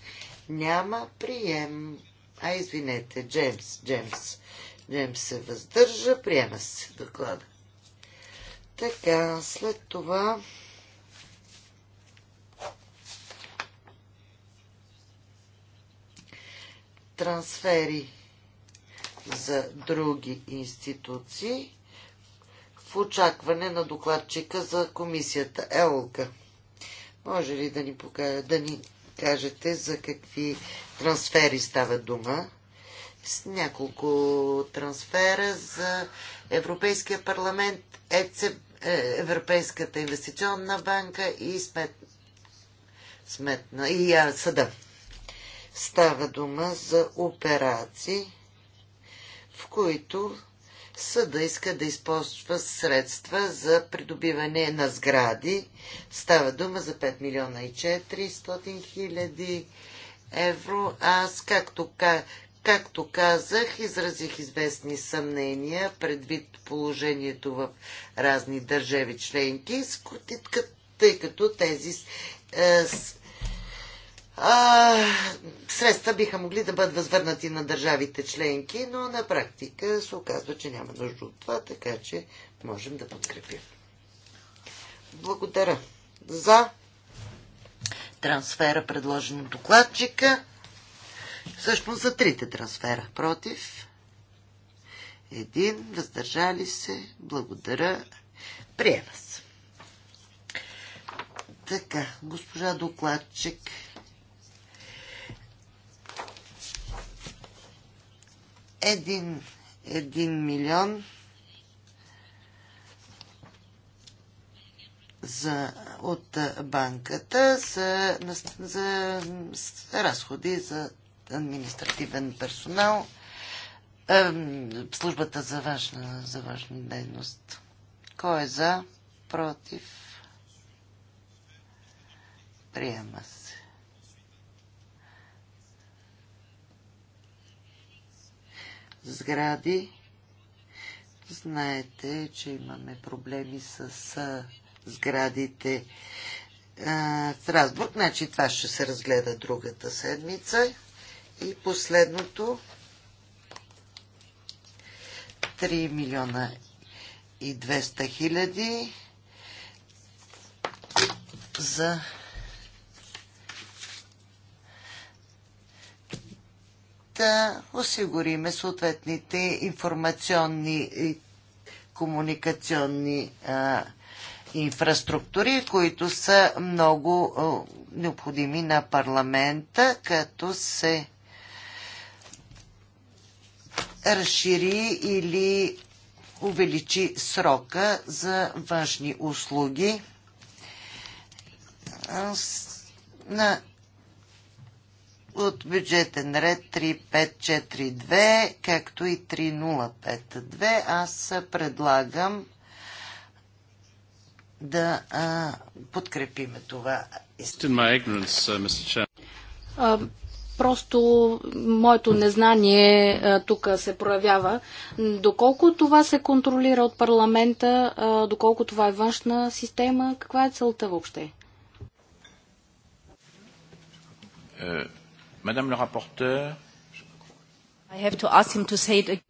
няма прием. А, извинете, Джеймс, Джеймс. Джеймс се въздържа, приема се доклада. Така, след това... Трансфери за други институции в очакване на докладчика за комисията ЕЛГА. Може ли да ни, пока... да ни кажете за какви трансфери става дума? С няколко трансфера за Европейския парламент, ЕЦЕ, Европейската инвестиционна банка и смет, сметна и а, съда. Става дума за операции, в които съда иска да използва средства за придобиване на сгради. Става дума за 5 милиона и 400 хиляди евро. Аз, както, както казах, изразих известни съмнения предвид положението в разни държави членки, тъй като тези е, а, средства биха могли да бъдат възвърнати на държавите членки, но на практика се оказва, че няма нужда от това, така че можем да подкрепим. Благодаря за трансфера, предложен от докладчика. Всъщност за трите трансфера. Против. Един. Въздържали се. Благодаря. Приема се. Така, госпожа докладчик Един един милион за, от банката за, за, за разходи за административен персонал, е, службата за външна, за външна дейност. Кой е за? Против? Приема се. сгради. Знаете, че имаме проблеми с сградите в Страсбург. Значи това ще се разгледа другата седмица. И последното 3 милиона и 200 хиляди за да осигуриме съответните информационни и комуникационни а, инфраструктури, които са много а, необходими на парламента, като се разшири или увеличи срока за външни услуги на от бюджетен ред 3542, както и 3052, аз предлагам да а, подкрепиме това. Uh, просто моето незнание тук се проявява. Доколко това се контролира от парламента, доколко това е външна система, каква е целта въобще? Е, Madame le rapporteur. I have to ask him to say it again.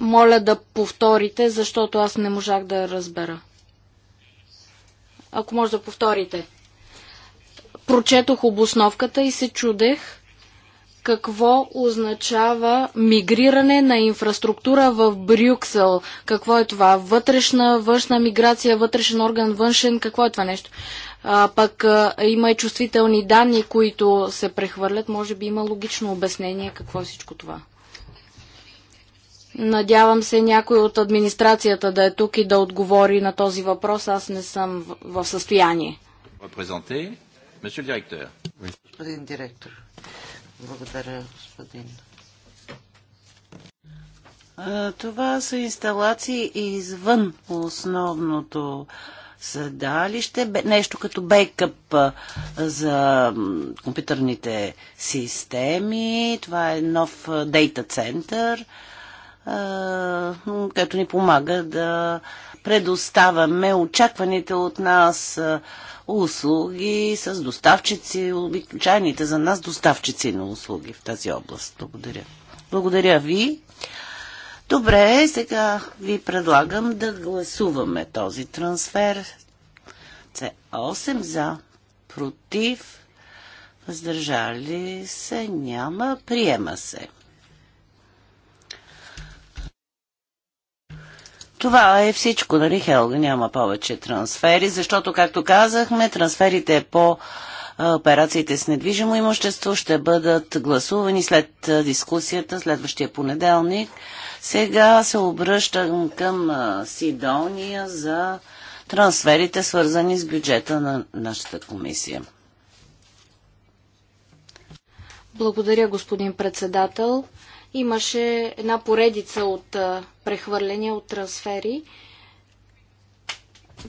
Моля да повторите, защото аз не можах да разбера. Ако може да повторите. Прочетох обосновката и се чудех какво означава мигриране на инфраструктура в Брюксел. Какво е това? Вътрешна, външна миграция, вътрешен орган, външен, какво е това нещо? а, пък а, има и чувствителни данни, които се прехвърлят. Може би има логично обяснение какво е всичко това. Надявам се някой от администрацията да е тук и да отговори на този въпрос. Аз не съм в, в състояние. Господин директор, благодаря, господин. Това са инсталации извън основното бе, нещо като бейкъп за компютърните системи. Това е нов дейта център, който ни помага да предоставяме очакваните от нас услуги с доставчици, обичайните за нас доставчици на услуги в тази област. Благодаря. Благодаря ви. Добре, сега ви предлагам да гласуваме този трансфер. С 8 за, против, въздържали се, няма, приема се. Това е всичко, нали, Хелга? Няма повече трансфери, защото, както казахме, трансферите по операциите с недвижимо имущество ще бъдат гласувани след дискусията следващия понеделник. Сега се обръщам към Сидония за трансферите, свързани с бюджета на нашата комисия. Благодаря, господин председател. Имаше една поредица от прехвърляния от трансфери.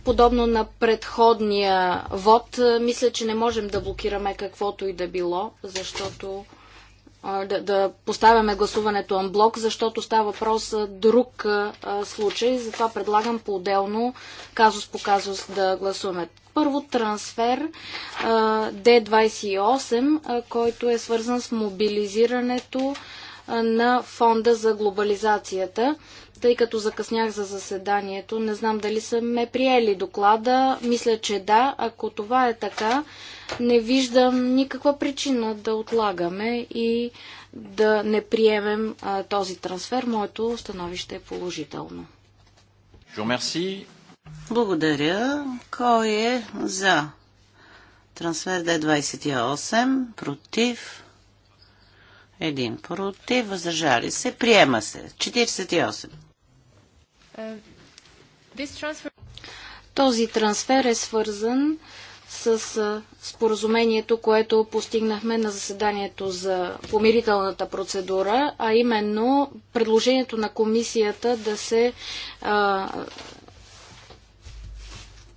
Подобно на предходния вод, мисля, че не можем да блокираме каквото и да било, защото да, да поставяме гласуването анблок, защото става въпрос друг а, случай. Затова предлагам по-отделно казус по казус да гласуваме. Първо трансфер а, D28, а, който е свързан с мобилизирането на фонда за глобализацията. Тъй като закъснях за заседанието, не знам дали са ме приели доклада. Мисля, че да. Ако това е така, не виждам никаква причина да отлагаме и да не приемем а, този трансфер. Моето становище е положително. Благодаря. Кой е за? Трансфер Д28, против, един против, въздържали се, приема се. 48. Е, този трансфер е свързан с споразумението, което постигнахме на заседанието за помирителната процедура, а именно предложението на комисията да се а,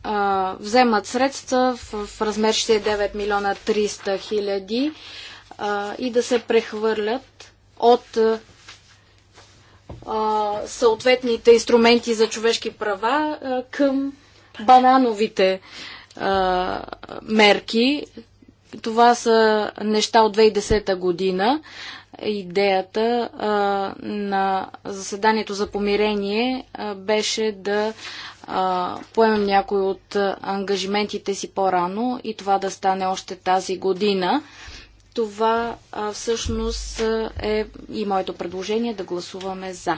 а, вземат средства в, в размер 69 милиона 300 хиляди и да се прехвърлят от а, съответните инструменти за човешки права към банановите а, мерки. Това са неща от 2010 година. Идеята а, на заседанието за помирение а, беше да а, поемем някой от ангажиментите си по-рано и това да стане още тази година. Това а, всъщност е и моето предложение да гласуваме за.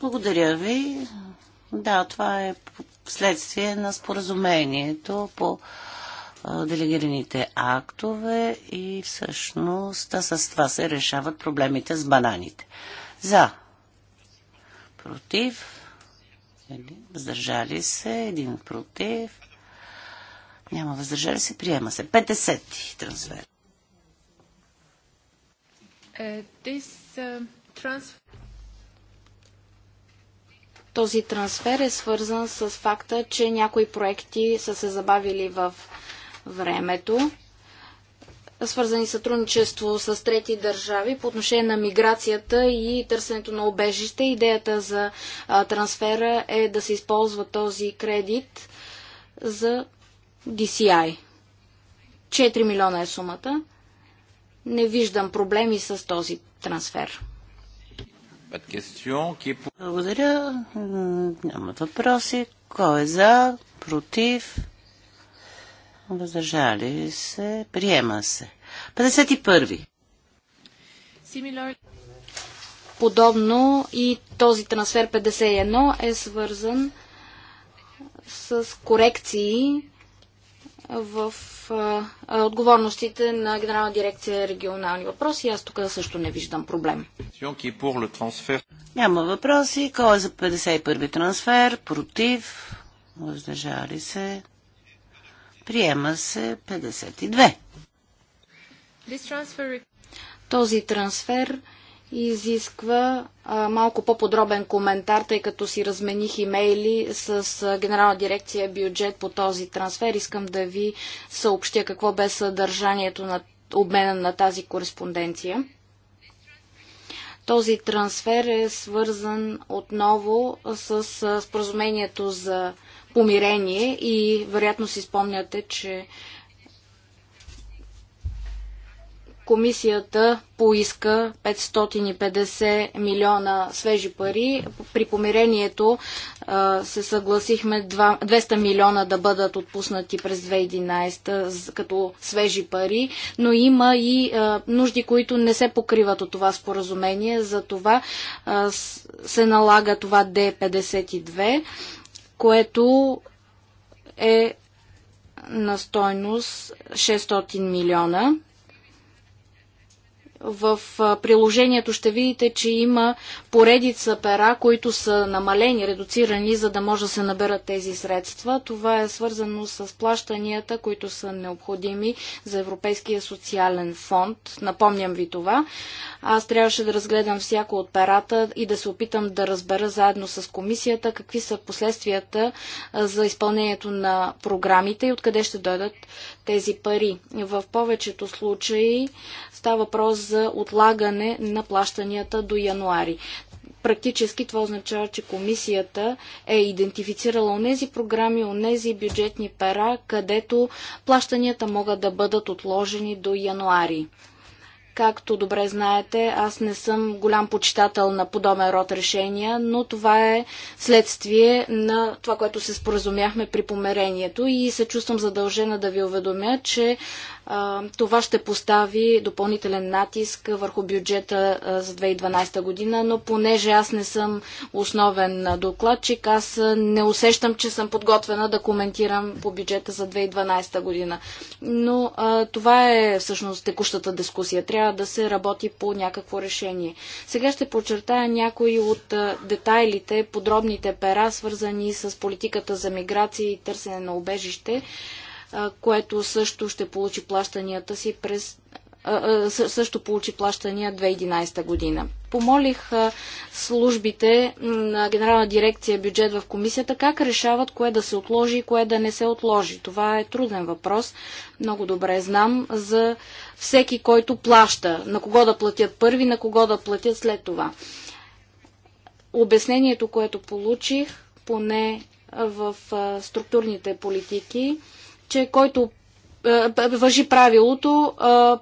Благодаря ви. Да, това е следствие на споразумението по делегираните актове и всъщност да, с това се решават проблемите с бананите. За. Против. Въздържали се. Един против. Няма въздържали се. Приема се. 50 трансфер. Uh, this, uh, е, transfer... Този трансфер е свързан с факта, че някои проекти са се забавили в времето, свързани сътрудничество с трети държави по отношение на миграцията и търсенето на обежище. Идеята за а, трансфера е да се използва този кредит за DCI. 4 милиона е сумата. Не виждам проблеми с този трансфер. Благодаря. Няма въпроси. Кой е за? Против? Въздържали се? Приема се. 51. Подобно и този трансфер 51 е свързан с корекции в а, а, отговорностите на Генерална дирекция регионални въпроси. Аз тук също не виждам проблем. Няма въпроси. Кой е за 51-и трансфер? Против? Въздържали се? Приема се 52. Този трансфер изисква а, малко по-подробен коментар, тъй като си размених имейли с а, Генерална дирекция бюджет по този трансфер. Искам да ви съобщя какво бе съдържанието на обмена на тази кореспонденция. Този трансфер е свързан отново с споразумението за помирение и вероятно си спомняте, че комисията поиска 550 милиона свежи пари. При помирението се съгласихме 200 милиона да бъдат отпуснати през 2011 като свежи пари, но има и нужди, които не се покриват от това споразумение. За това се налага това д 52 което е на стойност 600 милиона в приложението ще видите, че има поредица пера, които са намалени, редуцирани, за да може да се наберат тези средства. Това е свързано с плащанията, които са необходими за Европейския социален фонд. Напомням ви това. Аз трябваше да разгледам всяко от перата и да се опитам да разбера заедно с комисията какви са последствията за изпълнението на програмите и откъде ще дойдат тези пари. В повечето случаи става въпрос за отлагане на плащанията до януари. Практически това означава, че комисията е идентифицирала онези програми, онези бюджетни пера, където плащанията могат да бъдат отложени до януари. Както добре знаете, аз не съм голям почитател на подобен род решения, но това е следствие на това, което се споразумяхме при померението и се чувствам задължена да ви уведомя, че това ще постави допълнителен натиск върху бюджета за 2012 година, но понеже аз не съм основен докладчик, аз не усещам, че съм подготвена да коментирам по бюджета за 2012 година. Но а, това е всъщност текущата дискусия. Трябва да се работи по някакво решение. Сега ще подчертая някои от детайлите, подробните пера, свързани с политиката за миграция и търсене на убежище което също ще получи плащанията си през също получи плащания 2011 година. Помолих службите на Генерална дирекция бюджет в комисията как решават кое да се отложи и кое да не се отложи. Това е труден въпрос. Много добре знам за всеки, който плаща. На кого да платят първи, на кого да платят след това. Обяснението, което получих, поне в структурните политики, че който е, въжи правилото, е,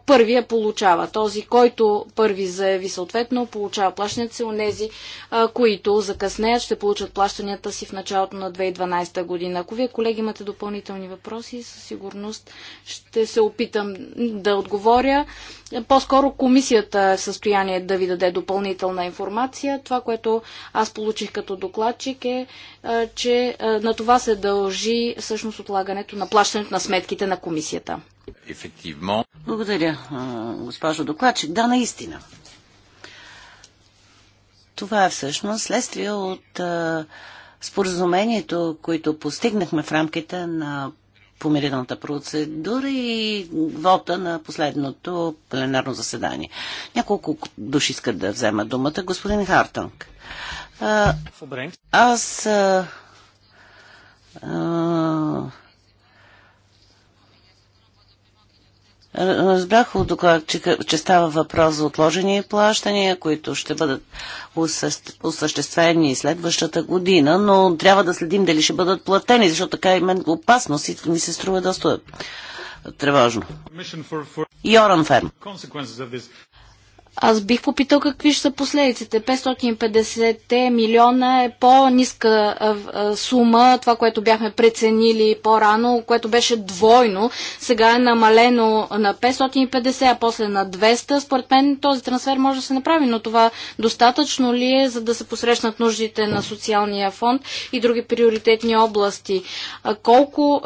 първия получава. Този, който първи заяви съответно, получава плащанията си. Онези, е, които закъснеят, ще получат плащанията си в началото на 2012 година. Ако вие, колеги, имате допълнителни въпроси, със сигурност ще се опитам да отговоря по-скоро комисията е в състояние да ви даде допълнителна информация. Това, което аз получих като докладчик е, че на това се дължи всъщност отлагането на плащането на сметките на комисията. Ефективно. Благодаря, госпожо докладчик. Да, наистина. Това е всъщност следствие от споразумението, което постигнахме в рамките на помирителната процедура и вота на последното пленарно заседание. Няколко души искат да взема думата. Господин Хартанг. Аз а, а, Разбрах от доклад, че става въпрос за отложени плащания, които ще бъдат осъществени следващата година, но трябва да следим дали ще бъдат платени, защото така и мен опасност и ми се струва доста тревожно. Йоран Ферм. Аз бих попитал какви ще са последиците. 550 милиона е по-ниска сума, това, което бяхме преценили по-рано, което беше двойно. Сега е намалено на 550, а после на 200. Според мен този трансфер може да се направи, но това достатъчно ли е, за да се посрещнат нуждите на социалния фонд и други приоритетни области? Колко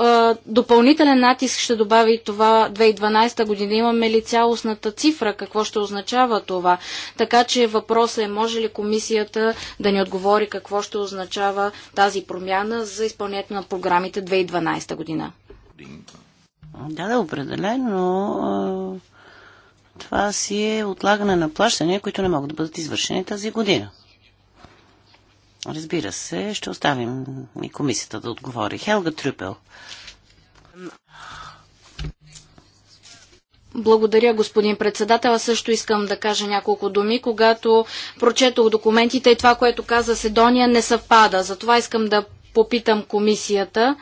допълнителен натиск ще добави това 2012 година? Имаме ли цялостната цифра? Какво ще означава това. Така че въпросът е може ли комисията да ни отговори какво ще означава тази промяна за изпълнението на програмите 2012 година. Да, да, определено. Това си е отлагане на плащания, които не могат да бъдат извършени тази година. Разбира се, ще оставим и комисията да отговори. Хелга Трюпел. Благодаря, господин председател. Аз също искам да кажа няколко думи. Когато прочетох документите и това, което каза Седония, не съвпада. Затова искам да попитам комисията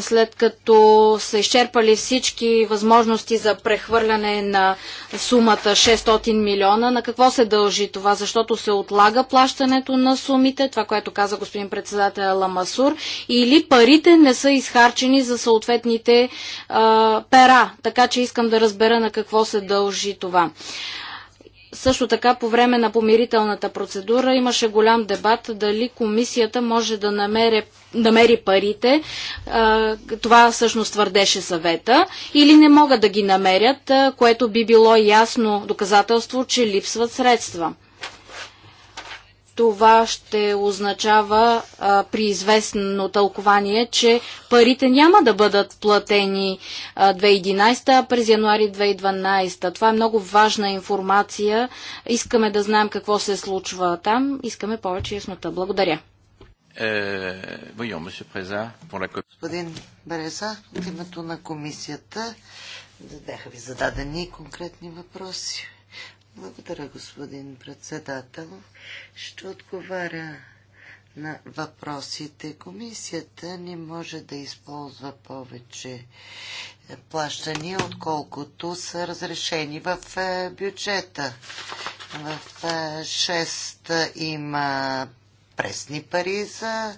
след като са изчерпали всички възможности за прехвърляне на сумата 600 милиона. На какво се дължи това? Защото се отлага плащането на сумите, това, което каза господин председател Ламасур, или парите не са изхарчени за съответните а, пера. Така че искам да разбера на какво се дължи това. Също така по време на помирителната процедура имаше голям дебат дали комисията може да намери, намери парите, това всъщност твърдеше съвета, или не могат да ги намерят, което би било ясно доказателство, че липсват средства това ще означава а, при известно тълкование, че парите няма да бъдат платени а, 2011, а през януари 2012. Това е много важна информация. Искаме да знаем какво се случва там. Искаме повече яснота. Благодаря. Е, Господин Береса, от името на комисията, дадеха ви зададени конкретни въпроси. Благодаря, господин председател. Ще отговаря на въпросите. Комисията не може да използва повече плащания, отколкото са разрешени в е, бюджета. В 6 е, има пресни пари за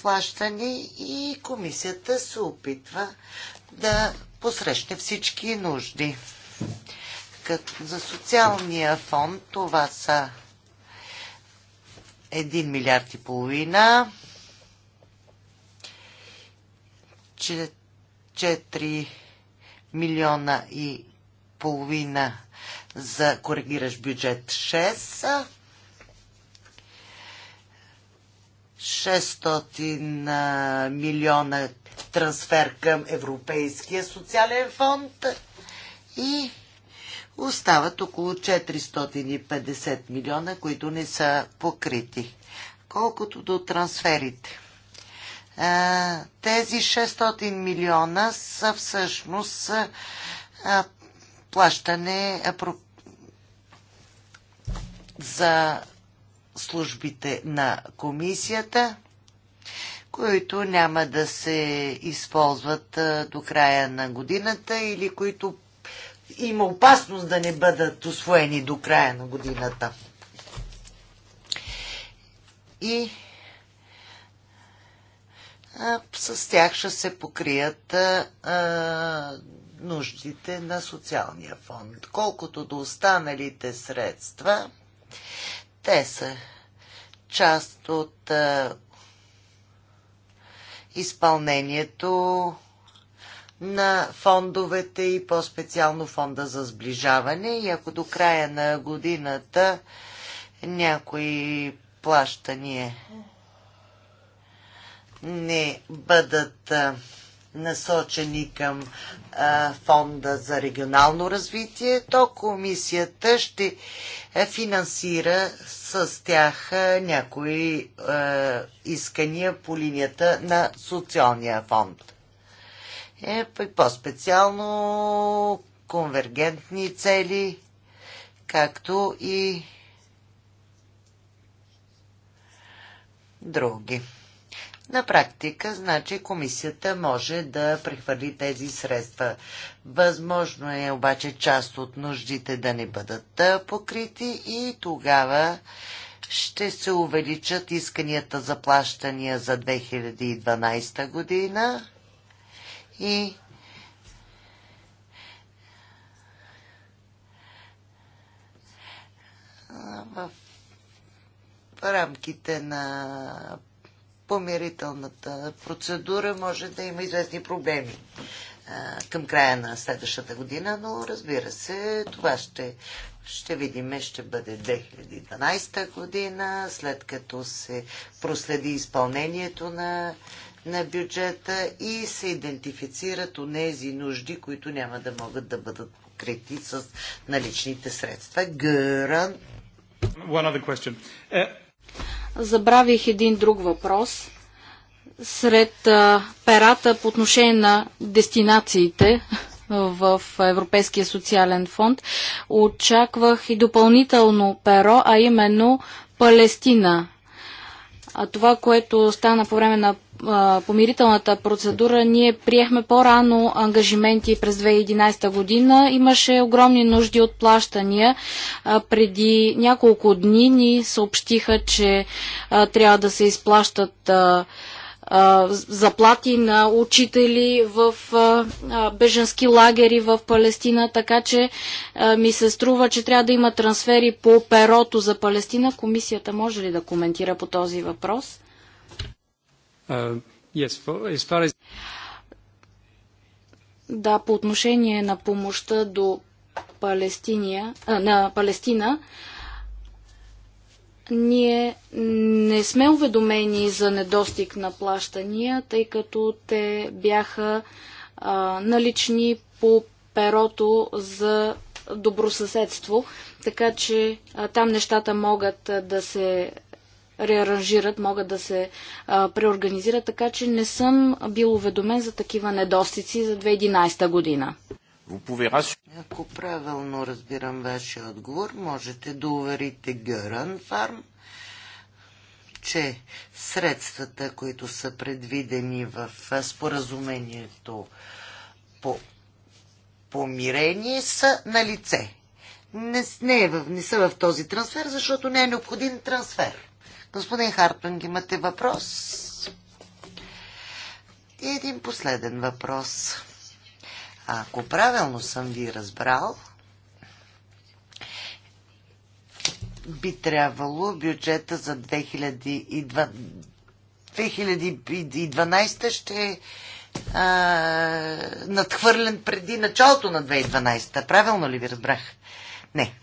плащане и комисията се опитва да посрещне всички нужди за социалния фонд това са 1 милиард и половина, 4 милиона и половина за коригираш бюджет 6, 600 милиона трансфер към Европейския социален фонд и остават около 450 милиона, които не са покрити. Колкото до трансферите. Тези 600 милиона са всъщност плащане за службите на комисията, които няма да се използват до края на годината или които има опасност да не бъдат освоени до края на годината. И а, с тях ще се покрият а, а, нуждите на социалния фонд. Колкото до останалите средства, те са част от а, изпълнението на фондовете и по-специално фонда за сближаване и ако до края на годината някои плащания не бъдат насочени към а, фонда за регионално развитие, то комисията ще е, финансира с тях а, някои а, искания по линията на социалния фонд е по-специално конвергентни цели, както и други. На практика, значи, комисията може да прехвърли тези средства. Възможно е обаче част от нуждите да не бъдат покрити и тогава ще се увеличат исканията за плащания за 2012 година и в рамките на помирителната процедура може да има известни проблеми към края на следващата година, но разбира се, това ще, ще видим, ще бъде 2012 година, след като се проследи изпълнението на на бюджета и се идентифицират у нези нужди, които няма да могат да бъдат покрити с наличните средства. Гъран. Е, Забравих един друг въпрос. Сред перата по отношение на дестинациите, в Европейския социален фонд. Очаквах и допълнително перо, а именно Палестина. А това, което стана по време на помирителната процедура, ние приехме по-рано ангажименти през 2011 година. Имаше огромни нужди от плащания. Преди няколко дни ни съобщиха, че трябва да се изплащат заплати на учители в беженски лагери в Палестина, така че ми се струва, че трябва да има трансфери по перото за Палестина. Комисията може ли да коментира по този въпрос? Yes, for, as far as... Да, по отношение на помощта до Палестиния, а, на Палестина, ние не сме уведомени за недостиг на плащания, тъй като те бяха а, налични по перото за добросъседство, така че а, там нещата могат да се реаранжират, могат да се а, преорганизират, така че не съм бил уведомен за такива недостици за 2011 година. Ако правилно разбирам вашия отговор, можете да уверите Гъран Фарм, че средствата, които са предвидени в споразумението по помирение, са на лице. Не, не, е в, не са в този трансфер, защото не е необходим трансфер. Господин Хартунг, имате въпрос? И един последен въпрос. Ако правилно съм ви разбрал, би трябвало бюджета за 2012 ще е надхвърлен преди началото на 2012. Правилно ли ви разбрах? Не.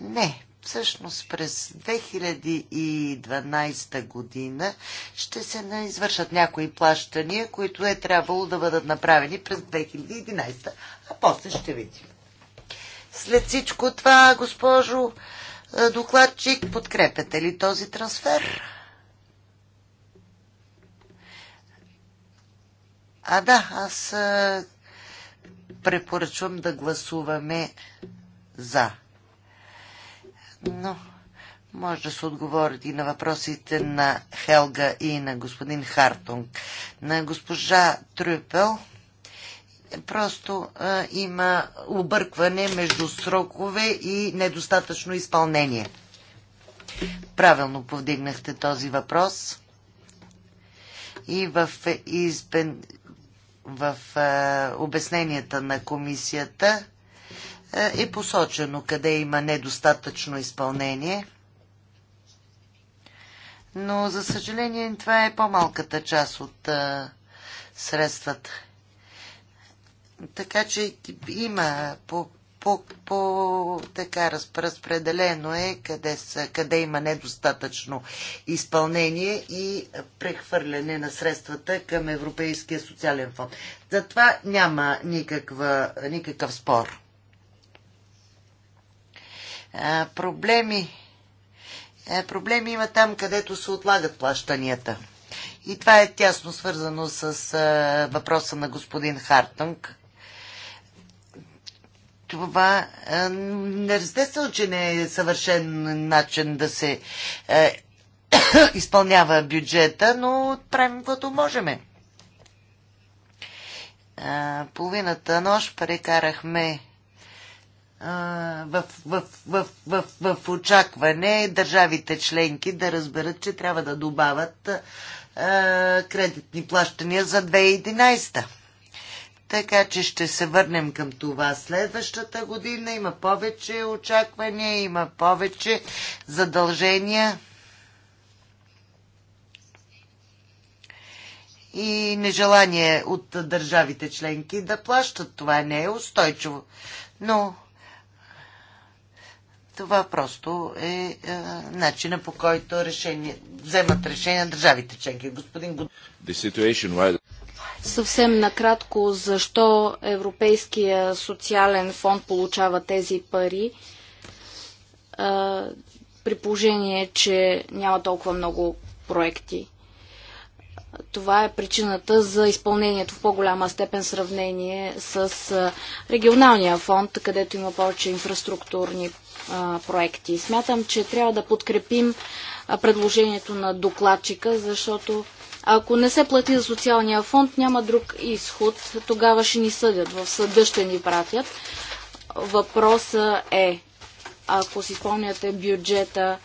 Не всъщност през 2012 година ще се извършат някои плащания, които е трябвало да бъдат направени през 2011. А после ще видим. След всичко това, госпожо е, докладчик, подкрепяте ли този трансфер? А да, аз е, препоръчвам да гласуваме за но може да се отговорят и на въпросите на Хелга и на господин Хартунг. На госпожа Трюпел просто а, има объркване между срокове и недостатъчно изпълнение. Правилно повдигнахте този въпрос. И в, избен, в а, обясненията на комисията е, е посочено къде има недостатъчно изпълнение. Но, за съжаление, това е по-малката част от а, е, средствата. Така че има по, по, по така разпределено е къде, са, къде има недостатъчно изпълнение и прехвърляне на средствата към Европейския социален фонд. Затова няма никаква, никакъв спор проблеми, проблеми има там, където се отлагат плащанията. И това е тясно свързано с въпроса на господин Хартунг. Това не естествено, че не е съвършен начин да се е, изпълнява бюджета, но правим каквото можеме. Половината нощ прекарахме в, в, в, в, в очакване държавите членки да разберат, че трябва да добавят а, кредитни плащания за 2011. Така че ще се върнем към това следващата година. Има повече очаквания, има повече задължения. И нежелание от държавите членки да плащат. Това не е устойчиво. Но това просто е, е начина по който решение, вземат решение на държавите членки. Господин Гудин. Съвсем накратко, защо Европейския социален фонд получава тези пари? Е, при положение, че няма толкова много проекти. Това е причината за изпълнението в по-голяма степен сравнение с е, регионалния фонд, където има повече инфраструктурни проекти. Смятам, че трябва да подкрепим предложението на докладчика, защото ако не се плати за социалния фонд, няма друг изход. Тогава ще ни съдят. В съда ще ни пратят. Въпросът е, ако си спомняте бюджета,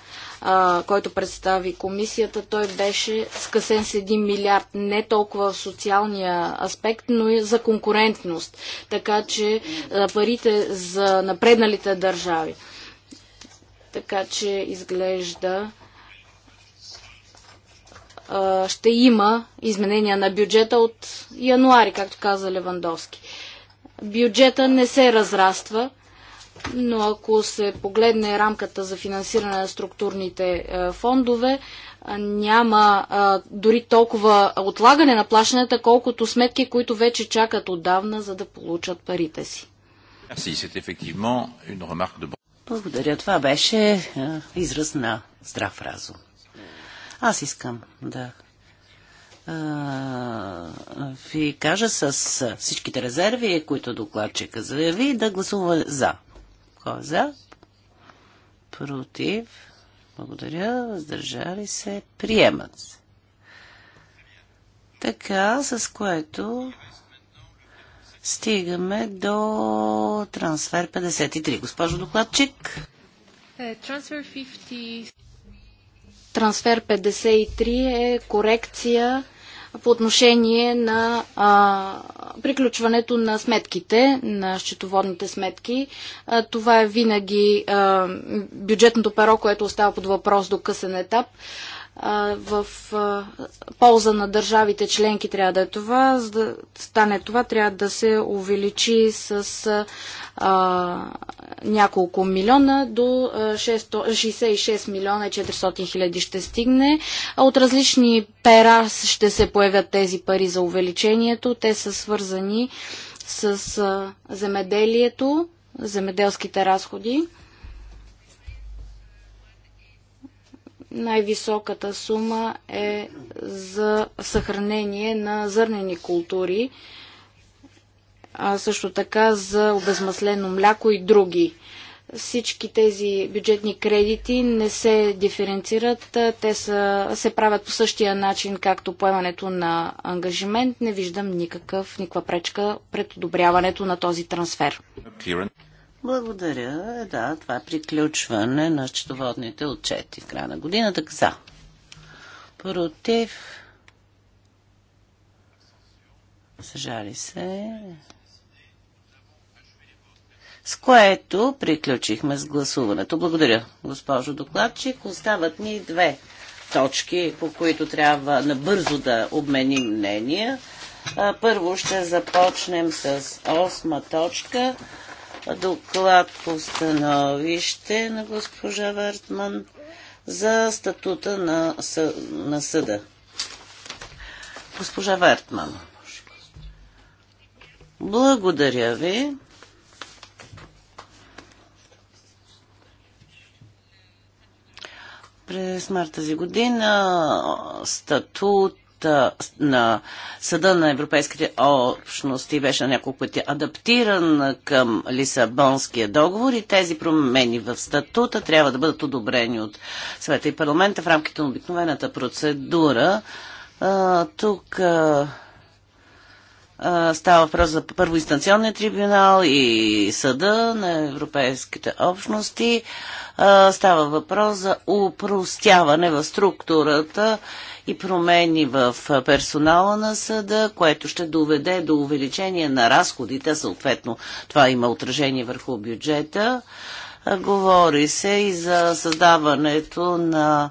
който представи комисията, той беше скъсен с 1 милиард, не толкова в социалния аспект, но и за конкурентност. Така че парите за напредналите държави. Така че изглежда ще има изменения на бюджета от януари, както каза Левандовски. Бюджета не се разраства, но ако се погледне рамката за финансиране на структурните фондове, няма дори толкова отлагане на плащанията, колкото сметки, които вече чакат отдавна, за да получат парите си. Благодаря. Това беше израз на здрав разум. Аз искам да ви кажа с всичките резерви, които докладчика заяви, да гласува за. Кой е за? Против. Благодаря. Въздържали се. Приемат се. Така, с което Стигаме до трансфер 53. Госпожо докладчик. Е, трансфер 53 е корекция по отношение на а, приключването на сметките, на счетоводните сметки. А, това е винаги а, бюджетното перо, което остава под въпрос до късен етап. А, в полза на държавите членки трябва да е това. За да стане това, трябва да се увеличи с а, няколко милиона до 600, 66 милиона и 400 хиляди ще стигне. От различни пера ще се появят тези пари за увеличението. Те са свързани с а, земеделието, земеделските разходи. най-високата сума е за съхранение на зърнени култури, а също така за обезмаслено мляко и други. Всички тези бюджетни кредити не се диференцират, те са, се правят по същия начин, както поемането на ангажимент. Не виждам никакъв, никаква пречка пред одобряването на този трансфер. Благодаря. Да, това е приключване на счетоводните отчети в края на годината. За. Против. Съжали се. С което приключихме с гласуването. Благодаря, госпожо докладчик. Остават ни две точки, по които трябва набързо да обменим мнения. Първо ще започнем с осма точка доклад по становище на госпожа Вертман за статута на, съ... на съда. Госпожа Вертман. Благодаря ви. През март тази година статут на Съда на Европейските общности беше няколко пъти адаптиран към Лисабонския договор и тези промени в статута трябва да бъдат одобрени от Съвета и парламента в рамките на обикновената процедура. А, тук а, а, става въпрос за първоинстанционния трибунал и съда на европейските общности. А, става въпрос за упростяване в структурата и промени в персонала на съда, което ще доведе до увеличение на разходите, съответно това има отражение върху бюджета. Говори се и за създаването на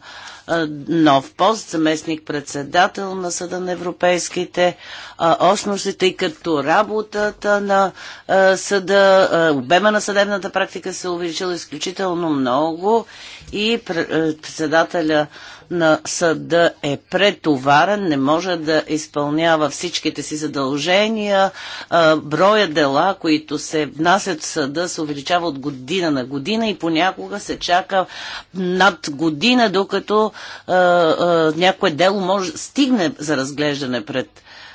нов пост, заместник председател на Съда на европейските общности, тъй като работата на съда, обема на съдебната практика се е увеличила изключително много и председателя на съда е претоварен, не може да изпълнява всичките си задължения. Броя дела, които се внасят в съда, се увеличава от година на година и понякога се чака над година, докато някое дело може стигне за разглеждане пред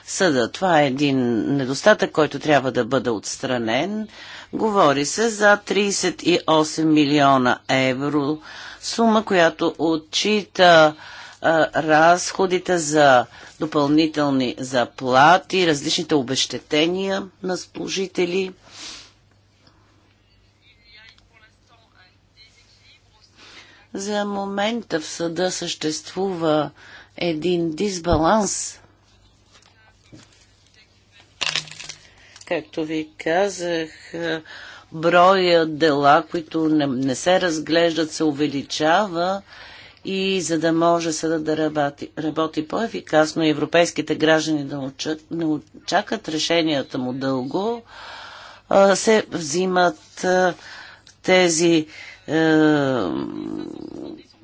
съда. Това е един недостатък, който трябва да бъде отстранен. Говори се за 38 милиона евро сума, която отчита разходите за допълнителни заплати, различните обещетения на служители. За момента в съда съществува един дисбаланс. Както ви казах, броя дела, които не, не се разглеждат, се увеличава и за да може се да работи, работи по-ефикасно и европейските граждани да не очакат решенията му дълго, се взимат тези е,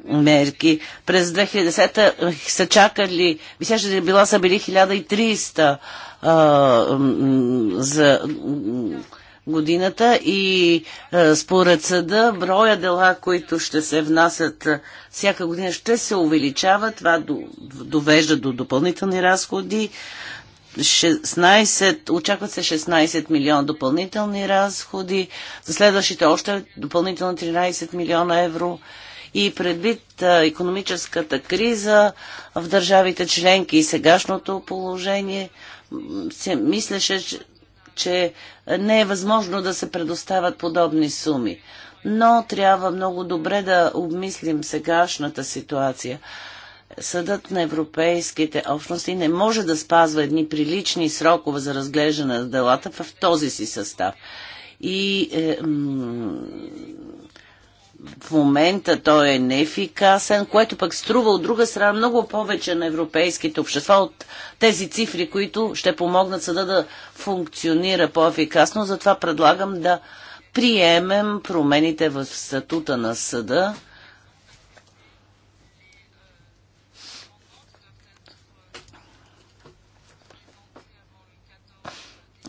мерки. През 2010-та са чакали, мисля, че била са били 1300 е, за годината и е, според съда броя дела, които ще се внасят е, всяка година, ще се увеличава. Това довежда до допълнителни разходи. 16, очакват се 16 милиона допълнителни разходи, за следващите още допълнително 13 милиона евро и предвид е, економическата криза в държавите членки и сегашното положение, се мислеше, че не е възможно да се предоставят подобни суми. Но трябва много добре да обмислим сегашната ситуация. Съдът на европейските общности не може да спазва едни прилични срокове за разглеждане на делата в този си състав. И е, в момента той е неефикасен, което пък струва от друга страна много повече на европейските общества от тези цифри, които ще помогнат съда да функционира по-ефикасно. Затова предлагам да приемем промените в статута на съда.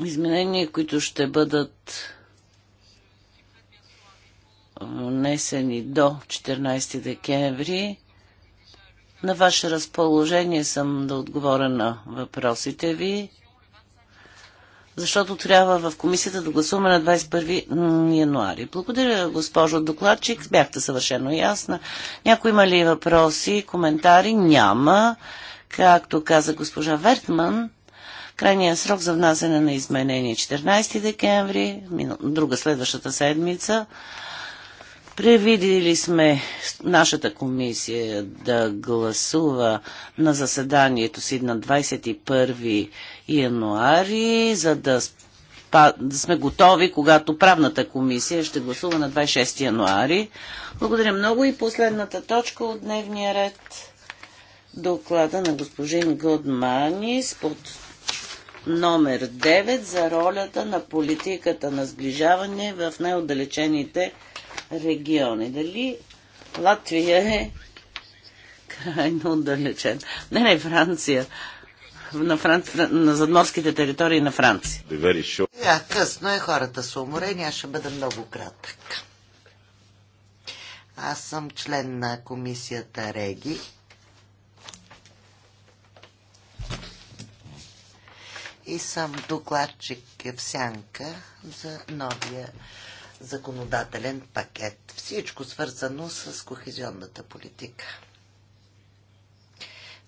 Изменения, които ще бъдат внесени до 14 декември. На ваше разположение съм да отговоря на въпросите ви, защото трябва в комисията да гласуваме на 21 януари. Благодаря, госпожо докладчик. Бяхте съвършено ясна. Някой има ли въпроси, коментари? Няма. Както каза госпожа Вертман, крайният срок за внасяне на изменение 14 е декември, друга следващата седмица. Превидили сме нашата комисия да гласува на заседанието си на 21 януари, за да, да сме готови, когато правната комисия ще гласува на 26 януари. Благодаря много и последната точка от дневния ред доклада на господин Годманис под номер 9 за ролята на политиката на сближаване в най-отдалечените региони. Дали Латвия е крайно отдалечен? Не, не, Франция. На, Франци... на задморските територии на Франция. Да, е, късно е, хората са уморени, аз ще бъда много кратък. Аз съм член на комисията Реги. И съм докладчик в Сянка за новия законодателен пакет. Всичко свързано с кохезионната политика.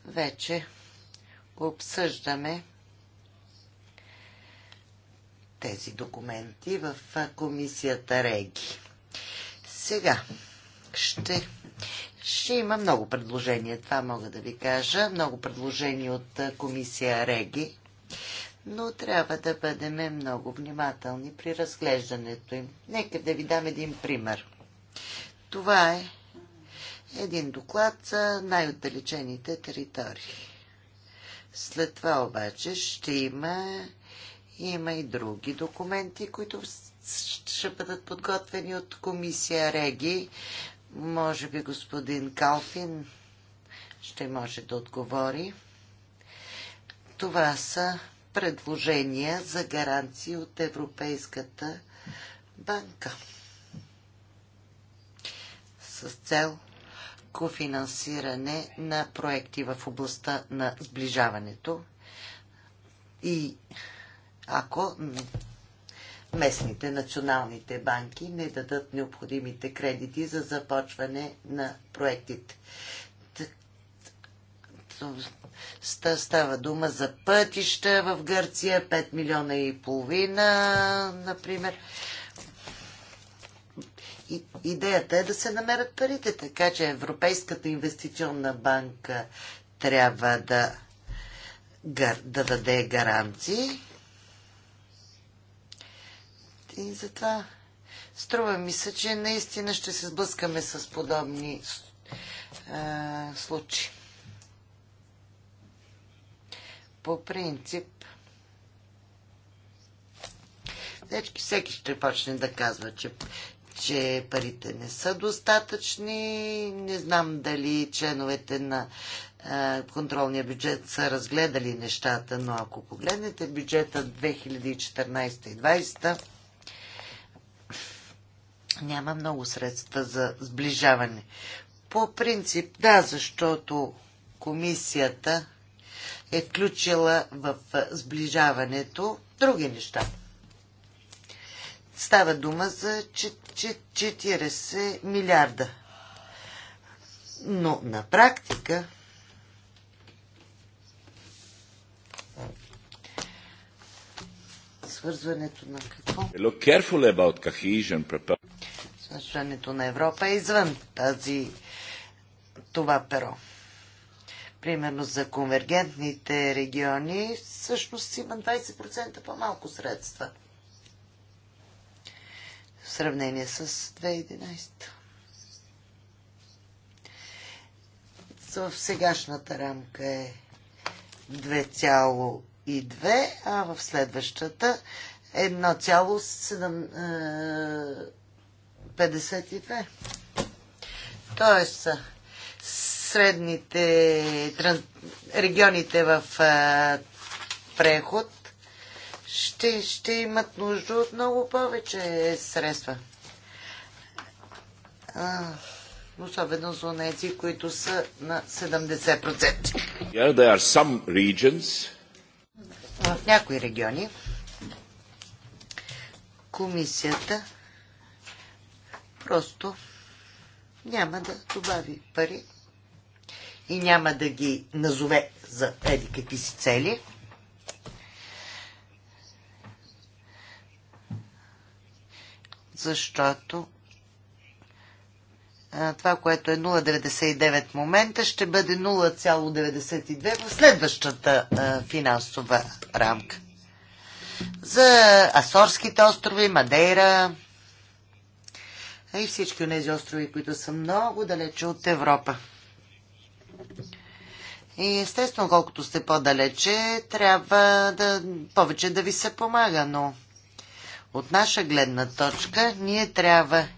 Вече обсъждаме тези документи в комисията Реги. Сега ще, ще има много предложения, това мога да ви кажа. Много предложения от комисия Реги но трябва да бъдем много внимателни при разглеждането им. Нека да ви дам един пример. Това е един доклад за най-отдалечените територии. След това обаче ще има, има и други документи, които ще бъдат подготвени от комисия Реги. Може би господин Калфин ще може да отговори. Това са предложения за гаранции от Европейската банка с цел кофинансиране на проекти в областта на сближаването и ако местните националните банки не дадат необходимите кредити за започване на проектите. Става дума за пътища в Гърция, 5 милиона и половина, например. И, идеята е да се намерят парите, така че Европейската инвестиционна банка трябва да, да даде гаранции. И затова струва ми се, че наистина ще се сблъскаме с подобни а, случаи по принцип всички, всеки ще почне да казва, че, че парите не са достатъчни. Не знам дали членовете на а, контролния бюджет са разгледали нещата, но ако погледнете бюджета 2014 и 2020, няма много средства за сближаване. По принцип, да, защото комисията е включила в сближаването други неща. Става дума за 40 милиарда. Но на практика свързването на какво? Е, look carefully about cohesion Свързването на Европа е извън тази това перо примерно за конвергентните региони, всъщност има 20% по-малко средства в сравнение с 2011. В сегашната рамка е 2,2, а в следващата 1,52. Е, Тоест, средните тран... регионите в а, преход ще, ще имат нужда от много повече средства. А, особено за тези, които са на 70%. Yeah, в някои региони комисията просто няма да добави пари и няма да ги назове за еди какви си цели. Защото това, което е 0,99 в момента, ще бъде 0,92 в следващата финансова рамка. За Асорските острови, Мадейра и всички от тези острови, които са много далече от Европа. И естествено, колкото сте по-далече, трябва да, повече да ви се помага, но от наша гледна точка ние трябва,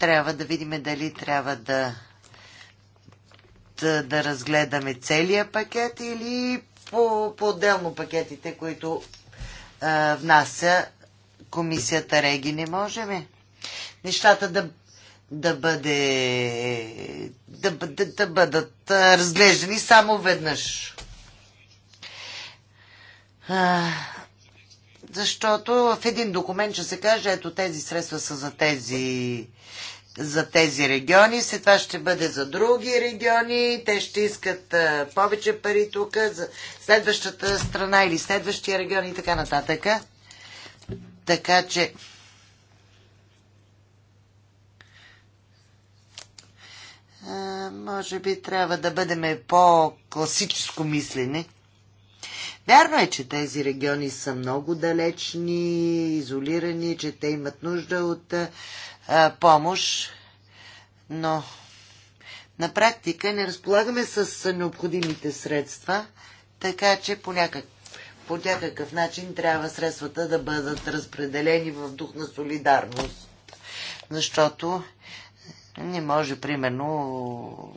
трябва да видим дали трябва да, да, да разгледаме целия пакет или по-отделно по пакетите, които а, внася комисията Реги. Не можеме нещата да да бъде да, да, да бъдат разглеждани само веднъж. А, защото в един документ ще се каже, ето тези средства са за тези за тези региони, след това ще бъде за други региони, те ще искат а, повече пари тук, за следващата страна или следващия регион и така нататък. Така че може би трябва да бъдем по-класическо мислене. Вярно е, че тези региони са много далечни, изолирани, че те имат нужда от а, помощ, но на практика не разполагаме с необходимите средства, така че по някакъв, по някакъв начин трябва средствата да бъдат разпределени в дух на солидарност. Защото не може, примерно,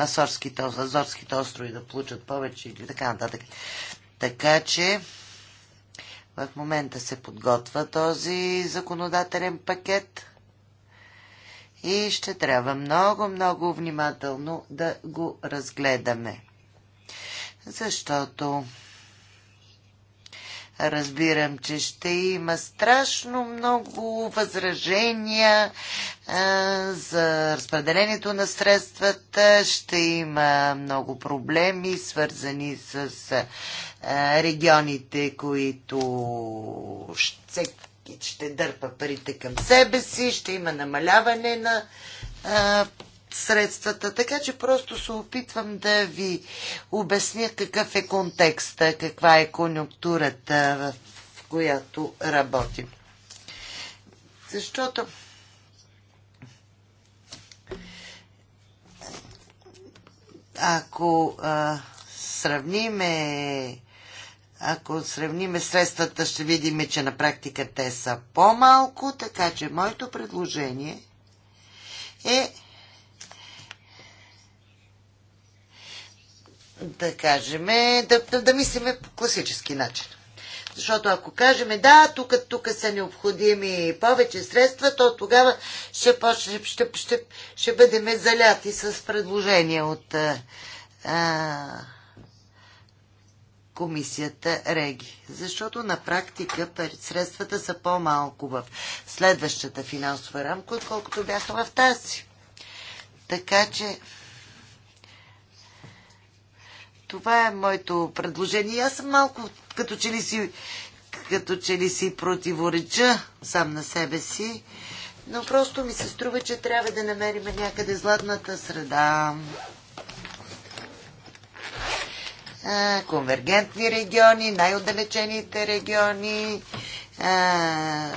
Азорските, Азорските острови да получат повече или така нататък. Така че в момента се подготва този законодателен пакет и ще трябва много, много внимателно да го разгледаме. Защото Разбирам, че ще има страшно много възражения а, за разпределението на средствата, ще има много проблеми, свързани с а, регионите, които ще, ще дърпа парите към себе си, ще има намаляване на а, средствата. Така че просто се опитвам да ви обясня какъв е контекста, каква е конюнктурата, в която работим. Защото ако а, сравниме ако сравниме средствата, ще видим, че на практика те са по-малко, така че моето предложение е да кажем, е, да, да, да мислиме по класически начин. Защото ако кажем, е, да, тук, тук са необходими повече средства, то тогава ще, почне, ще, ще, ще бъдем заляти с предложения от а, е, комисията Реги. Защото на практика средствата са по-малко в следващата финансова рамка, отколкото бяха в тази. Така че това е моето предложение. Аз съм малко като че ли си, като че ли си противореча сам на себе си, но просто ми се струва, че трябва да намерим някъде златната среда. А, конвергентни региони, най-отдалечените региони, а,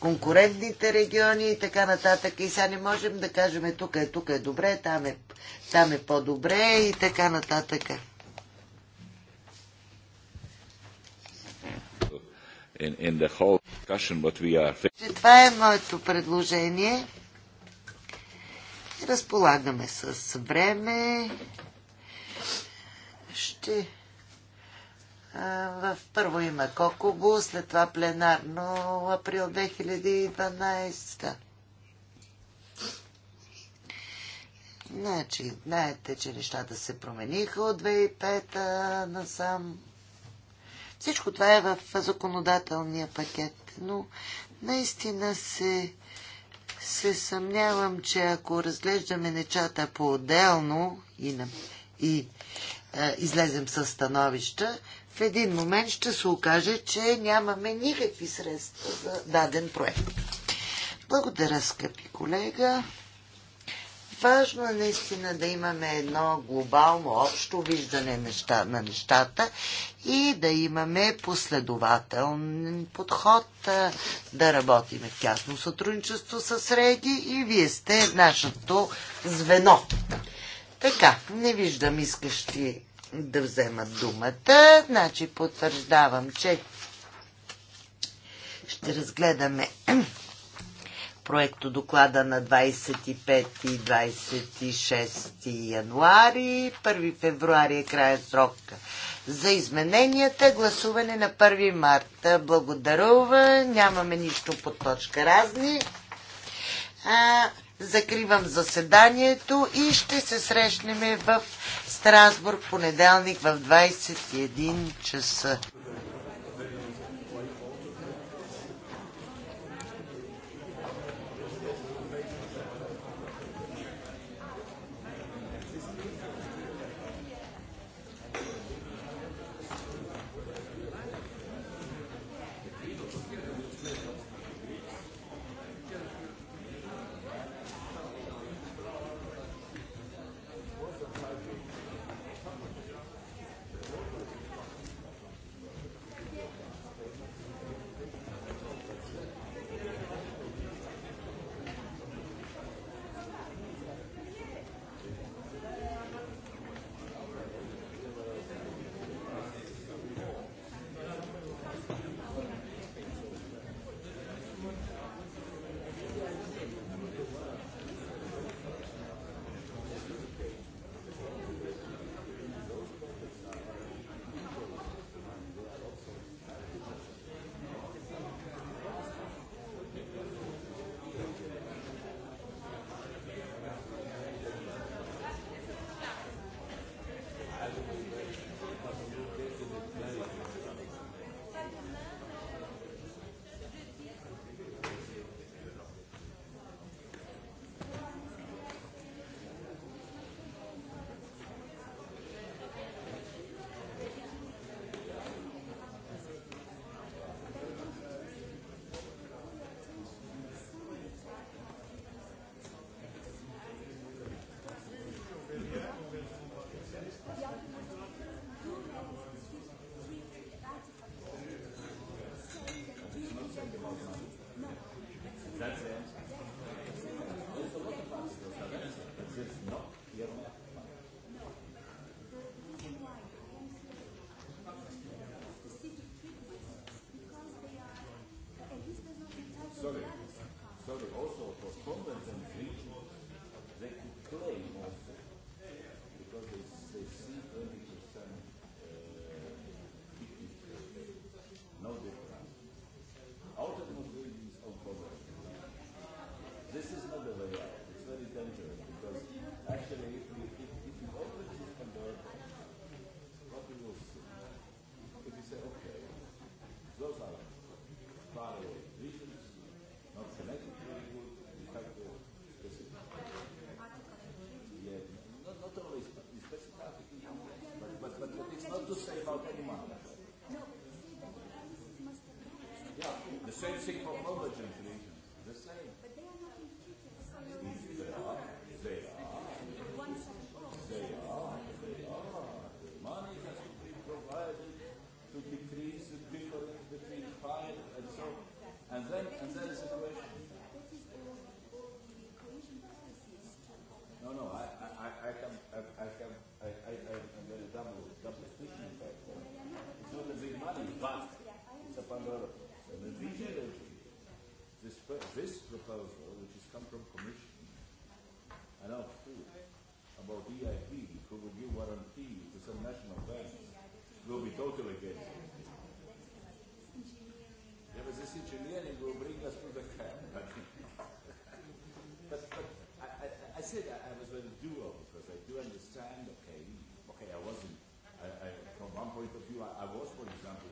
конкурентните региони и така нататък. И сега не можем да кажем е, тук е, тук е добре, там е, там е по-добре и така нататък. In, in the whole discussion, what we are... Това е моето предложение. Разполагаме с време. Ще в първо има Кокобу, след това пленарно април 2012. Значи, знаете, че нещата се промениха от 2005 насам. Всичко това е в законодателния пакет, но наистина се, се съмнявам, че ако разглеждаме нещата по-отделно и, на, и е, излезем със становища, в един момент ще се окаже, че нямаме никакви средства за даден проект. Благодаря, скъпи колега. Важно е наистина да имаме едно глобално общо виждане неща, на нещата и да имаме последователен подход, да работиме в тясно сътрудничество с Реги и вие сте нашето звено. Така, не виждам искащи да взема думата. Значи потвърждавам, че ще разгледаме проекто доклада на 25 и 26 януари. 1 февруари е края срока за измененията. Гласуване на 1 марта. Благодарува. Нямаме нищо под точка разни. А, Закривам заседанието и ще се срещнем в Страсбург понеделник в 21 часа. proposal, which has come from Commission, and our food about EIP, who will give warranty to some national banks, will be totally against it.